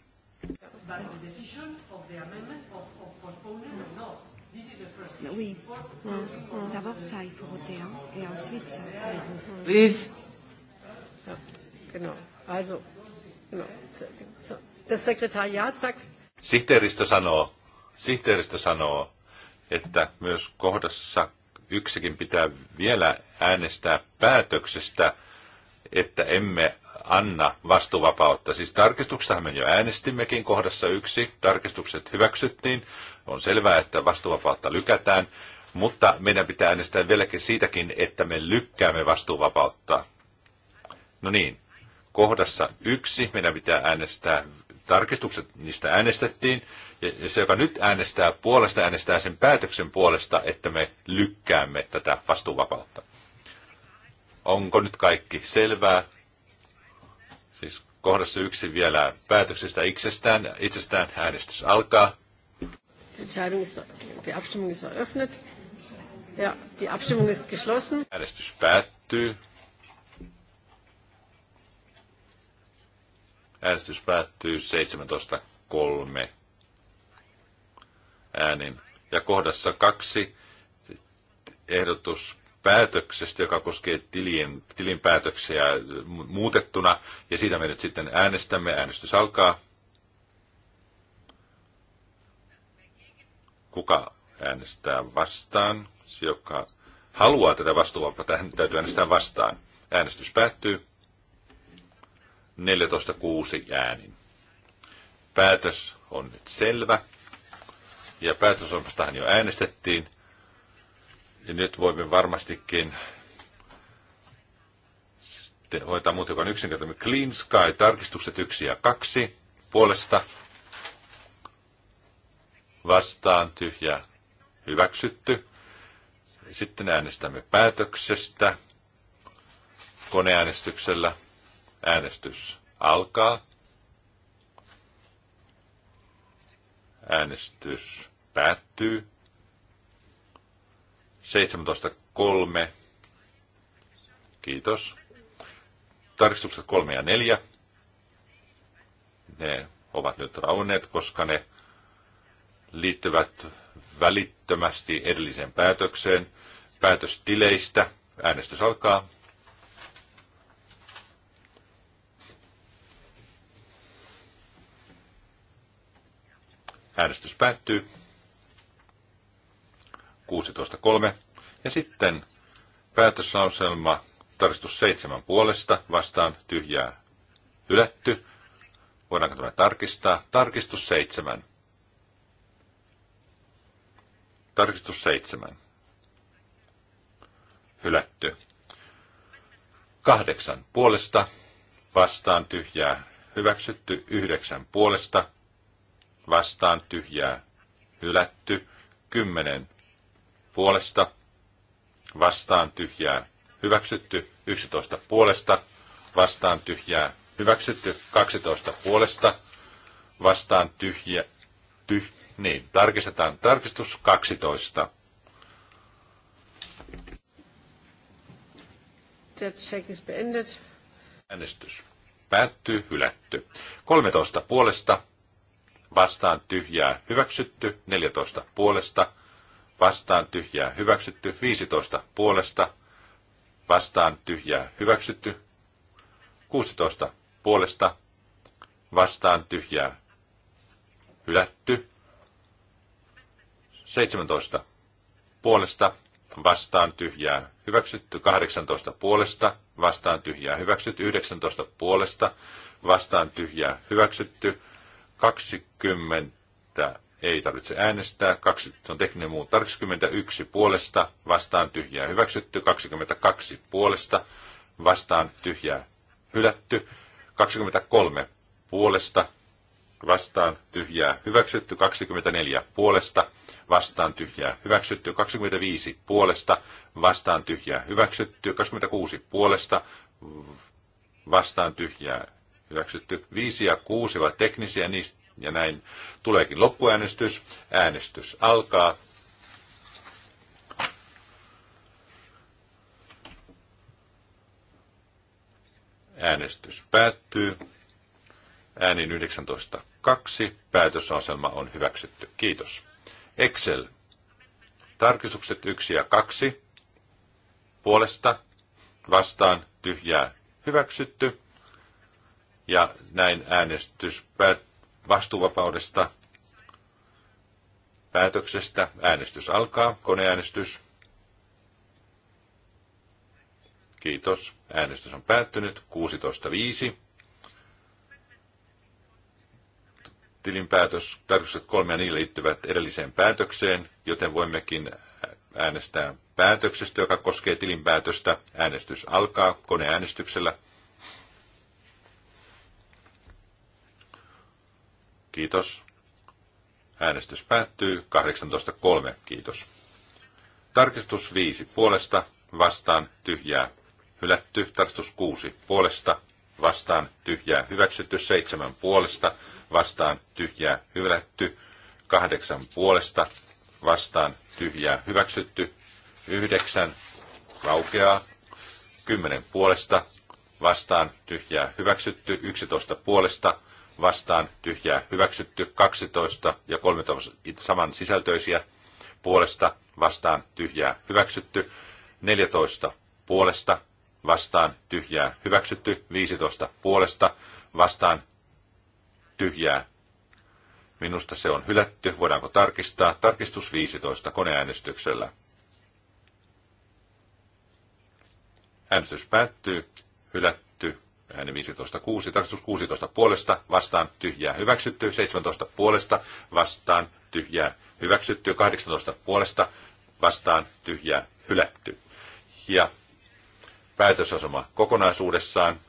Please. Genau. Also, genau. Das Sekretariat sagt. Sihteeristö sanoo, sihteeristö sanoo, että myös kohdassa yksikin pitää vielä äänestää päätöksestä, että emme anna vastuvapautta. Siis tarkistuksestahan me jo äänestimmekin kohdassa yksi, tarkistukset hyväksyttiin, on selvää, että vastuvapautta lykätään, mutta meidän pitää äänestää vieläkin siitäkin, että me lykkäämme vastuuvapautta. No niin, kohdassa yksi meidän pitää äänestää, tarkistukset niistä äänestettiin, ja se, joka nyt äänestää puolesta, äänestää sen päätöksen puolesta, että me lykkäämme tätä vastuuvapautta. Onko nyt kaikki selvää? Siis kohdassa yksi vielä päätöksestä itsestään. Itsestään äänestys alkaa. Äänestys päättyy. Äänestys päättyy 17.3 äänin. Ja kohdassa kaksi ehdotus päätöksestä, joka koskee tilien, tilinpäätöksiä muutettuna, ja siitä me nyt sitten äänestämme. Äänestys alkaa. Kuka äänestää vastaan? Se, joka haluaa tätä vastuuvapautta, täytyy äänestää vastaan. Äänestys päättyy. 14.6 äänin. Päätös on nyt selvä. Ja päätös on, jo äänestettiin. Ja nyt voimme varmastikin sitten hoitaa muuta, joka on yksinkertainen. Clean Sky, tarkistukset 1 ja 2, puolesta vastaan tyhjä hyväksytty. Sitten äänestämme päätöksestä koneäänestyksellä. Äänestys alkaa. Äänestys päättyy. 17.3. Kiitos. Tarkistukset 3 ja 4. Ne ovat nyt rauneet, koska ne liittyvät välittömästi edelliseen päätökseen. Päätös tileistä. Äänestys alkaa. Äänestys päättyy. 16.3. Ja sitten päätöslauselma tarkistus seitsemän puolesta vastaan tyhjää hylätty. Voidaanko tämä tarkistaa? Tarkistus seitsemän Tarkistus seitsemän Hylätty. Kahdeksan puolesta vastaan tyhjää hyväksytty. Yhdeksän puolesta vastaan tyhjää hylätty. Kymmenen puolesta, vastaan tyhjää, hyväksytty. 11 puolesta, vastaan tyhjää, hyväksytty. 12 puolesta, vastaan tyhjä, tyh, niin, tarkistetaan tarkistus 12. Der check is beendet. Äänestys päättyy, hylätty. 13 puolesta, vastaan tyhjää, hyväksytty. 14 puolesta, vastaan tyhjää hyväksytty, 15 puolesta vastaan tyhjää hyväksytty, 16 puolesta vastaan tyhjää hylätty, 17 puolesta vastaan tyhjää hyväksytty, 18 puolesta vastaan tyhjää hyväksytty, 19 puolesta vastaan tyhjää hyväksytty, 20 ei tarvitse äänestää. Kaksi, se on tekninen muu. 21 puolesta vastaan tyhjää hyväksytty. 22 puolesta vastaan tyhjää hylätty. 23 puolesta vastaan tyhjää hyväksytty. 24 puolesta vastaan tyhjää hyväksytty. 25 puolesta vastaan tyhjää hyväksytty. 26 puolesta vastaan tyhjää hyväksytty. 5 ja 6 ovat teknisiä, niistä ja näin tuleekin loppuäänestys. Äänestys alkaa. Äänestys päättyy. Äänin 19.2. Päätösasema on hyväksytty. Kiitos. Excel. Tarkistukset 1 ja 2. Puolesta vastaan tyhjää hyväksytty. Ja näin äänestys päättyy vastuuvapaudesta päätöksestä. Äänestys alkaa. Koneäänestys. Kiitos. Äänestys on päättynyt. 16.5. Tilinpäätös, tarkoitukset kolme ja niille liittyvät edelliseen päätökseen, joten voimmekin äänestää päätöksestä, joka koskee tilinpäätöstä. Äänestys alkaa koneäänestyksellä. Kiitos. Äänestys päättyy 18.3. Kiitos. Tarkistus 5 puolesta, vastaan, tyhjää, hylätty. Tarkistus 6 puolesta, vastaan, tyhjää, hyväksytty. 7 puolesta, vastaan, tyhjää, hylätty. 8 puolesta, vastaan, tyhjää, hyväksytty. 9 raukeaa. 10 puolesta, vastaan, tyhjää, hyväksytty. 11 puolesta, vastaan tyhjää hyväksytty, 12 ja 13 saman sisältöisiä puolesta vastaan tyhjää hyväksytty, 14 puolesta vastaan tyhjää hyväksytty, 15 puolesta vastaan tyhjää. Minusta se on hylätty. Voidaanko tarkistaa? Tarkistus 15 koneäänestyksellä. Äänestys päättyy. Hylätty ääni 15, 6, tarkistus 16 puolesta, vastaan tyhjää hyväksytty, 17 puolesta, vastaan tyhjää hyväksytty, 18 puolesta, vastaan tyhjää hylätty. Ja päätösasema kokonaisuudessaan.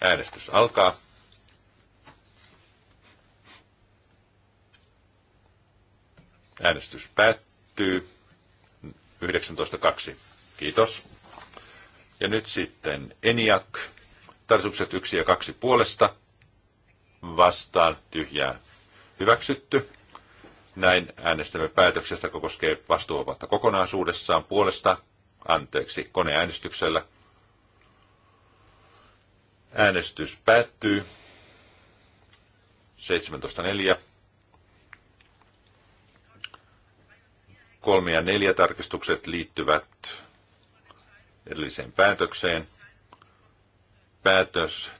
Äänestys alkaa. Äänestys päättyy 19.2. Kiitos. Ja nyt sitten ENIAC. Tarkoitukset 1 ja 2 puolesta vastaan tyhjää hyväksytty. Näin äänestämme päätöksestä, joka koskee vastuuvapautta kokonaisuudessaan puolesta, anteeksi, koneäänestyksellä. Äänestys päättyy 17.4. Kolme ja neljä tarkistukset liittyvät edelliseen päätökseen – päätös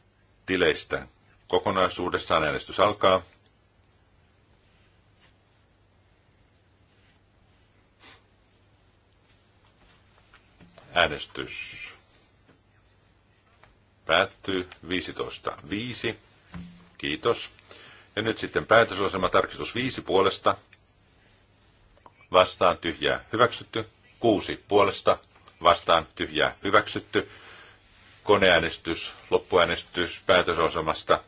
tileistä kokonaisuudessaan. Äänestys alkaa. Äänestys päättyy 15.5. Kiitos. Ja nyt sitten päätösosama tarkistus 5 puolesta. Vastaan tyhjää hyväksytty. 6 puolesta. Vastaan tyhjää hyväksytty koneäänestys, loppuäänestys päätösosamasta.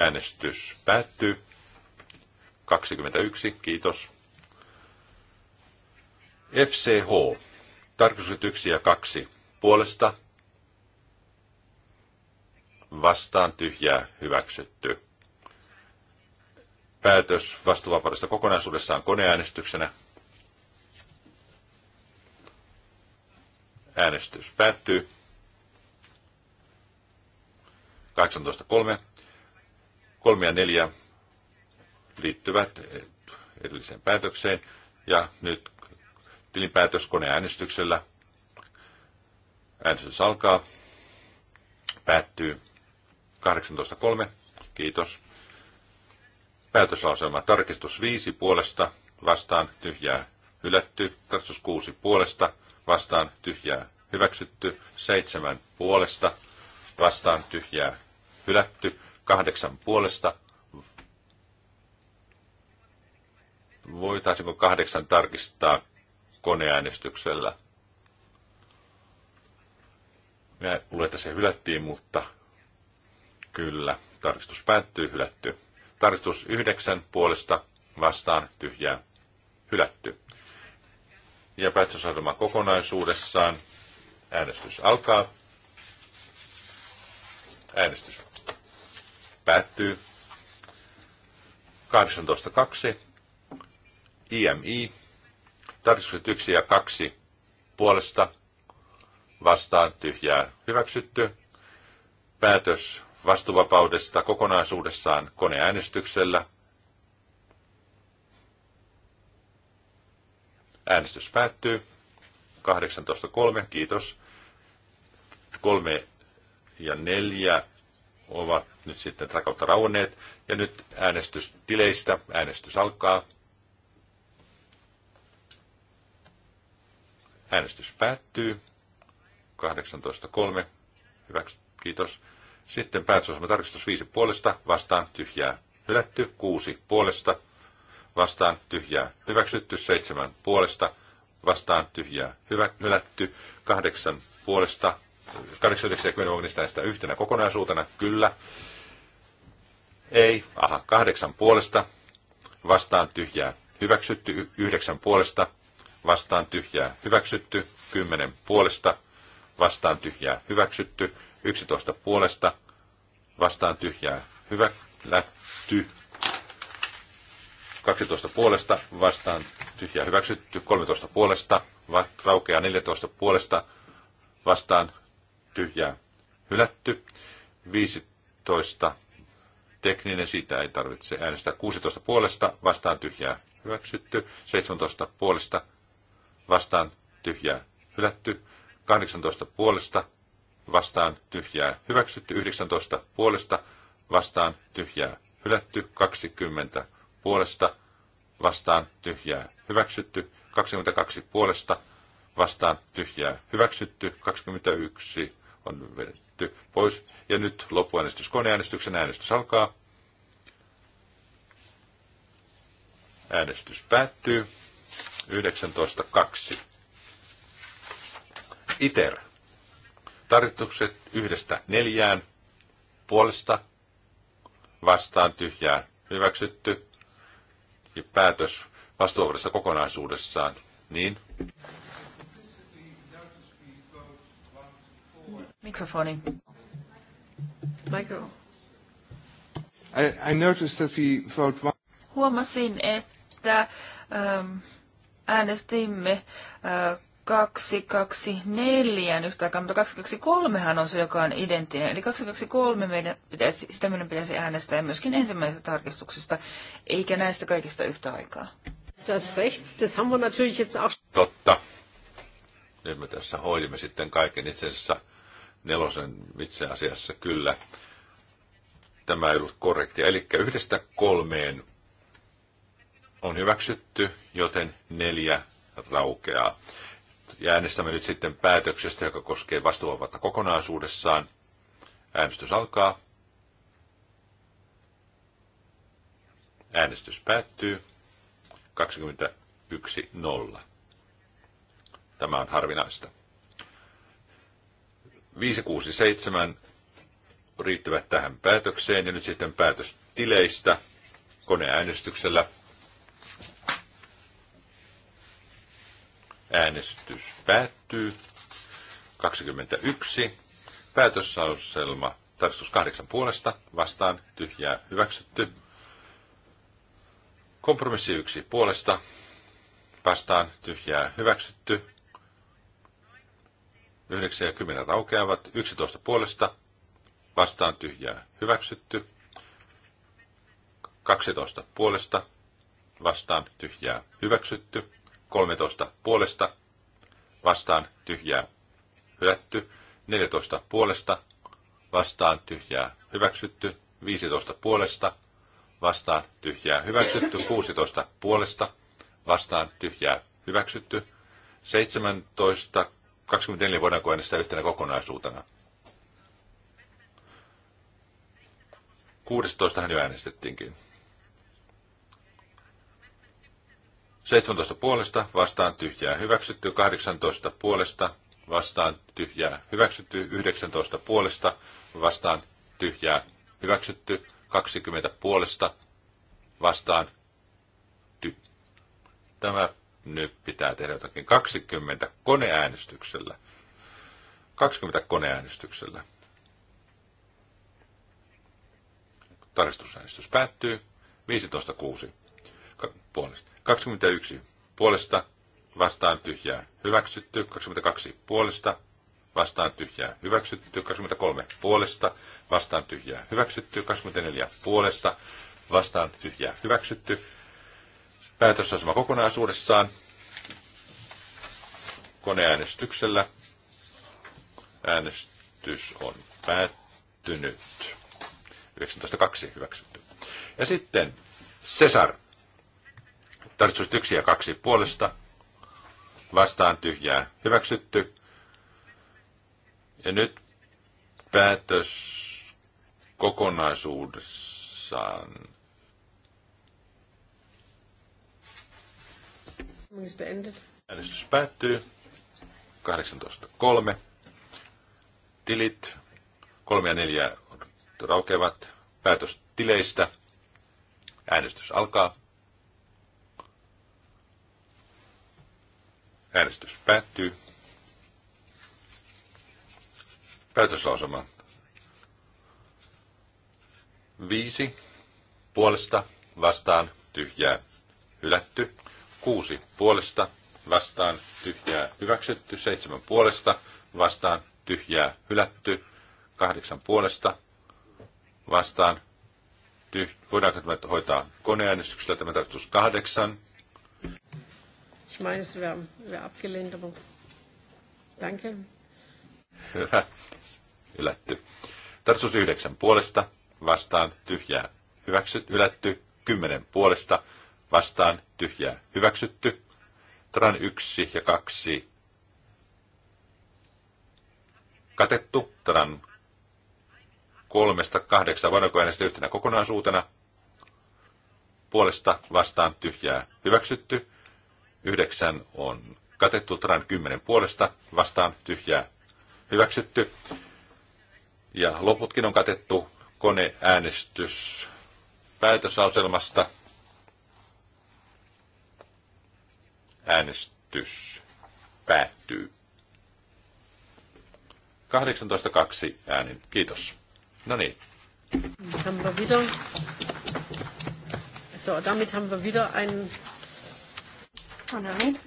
Äänestys päättyy. 21, kiitos. FCH, tarkistukset 1 ja 2, puolesta, vastaan tyhjää hyväksytty. Päätös vastuuvapaudesta kokonaisuudessaan koneäänestyksenä. Äänestys päättyy. 18.3. 3 ja 4 liittyvät edelliseen päätökseen ja nyt tilinpäätös koneäänestyksellä. Äänestys alkaa. Päättyy 18.3. Kiitos. Päätöslauselma tarkistus 5 puolesta vastaan tyhjää hylätty. Tarkistus 6 puolesta vastaan tyhjää hyväksytty, seitsemän puolesta vastaan tyhjää hylätty, kahdeksan puolesta. Voitaisiinko kahdeksan tarkistaa koneäänestyksellä? Minä luulen, että se hylättiin, mutta kyllä, tarkistus päättyy, hylätty. Tarkistus yhdeksän puolesta vastaan tyhjää hylätty ja päätösohjelma kokonaisuudessaan. Äänestys alkaa. Äänestys päättyy. 18.2. IMI. Tarkistukset 1 ja 2 puolesta vastaan tyhjää hyväksytty. Päätös vastuvapaudesta kokonaisuudessaan koneäänestyksellä. Äänestys päättyy. 18.3. Kiitos. Kolme ja neljä ovat nyt sitten rakautta rauenneet. Ja nyt äänestys tileistä. Äänestys alkaa. Äänestys päättyy. 18.3. Hyvä. Kiitos. Sitten päätösosamme tarkistus 5 puolesta, vastaan tyhjää hylätty, 6 puolesta, vastaan tyhjää hyväksytty, seitsemän puolesta vastaan tyhjää hyvä, hylätty, kahdeksan puolesta, kahdeksan ja kymmenen sitä yhtenä kokonaisuutena, kyllä. Ei, aha, kahdeksan puolesta vastaan tyhjää hyväksytty, yhdeksän puolesta vastaan tyhjää hyväksytty, kymmenen puolesta vastaan tyhjää hyväksytty, yksitoista puolesta vastaan tyhjää hyväksytty, 12 puolesta vastaan tyhjä hyväksytty, 13 puolesta raukea 14 puolesta vastaan tyhjää hylätty, 15 tekninen, siitä ei tarvitse äänestää 16 puolesta vastaan tyhjää hyväksytty, 17 puolesta vastaan tyhjää hylätty, 18 puolesta vastaan tyhjää hyväksytty, 19 puolesta vastaan tyhjää hylätty, 20 puolesta vastaan tyhjää hyväksytty, 22 puolesta vastaan tyhjää hyväksytty, 21 on vedetty pois. Ja nyt loppuäänestys koneäänestyksen äänestys alkaa. Äänestys päättyy 19.2. ITER. Tarjotukset yhdestä neljään puolesta vastaan tyhjää hyväksytty ja päätös vastuuvuudessa kokonaisuudessaan, niin... Mikrofoni. Mikro. I, I noticed that we vote one. Huomasin, että ähm, äänestimme äh, 224 yhtä aikaa, mutta 223 on se, joka on identtinen. Eli 223 meidän pitäisi, sitä meidän pitäisi äänestää myöskin ensimmäisestä tarkistuksesta, eikä näistä kaikista yhtä aikaa. Das recht, das haben wir natürlich jetzt auch. Totta. Nyt me tässä hoidimme sitten kaiken itse asiassa nelosen itse asiassa kyllä. Tämä ei ollut korrektia. Eli yhdestä kolmeen on hyväksytty, joten neljä raukeaa. Ja äänestämme nyt sitten päätöksestä, joka koskee vastuuvapautta kokonaisuudessaan. Äänestys alkaa. Äänestys päättyy 21.0. Tämä on harvinaista. 567 riittävät tähän päätökseen ja nyt sitten päätös tileistä koneäänestyksellä. Äänestys päättyy. 21. Päätösauselma tarkistus kahdeksan puolesta. Vastaan tyhjää hyväksytty. Kompromissi yksi puolesta. Vastaan tyhjää hyväksytty. 9 ja 10 raukeavat. 11 puolesta. Vastaan tyhjää hyväksytty. 12 puolesta. Vastaan tyhjää hyväksytty. 13 puolesta vastaan tyhjää hylätty, 14 puolesta vastaan tyhjää hyväksytty, 15 puolesta vastaan tyhjää hyväksytty, 16 puolesta vastaan tyhjää hyväksytty, 17, 24 koen sitä yhtenä kokonaisuutena. 16 hän jo äänestettiinkin. 17 puolesta vastaan tyhjää hyväksytty, 18 puolesta vastaan tyhjää hyväksytty, 19 puolesta vastaan tyhjää hyväksytty, 20 puolesta vastaan ty. Tämä nyt pitää tehdä jotakin 20 koneäänestyksellä. 20 koneäänestyksellä. Tarkistusäänestys päättyy 15.6 puolesta 21 puolesta vastaan tyhjää hyväksytty, 22 puolesta vastaan tyhjää hyväksytty, 23 puolesta vastaan tyhjää hyväksytty, 24 puolesta vastaan tyhjää hyväksytty. sama kokonaisuudessaan koneäänestyksellä. Äänestys on päättynyt. 19.2 hyväksytty. Ja sitten Cesar Tarkistus 1 ja 2 puolesta. Vastaan tyhjää hyväksytty. Ja nyt päätös kokonaisuudessaan. Äänestys päättyy. 18.3. Tilit 3 ja 4 raukeavat. Päätös tileistä. Äänestys alkaa. Äänestys päättyy. Päätöslausuma. Viisi. Puolesta vastaan tyhjää hylätty. Kuusi. Puolesta vastaan tyhjää hyväksytty. Seitsemän puolesta vastaan tyhjää hylätty. Kahdeksan puolesta vastaan tyh- voidaanko tämä hoitaa koneäänestyksellä tämä tarkoitus kahdeksan. Ich meine, es wäre wär abgelehnt, aber danke. Hyvä. Ylätty. Tartsus yhdeksän puolesta, vastaan, tyhjää, hyväksyt, ylätty. Kymmenen puolesta, vastaan, tyhjää, hyväksytty. Tran yksi ja kaksi katettu. Tran kolmesta kahdeksan voidaanko yhtenä kokonaisuutena. Puolesta vastaan tyhjää hyväksytty. 9 on katettu, tran 10 puolesta vastaan tyhjää hyväksytty. Ja loputkin on katettu koneäänestys päätösauselmasta. Äänestys päättyy. 18.2 äänin. Kiitos. No niin. Haben wir wieder. So, damit haben wir wieder einen No niin.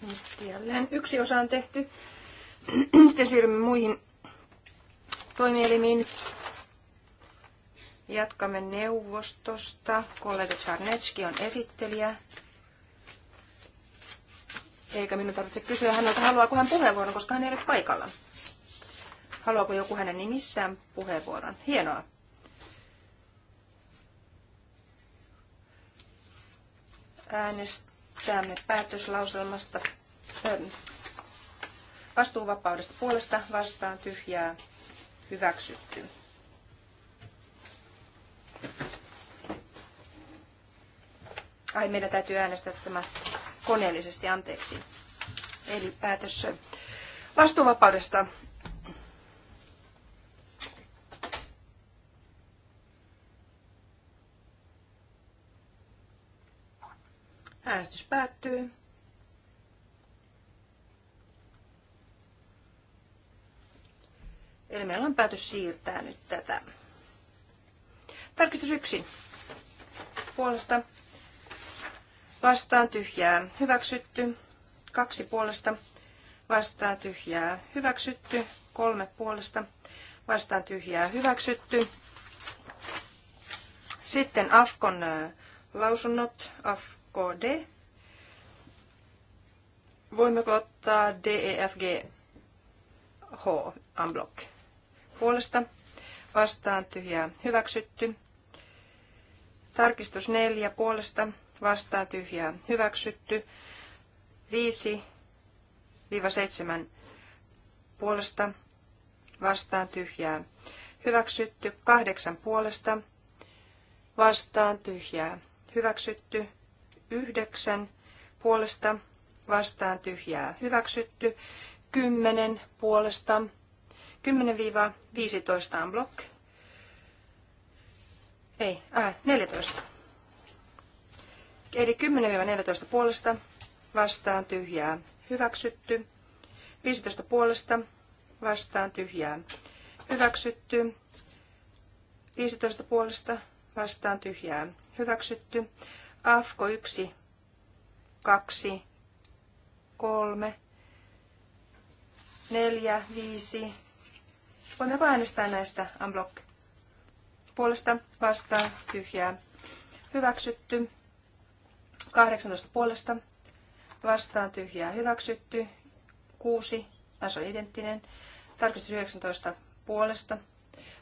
Nyt jälleen yksi osa on tehty. Sitten siirrymme muihin toimielimiin. Jatkamme neuvostosta. Kollega Czarnecki on esittelijä. Eikä minun tarvitse kysyä häneltä, haluaako hän puheenvuoron, koska hän ei ole paikalla. Haluaako joku hänen nimissään puheenvuoron? Hienoa. Äänestä. Äänestämme päätöslauselmasta ähm, vastuuvapaudesta puolesta vastaan tyhjää hyväksytty. Ai, meidän täytyy äänestää tämä koneellisesti, anteeksi. Eli päätös äh, vastuuvapaudesta Äänestys päättyy. Eli meillä on päätös siirtää nyt tätä. Tarkistus 1. Puolesta. Vastaan tyhjää. Hyväksytty. Kaksi puolesta. Vastaan tyhjää. Hyväksytty. Kolme puolesta. Vastaan tyhjää. Hyväksytty. Sitten Afkon äh, lausunnot. Afkon. KD. Voimmeko ottaa DEFG H unblock puolesta? Vastaan tyhjää hyväksytty. Tarkistus 4 puolesta vastaan tyhjää hyväksytty. 5-7 puolesta vastaan tyhjää hyväksytty. 8 puolesta vastaan tyhjää hyväksytty. 9 puolesta vastaan tyhjää hyväksytty. 10 puolesta 10-15 on block. Ei, äh, 14. Eli 10-14 puolesta vastaan tyhjää hyväksytty. 15 puolesta vastaan tyhjää hyväksytty. 15 puolesta vastaan tyhjää hyväksytty. AFKO 1, 2, 3, 4, 5. Voimmeko äänestää näistä unblock? Puolesta vastaan tyhjää. Hyväksytty. 18 puolesta vastaan tyhjää hyväksytty. 6, Tässä on identtinen. Tarkistus 19 puolesta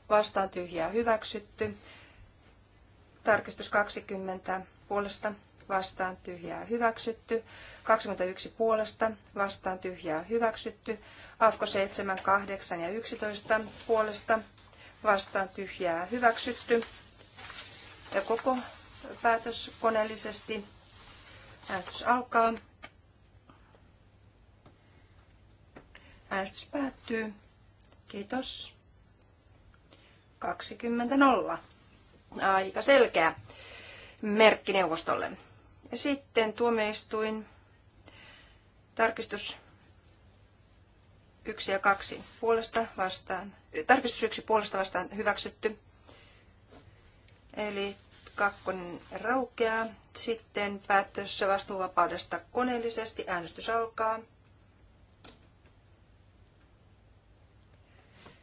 vastaan tyhjää hyväksytty. Tarkistus 20 puolesta vastaan tyhjää hyväksytty. 21 puolesta vastaan tyhjää hyväksytty. Afko 7, 8 ja 11 puolesta vastaan tyhjää hyväksytty. Ja koko päätös koneellisesti. Äänestys alkaa. Äänestys päättyy. Kiitos. 20.0. nolla. Aika selkeä merkki neuvostolle. Ja sitten tuomioistuin, tarkistus 1 ja 2 puolesta vastaan, tarkistus 1 puolesta vastaan hyväksytty. Eli kakkonen raukeaa. Sitten päätössä vastuuvapaudesta koneellisesti. Äänestys alkaa.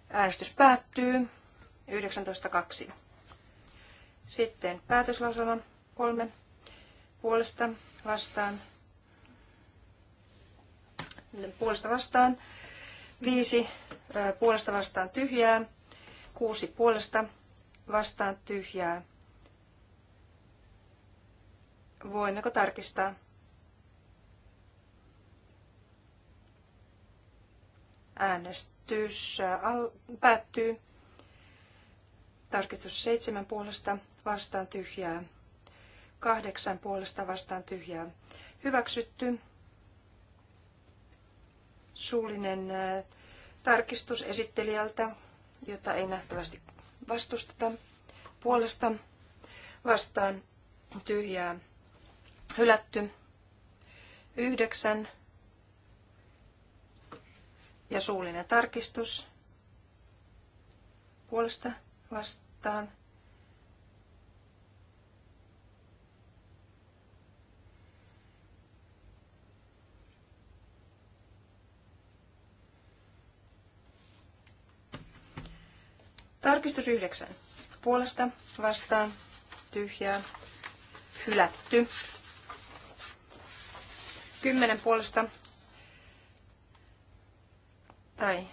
Äänestys päättyy 19.2. Sitten päätöslauselma kolme puolesta vastaan. Puolesta vastaan. Viisi puolesta vastaan tyhjää. Kuusi puolesta vastaan tyhjää. Voimmeko tarkistaa? Äänestys päättyy. Tarkistus seitsemän puolesta vastaan tyhjää. Kahdeksan puolesta vastaan tyhjää. Hyväksytty. Suullinen tarkistus esittelijältä, jota ei nähtävästi vastusteta. Puolesta vastaan tyhjää. Hylätty. Yhdeksän. Ja suullinen tarkistus. Puolesta vastaan Tarkistus yhdeksän Puolesta vastaan tyhjää hylätty. kymmenen puolesta tai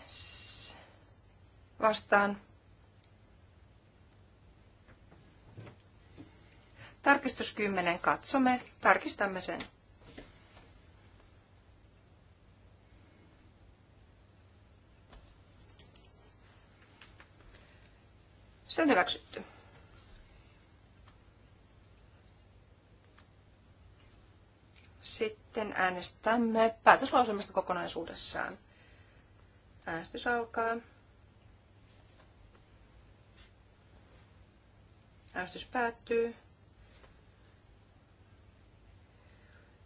vastaan Tarkistus 10. Katsomme. Tarkistamme sen. Se on hyväksytty. Sitten äänestämme päätöslauselmasta kokonaisuudessaan. Äänestys alkaa. Äänestys päättyy.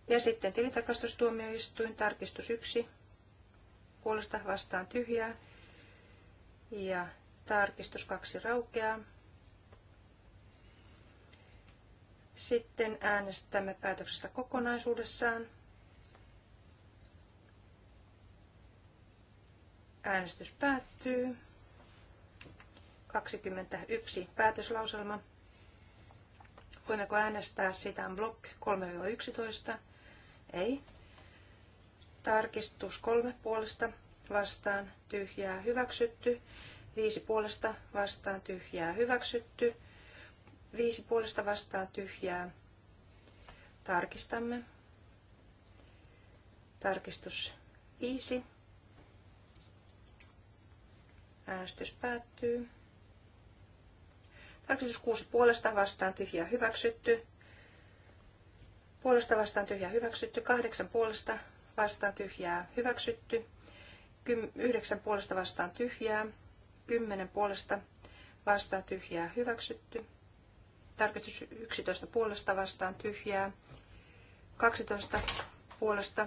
Ja sitten tilintarkastustuomioistuin, tarkistus 1, puolesta vastaan tyhjää. Ja Tarkistus kaksi raukeaa. Sitten äänestämme päätöksestä kokonaisuudessaan. Äänestys päättyy. 21 päätöslauselma. Voimmeko äänestää sitä on blok 3-11? Ei. Tarkistus kolme puolesta vastaan tyhjää hyväksytty viisi puolesta vastaan tyhjää hyväksytty. viisi puolesta vastaan tyhjää. Tarkistamme. Tarkistus 5. Äänestys päättyy. Tarkistus 6 puolesta vastaan tyhjää hyväksytty. Puolesta vastaan tyhjää hyväksytty. 8 puolesta vastaan tyhjää hyväksytty. 9 puolesta vastaan tyhjää 10 puolesta vastaan tyhjää hyväksytty. Tarkistus 11 puolesta vastaan tyhjää. 12 puolesta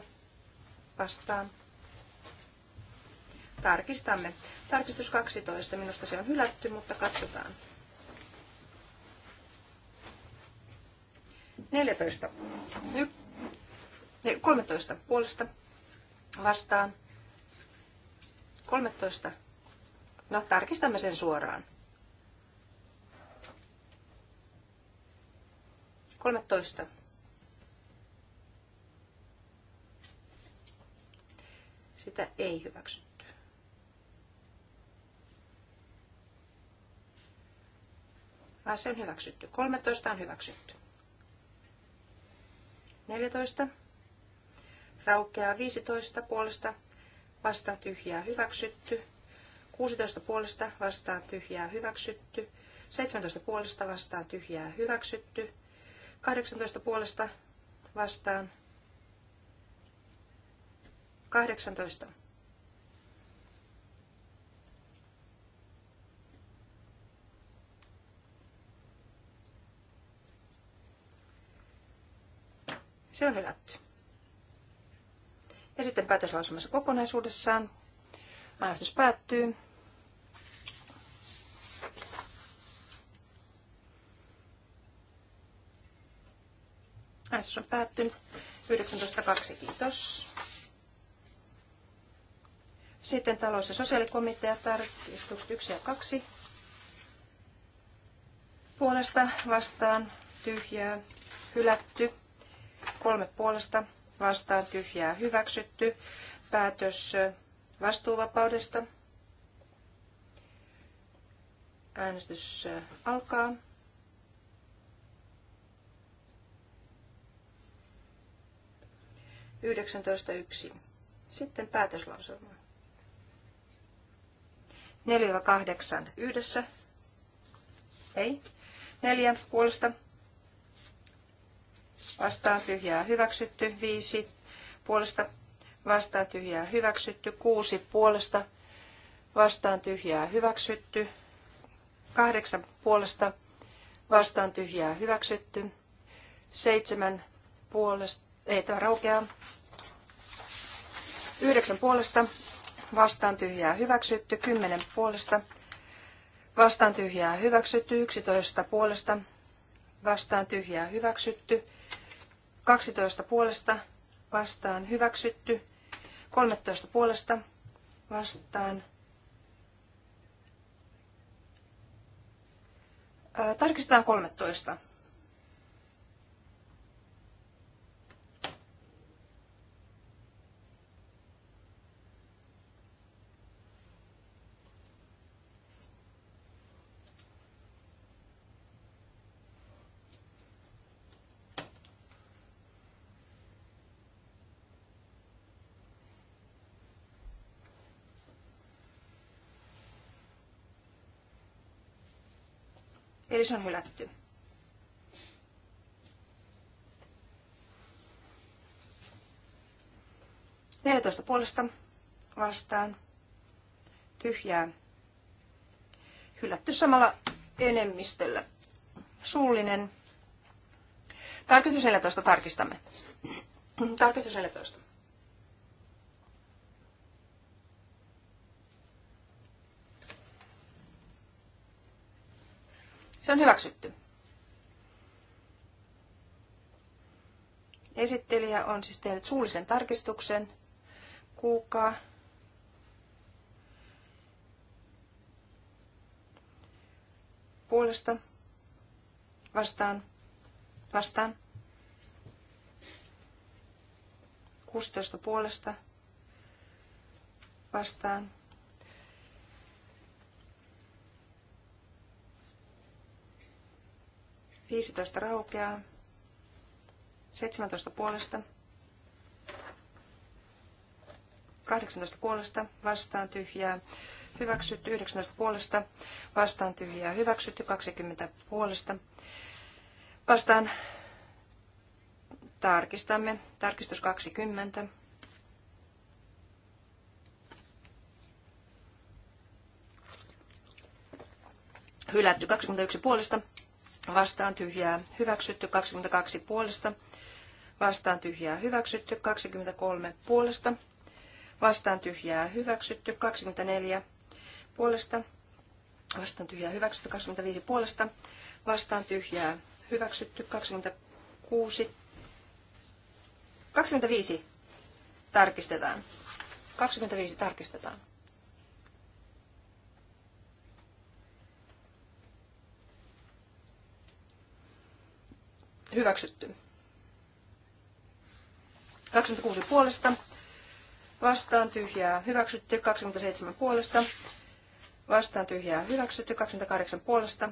vastaan. Tarkistamme. Tarkistus 12. Minusta se on hylätty, mutta katsotaan. 14. 13 puolesta vastaan. 13 No, tarkistamme sen suoraan. 13. Sitä ei hyväksytty. Ah, se on hyväksytty. 13 on hyväksytty. 14. Raukeaa 15 puolesta vasta tyhjää hyväksytty. 16 puolesta vastaan tyhjää hyväksytty. 17 puolesta vastaan tyhjää hyväksytty. 18 puolesta vastaan 18. Se on hylätty. Ja sitten päätöslausumassa kokonaisuudessaan. Äänestys päättyy. Äänestys on päättynyt. 19.2. Kiitos. Sitten talous- ja sosiaalikomitea, tarkistukset 1 ja 2. Puolesta vastaan tyhjää hylätty. Kolme puolesta vastaan tyhjää hyväksytty. Päätös vastuuvapaudesta. Äänestys alkaa. 19.1. Sitten päätöslauselma. 4-8 yhdessä. Ei. 4 puolesta. Vastaan tyhjää hyväksytty. 5 puolesta. Vastaan tyhjää hyväksytty. 6 puolesta. Vastaan tyhjää hyväksytty. 8 puolesta. Vastaan tyhjää hyväksytty. 7 puolesta ei tämä raukeaa. Yhdeksän puolesta vastaan tyhjää hyväksytty, kymmenen puolesta vastaan tyhjää hyväksytty, yksitoista puolesta vastaan tyhjää hyväksytty, Kaksitoista puolesta vastaan hyväksytty, Kolmetoista puolesta vastaan. Tarkistetaan kolmetoista. Eli se on hylätty. Neljätoista puolesta vastaan. Tyhjää. Hylätty samalla enemmistöllä. Suullinen. Tarkistus 14 tarkistamme. [clears throat] Tarkistus 14. Se on hyväksytty. Esittelijä on siis tehnyt suullisen tarkistuksen. Kuukaa. Puolesta. Vastaan. Vastaan. 16 puolesta. Vastaan. 15 raukeaa. 17 puolesta. 18 puolesta vastaan tyhjää hyväksytty, 19 puolesta vastaan tyhjää hyväksytty, 20 puolesta vastaan tarkistamme, tarkistus 20. Hylätty 21 puolesta vastaan tyhjää hyväksytty 22 puolesta, vastaan tyhjää hyväksytty 23 puolesta, vastaan tyhjää hyväksytty 24 puolesta, vastaan tyhjää hyväksytty 25 puolesta, vastaan tyhjää hyväksytty 26, 25 tarkistetaan. 25 tarkistetaan. Hyväksytty. 26 puolesta. Vastaan tyhjää hyväksytty. 27 puolesta. Vastaan tyhjää hyväksytty. 28 puolesta.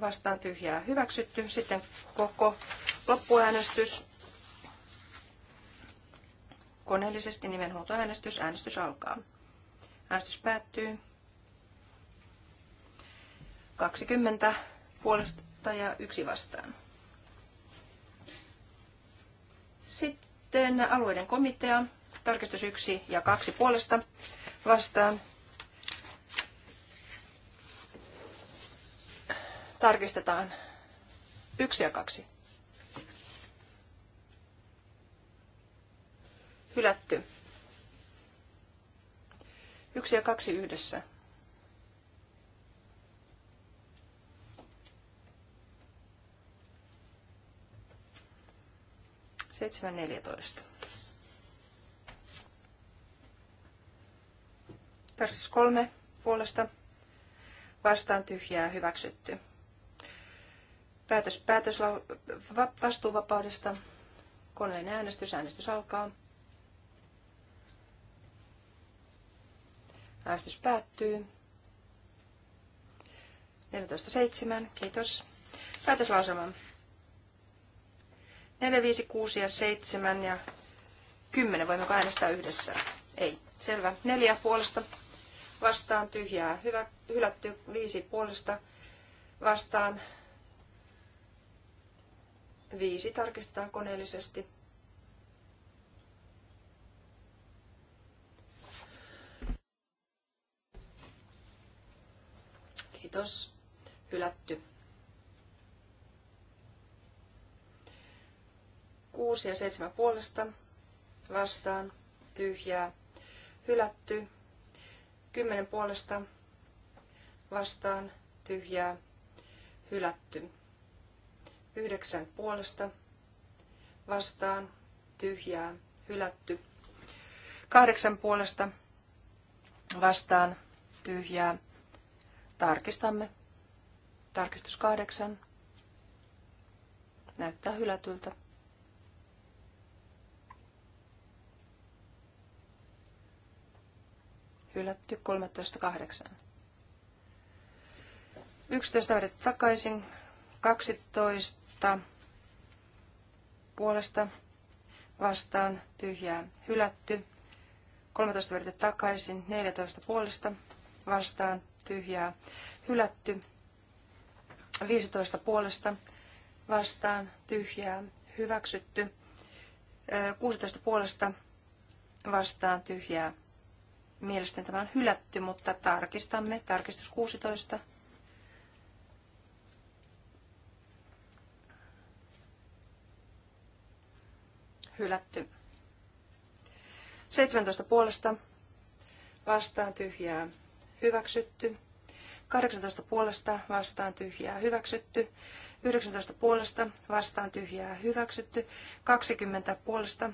Vastaan tyhjää hyväksytty. Sitten koko loppuäänestys. Koneellisesti nimenhuoltoäänestys. Äänestys alkaa. Äänestys päättyy. 20 puolesta ja yksi vastaan. Sitten alueiden komitea, tarkistus 1 ja 2 puolesta vastaan. Tarkistetaan 1 ja 2. Hylätty. Yksi ja kaksi yhdessä. 7.14. Versus 3 puolesta vastaan tyhjää hyväksytty. Päätös, päätös va, vastuuvapaudesta. Koneen äänestys. Äänestys alkaa. Äänestys päättyy. 14.7. Kiitos. Päätöslauselma 4, 5, 6 ja 7 ja 10. Voimmeko äänestää yhdessä? Ei. Selvä. 4 puolesta vastaan tyhjää. Hyvä, hylätty 5 puolesta vastaan 5 tarkistetaan koneellisesti. Kiitos. Hylätty. 6 ja 7 puolesta vastaan tyhjää hylätty. 10 puolesta vastaan tyhjää hylätty. 9 puolesta vastaan tyhjää hylätty. 8 puolesta vastaan tyhjää. Tarkistamme. Tarkistus 8 näyttää hylätyltä. hylätty 13.8. 11 vedetty takaisin, 12 puolesta vastaan tyhjää hylätty, 13 vedetty takaisin, 14 puolesta vastaan tyhjää hylätty, 15 puolesta vastaan tyhjää hyväksytty, 16 puolesta vastaan tyhjää Mielestäni tämä on hylätty, mutta tarkistamme. Tarkistus 16. Hylätty. 17 puolesta vastaan tyhjää hyväksytty. 18 puolesta vastaan tyhjää hyväksytty. 19 puolesta vastaan tyhjää hyväksytty. 20 puolesta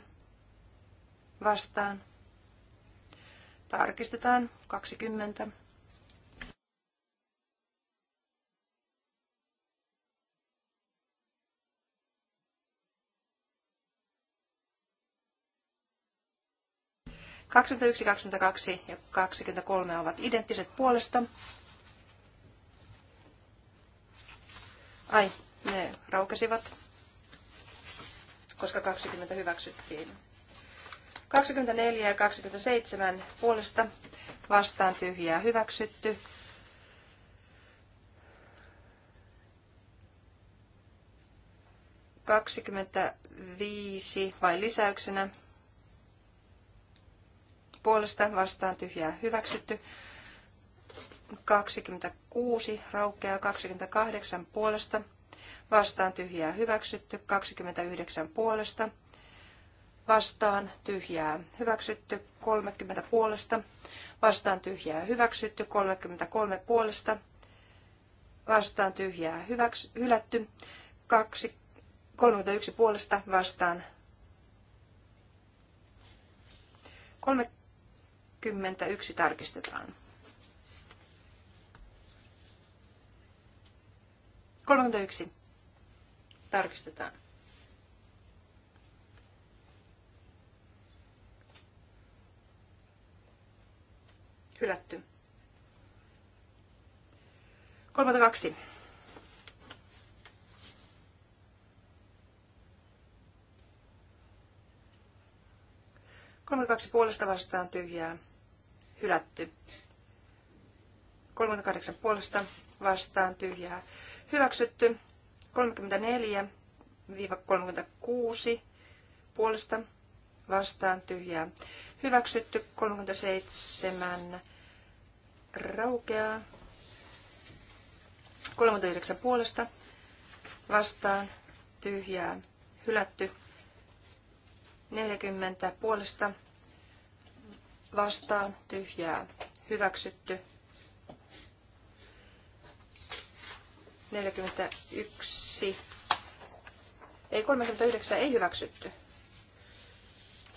vastaan Tarkistetaan 20. Kaksikymmentäyksi, kaksi ja kolme ovat identtiset puolesta. Ai, ne raukesivat, koska 20 hyväksyttiin. 24 ja 27 puolesta vastaan tyhjää hyväksytty. Kaksikymmentäviisi vai lisäyksenä puolesta vastaan tyhjää hyväksytty. 26 raukeaa 28 puolesta vastaan tyhjää hyväksytty. 29 puolesta vastaan tyhjää hyväksytty 30 puolesta, vastaan tyhjää hyväksytty 33 puolesta, vastaan tyhjää hyväks, hylätty 2, 31 puolesta vastaan 31 tarkistetaan. 31 tarkistetaan. Hylätty. Kolmata kaksi Kolmata kaksi puolesta vastaan tyhjää. Hylätty. Kolmata kahdeksan puolesta vastaan tyhjää. Hyväksytty. 34-36 puolesta vastaan tyhjää. Hyväksytty 37 raukeaa. 39 puolesta vastaan tyhjää hylätty. 40 puolesta vastaan tyhjää hyväksytty. 41. Ei 39 ei hyväksytty.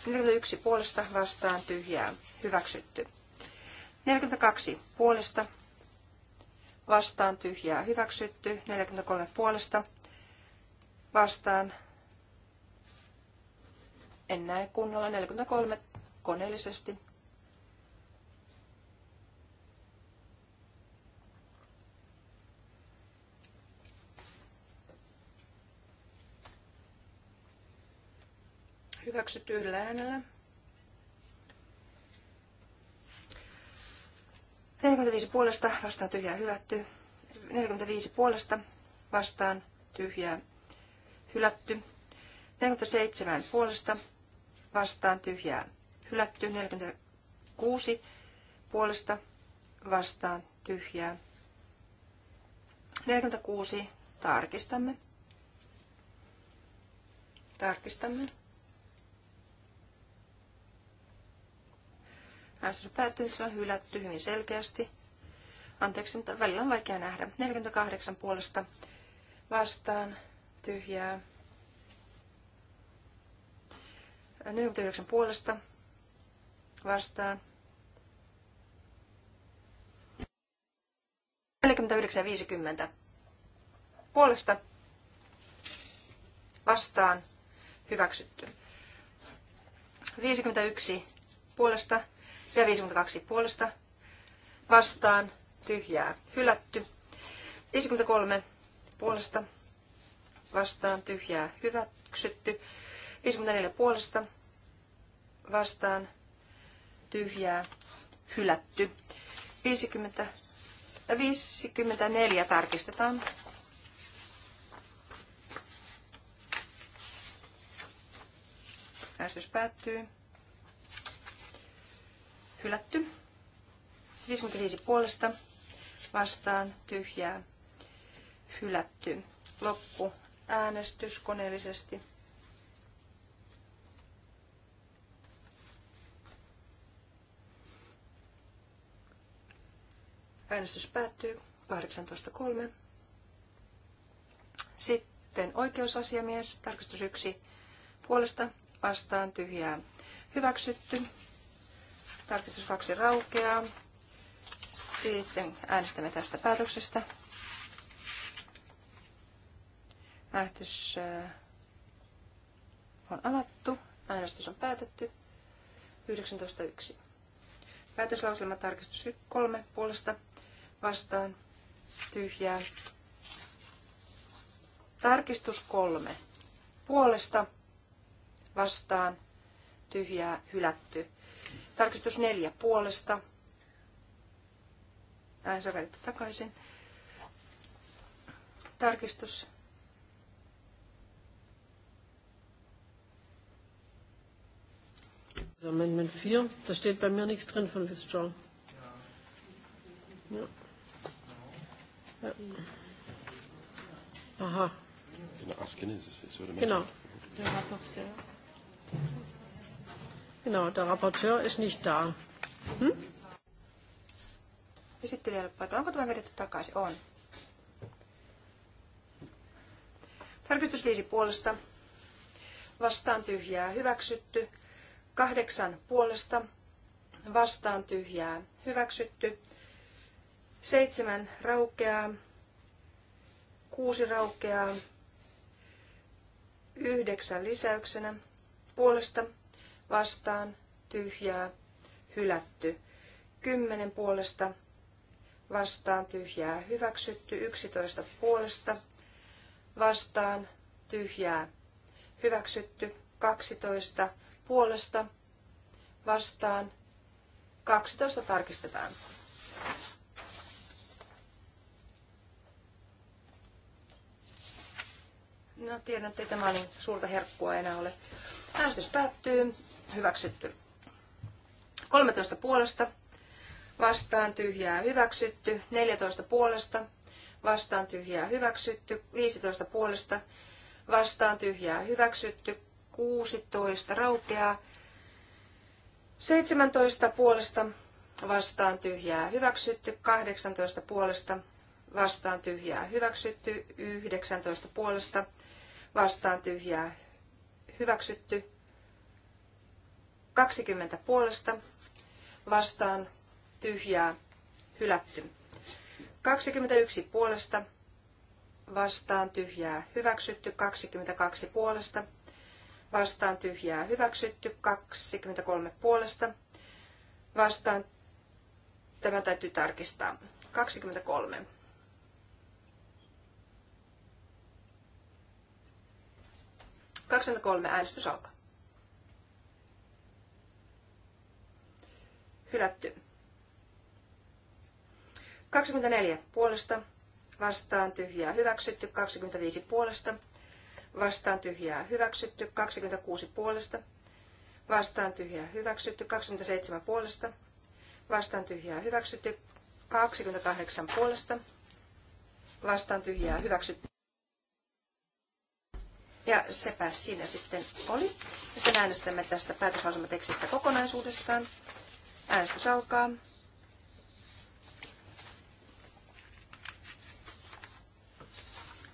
41 puolesta vastaan tyhjää hyväksytty. 42 puolesta vastaan tyhjää hyväksytty. 43 puolesta vastaan en näe kunnolla 43 koneellisesti. Hyväksytty yhdellä äänellä. 45 puolesta vastaan tyhjää hylätty. 45 puolesta vastaan tyhjää hylätty. 47 puolesta vastaan tyhjää hylätty. 46 puolesta vastaan tyhjää. 46 tarkistamme. Tarkistamme. Äänestys päättyy, se on hylätty hyvin selkeästi. Anteeksi, mutta välillä on vaikea nähdä. 48 puolesta vastaan, tyhjää. 49 puolesta vastaan. 49,50 puolesta vastaan hyväksytty. 51 puolesta ja 52 puolesta vastaan tyhjää hylätty. 53 puolesta vastaan tyhjää hyväksytty. 54 puolesta vastaan tyhjää hylätty. 50, 54 tarkistetaan. Äänestys päättyy hylätty. 55 puolesta vastaan tyhjää hylätty. Loppu äänestys koneellisesti. Äänestys päättyy 18.3. Sitten oikeusasiamies, tarkastus 1, puolesta vastaan tyhjää hyväksytty. Tarkistus 2 raukeaa. Sitten äänestämme tästä päätöksestä. Äänestys äh, on alattu. Äänestys on päätetty. 19.1. Päätöslauselma tarkistus 3 puolesta vastaan tyhjää. Tarkistus 3 puolesta vastaan tyhjää hylätty. Tarkistus neljä puolesta. Äänensä vedetty takaisin. Tarkistus. Amendment 4, da steht bei mir nichts drin von Withdrawal. Ja. ja. Aha. Genau, Askenes ist es, oder? Genau. Der Rapporteur. Genau, der Rapporteur ist nicht da. Hm? Onko tämä vedetty takaisin? On. Tarkistus puolesta. Vastaan tyhjää hyväksytty. Kahdeksan puolesta. Vastaan tyhjää hyväksytty. Seitsemän raukeaa. Kuusi raukeaa. Yhdeksän lisäyksenä puolesta vastaan tyhjää hylätty. 10 puolesta vastaan tyhjää hyväksytty. 11 puolesta vastaan tyhjää hyväksytty. 12 puolesta vastaan 12 tarkistetaan. No tiedän, että ei tämä niin suurta herkkua enää ole. Äänestys päättyy hyväksytty. 13 puolesta vastaan tyhjää hyväksytty, 14 puolesta vastaan tyhjää hyväksytty, 15 puolesta vastaan tyhjää hyväksytty, 16 raukeaa, 17 puolesta vastaan tyhjää hyväksytty, 18 puolesta vastaan tyhjää hyväksytty, 19 puolesta vastaan tyhjää hyväksytty, 20 puolesta vastaan tyhjää hylätty. 21 puolesta vastaan tyhjää hyväksytty. 22 puolesta vastaan tyhjää hyväksytty. 23 puolesta vastaan tämä täytyy tarkistaa. 23. Kaksikymmentäkolme äänestys alkaa. Hylätty. 24 puolesta vastaan tyhjää hyväksytty, 25 puolesta vastaan tyhjää hyväksytty, 26 puolesta vastaan tyhjää hyväksytty, 27 puolesta vastaan tyhjää hyväksytty, 28 puolesta vastaan tyhjää hyväksytty. Ja sepä siinä sitten oli. Ja sen äänestämme tästä päätöslausumatekstistä kokonaisuudessaan. Äänestys alkaa.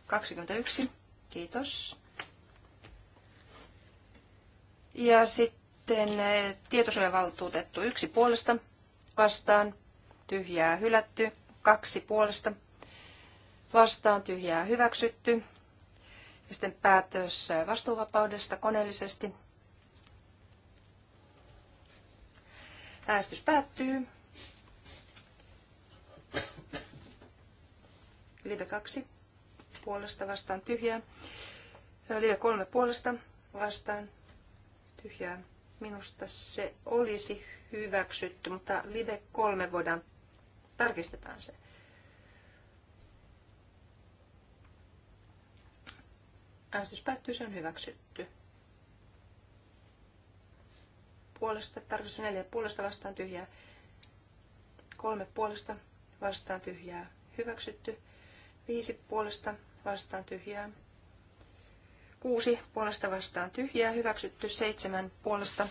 Kaksikymmentäyksi. Kiitos. Ja sitten eh, tietosuojavaltuutettu yksi puolesta vastaan, tyhjää hylätty, kaksi puolesta vastaan, tyhjää hyväksytty. Ja sitten päätös eh, vastuuvapaudesta koneellisesti. Äänestys päättyy. Live 2 puolesta vastaan tyhjää. Live 3 puolesta vastaan tyhjää. Minusta se olisi hyväksytty, mutta Live 3 voidaan, tarkistetaan se. Äänestys päättyy, se on hyväksytty puolesta, tarkistus neljä puolesta vastaan tyhjää, kolme puolesta vastaan tyhjää, hyväksytty, viisi puolesta vastaan tyhjää, kuusi puolesta vastaan tyhjää, hyväksytty, seitsemän puolesta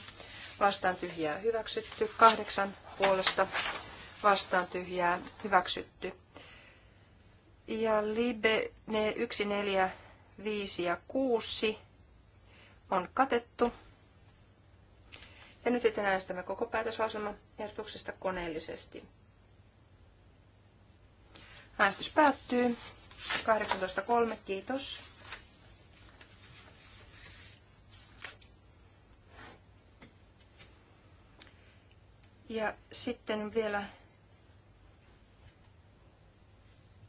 vastaan tyhjää, hyväksytty, kahdeksan puolesta vastaan tyhjää, hyväksytty. Ja Libe ne 1, 4, 5 ja 6 on katettu. Ja nyt sitten äänestämme koko päätöslauselman ehdotuksesta koneellisesti. Äänestys päättyy. 18.3. Kiitos. Ja sitten vielä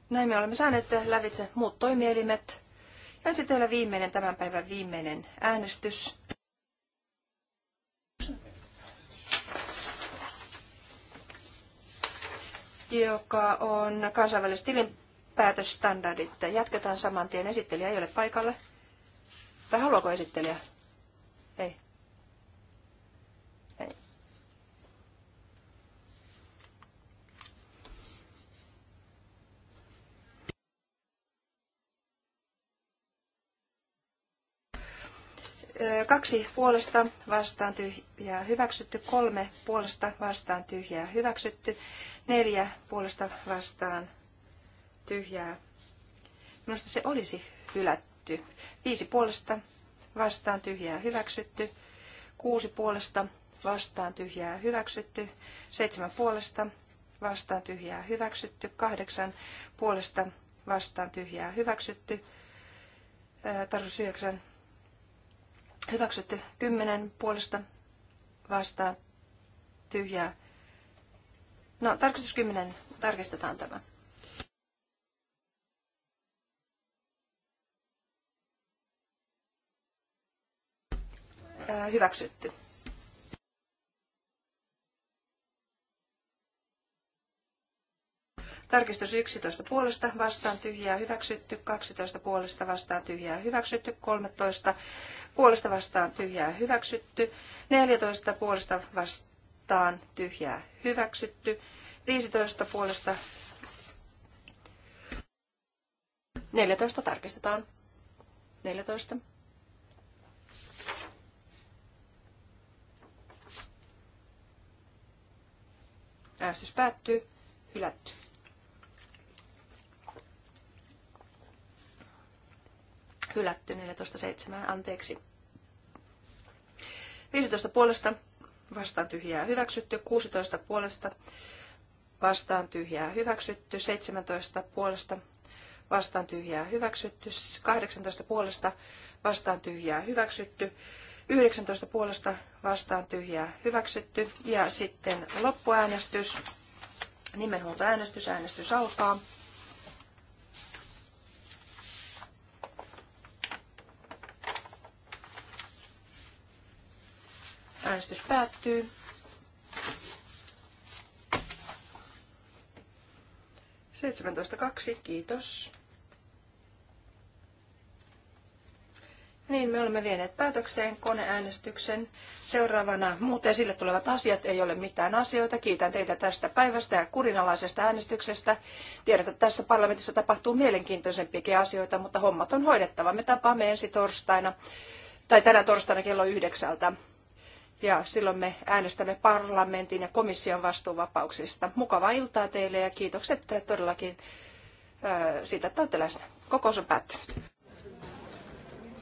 näin me olemme saaneet lävitse muut toimielimet. Ja sitten vielä viimeinen tämän päivän viimeinen äänestys. joka on kansainväliset tilinpäätösstandardit. Jatketaan saman tien. Esittelijä ei ole paikalla. Vai haluaako esittelijä? kaksi puolesta vastaan tyhjää hyväksytty, kolme puolesta vastaan tyhjää hyväksytty, neljä puolesta vastaan tyhjää. Minusta se olisi hylätty. Viisi puolesta vastaan tyhjää hyväksytty, kuusi puolesta vastaan tyhjää hyväksytty, seitsemän puolesta vastaan tyhjää hyväksytty, kahdeksan puolesta vastaan tyhjää hyväksytty, tarkoitus yhdeksän Hyväksytty 10 puolesta vastaan tyhjää. No, tarkistus 10. Tarkistetaan tämä. Äh, hyväksytty. Tarkistus 11 puolesta vastaan tyhjää hyväksytty, 12 puolesta vastaan tyhjää hyväksytty, 13 puolesta vastaan tyhjää hyväksytty, 14 puolesta vastaan tyhjää hyväksytty, 15 puolesta 14 tarkistetaan. 14. Äänestys päättyy. Hylätty. Hylätty 14.7. Anteeksi. 15 puolesta vastaan tyhjää hyväksytty, 16 puolesta vastaan tyhjää hyväksytty, 17 puolesta vastaan tyhjää hyväksytty, 18 puolesta vastaan tyhjää hyväksytty, 19 puolesta vastaan tyhjää hyväksytty ja sitten loppuäänestys, nimenhuoltoäänestys, äänestys alkaa. Äänestys päättyy. Seitsemäntoista kaksi, kiitos. Niin, me olemme vieneet päätökseen koneäänestyksen. Seuraavana muut esille tulevat asiat ei ole mitään asioita. Kiitän teitä tästä päivästä ja kurinalaisesta äänestyksestä. Tiedät, että tässä parlamentissa tapahtuu mielenkiintoisempiakin asioita, mutta hommat on hoidettava. Me tapaamme ensi torstaina, tai tänä torstaina kello yhdeksältä ja silloin me äänestämme parlamentin ja komission vastuuvapauksista. Mukavaa iltaa teille ja kiitokset todellakin siitä, että olette läsnä. Kokous on päättynyt.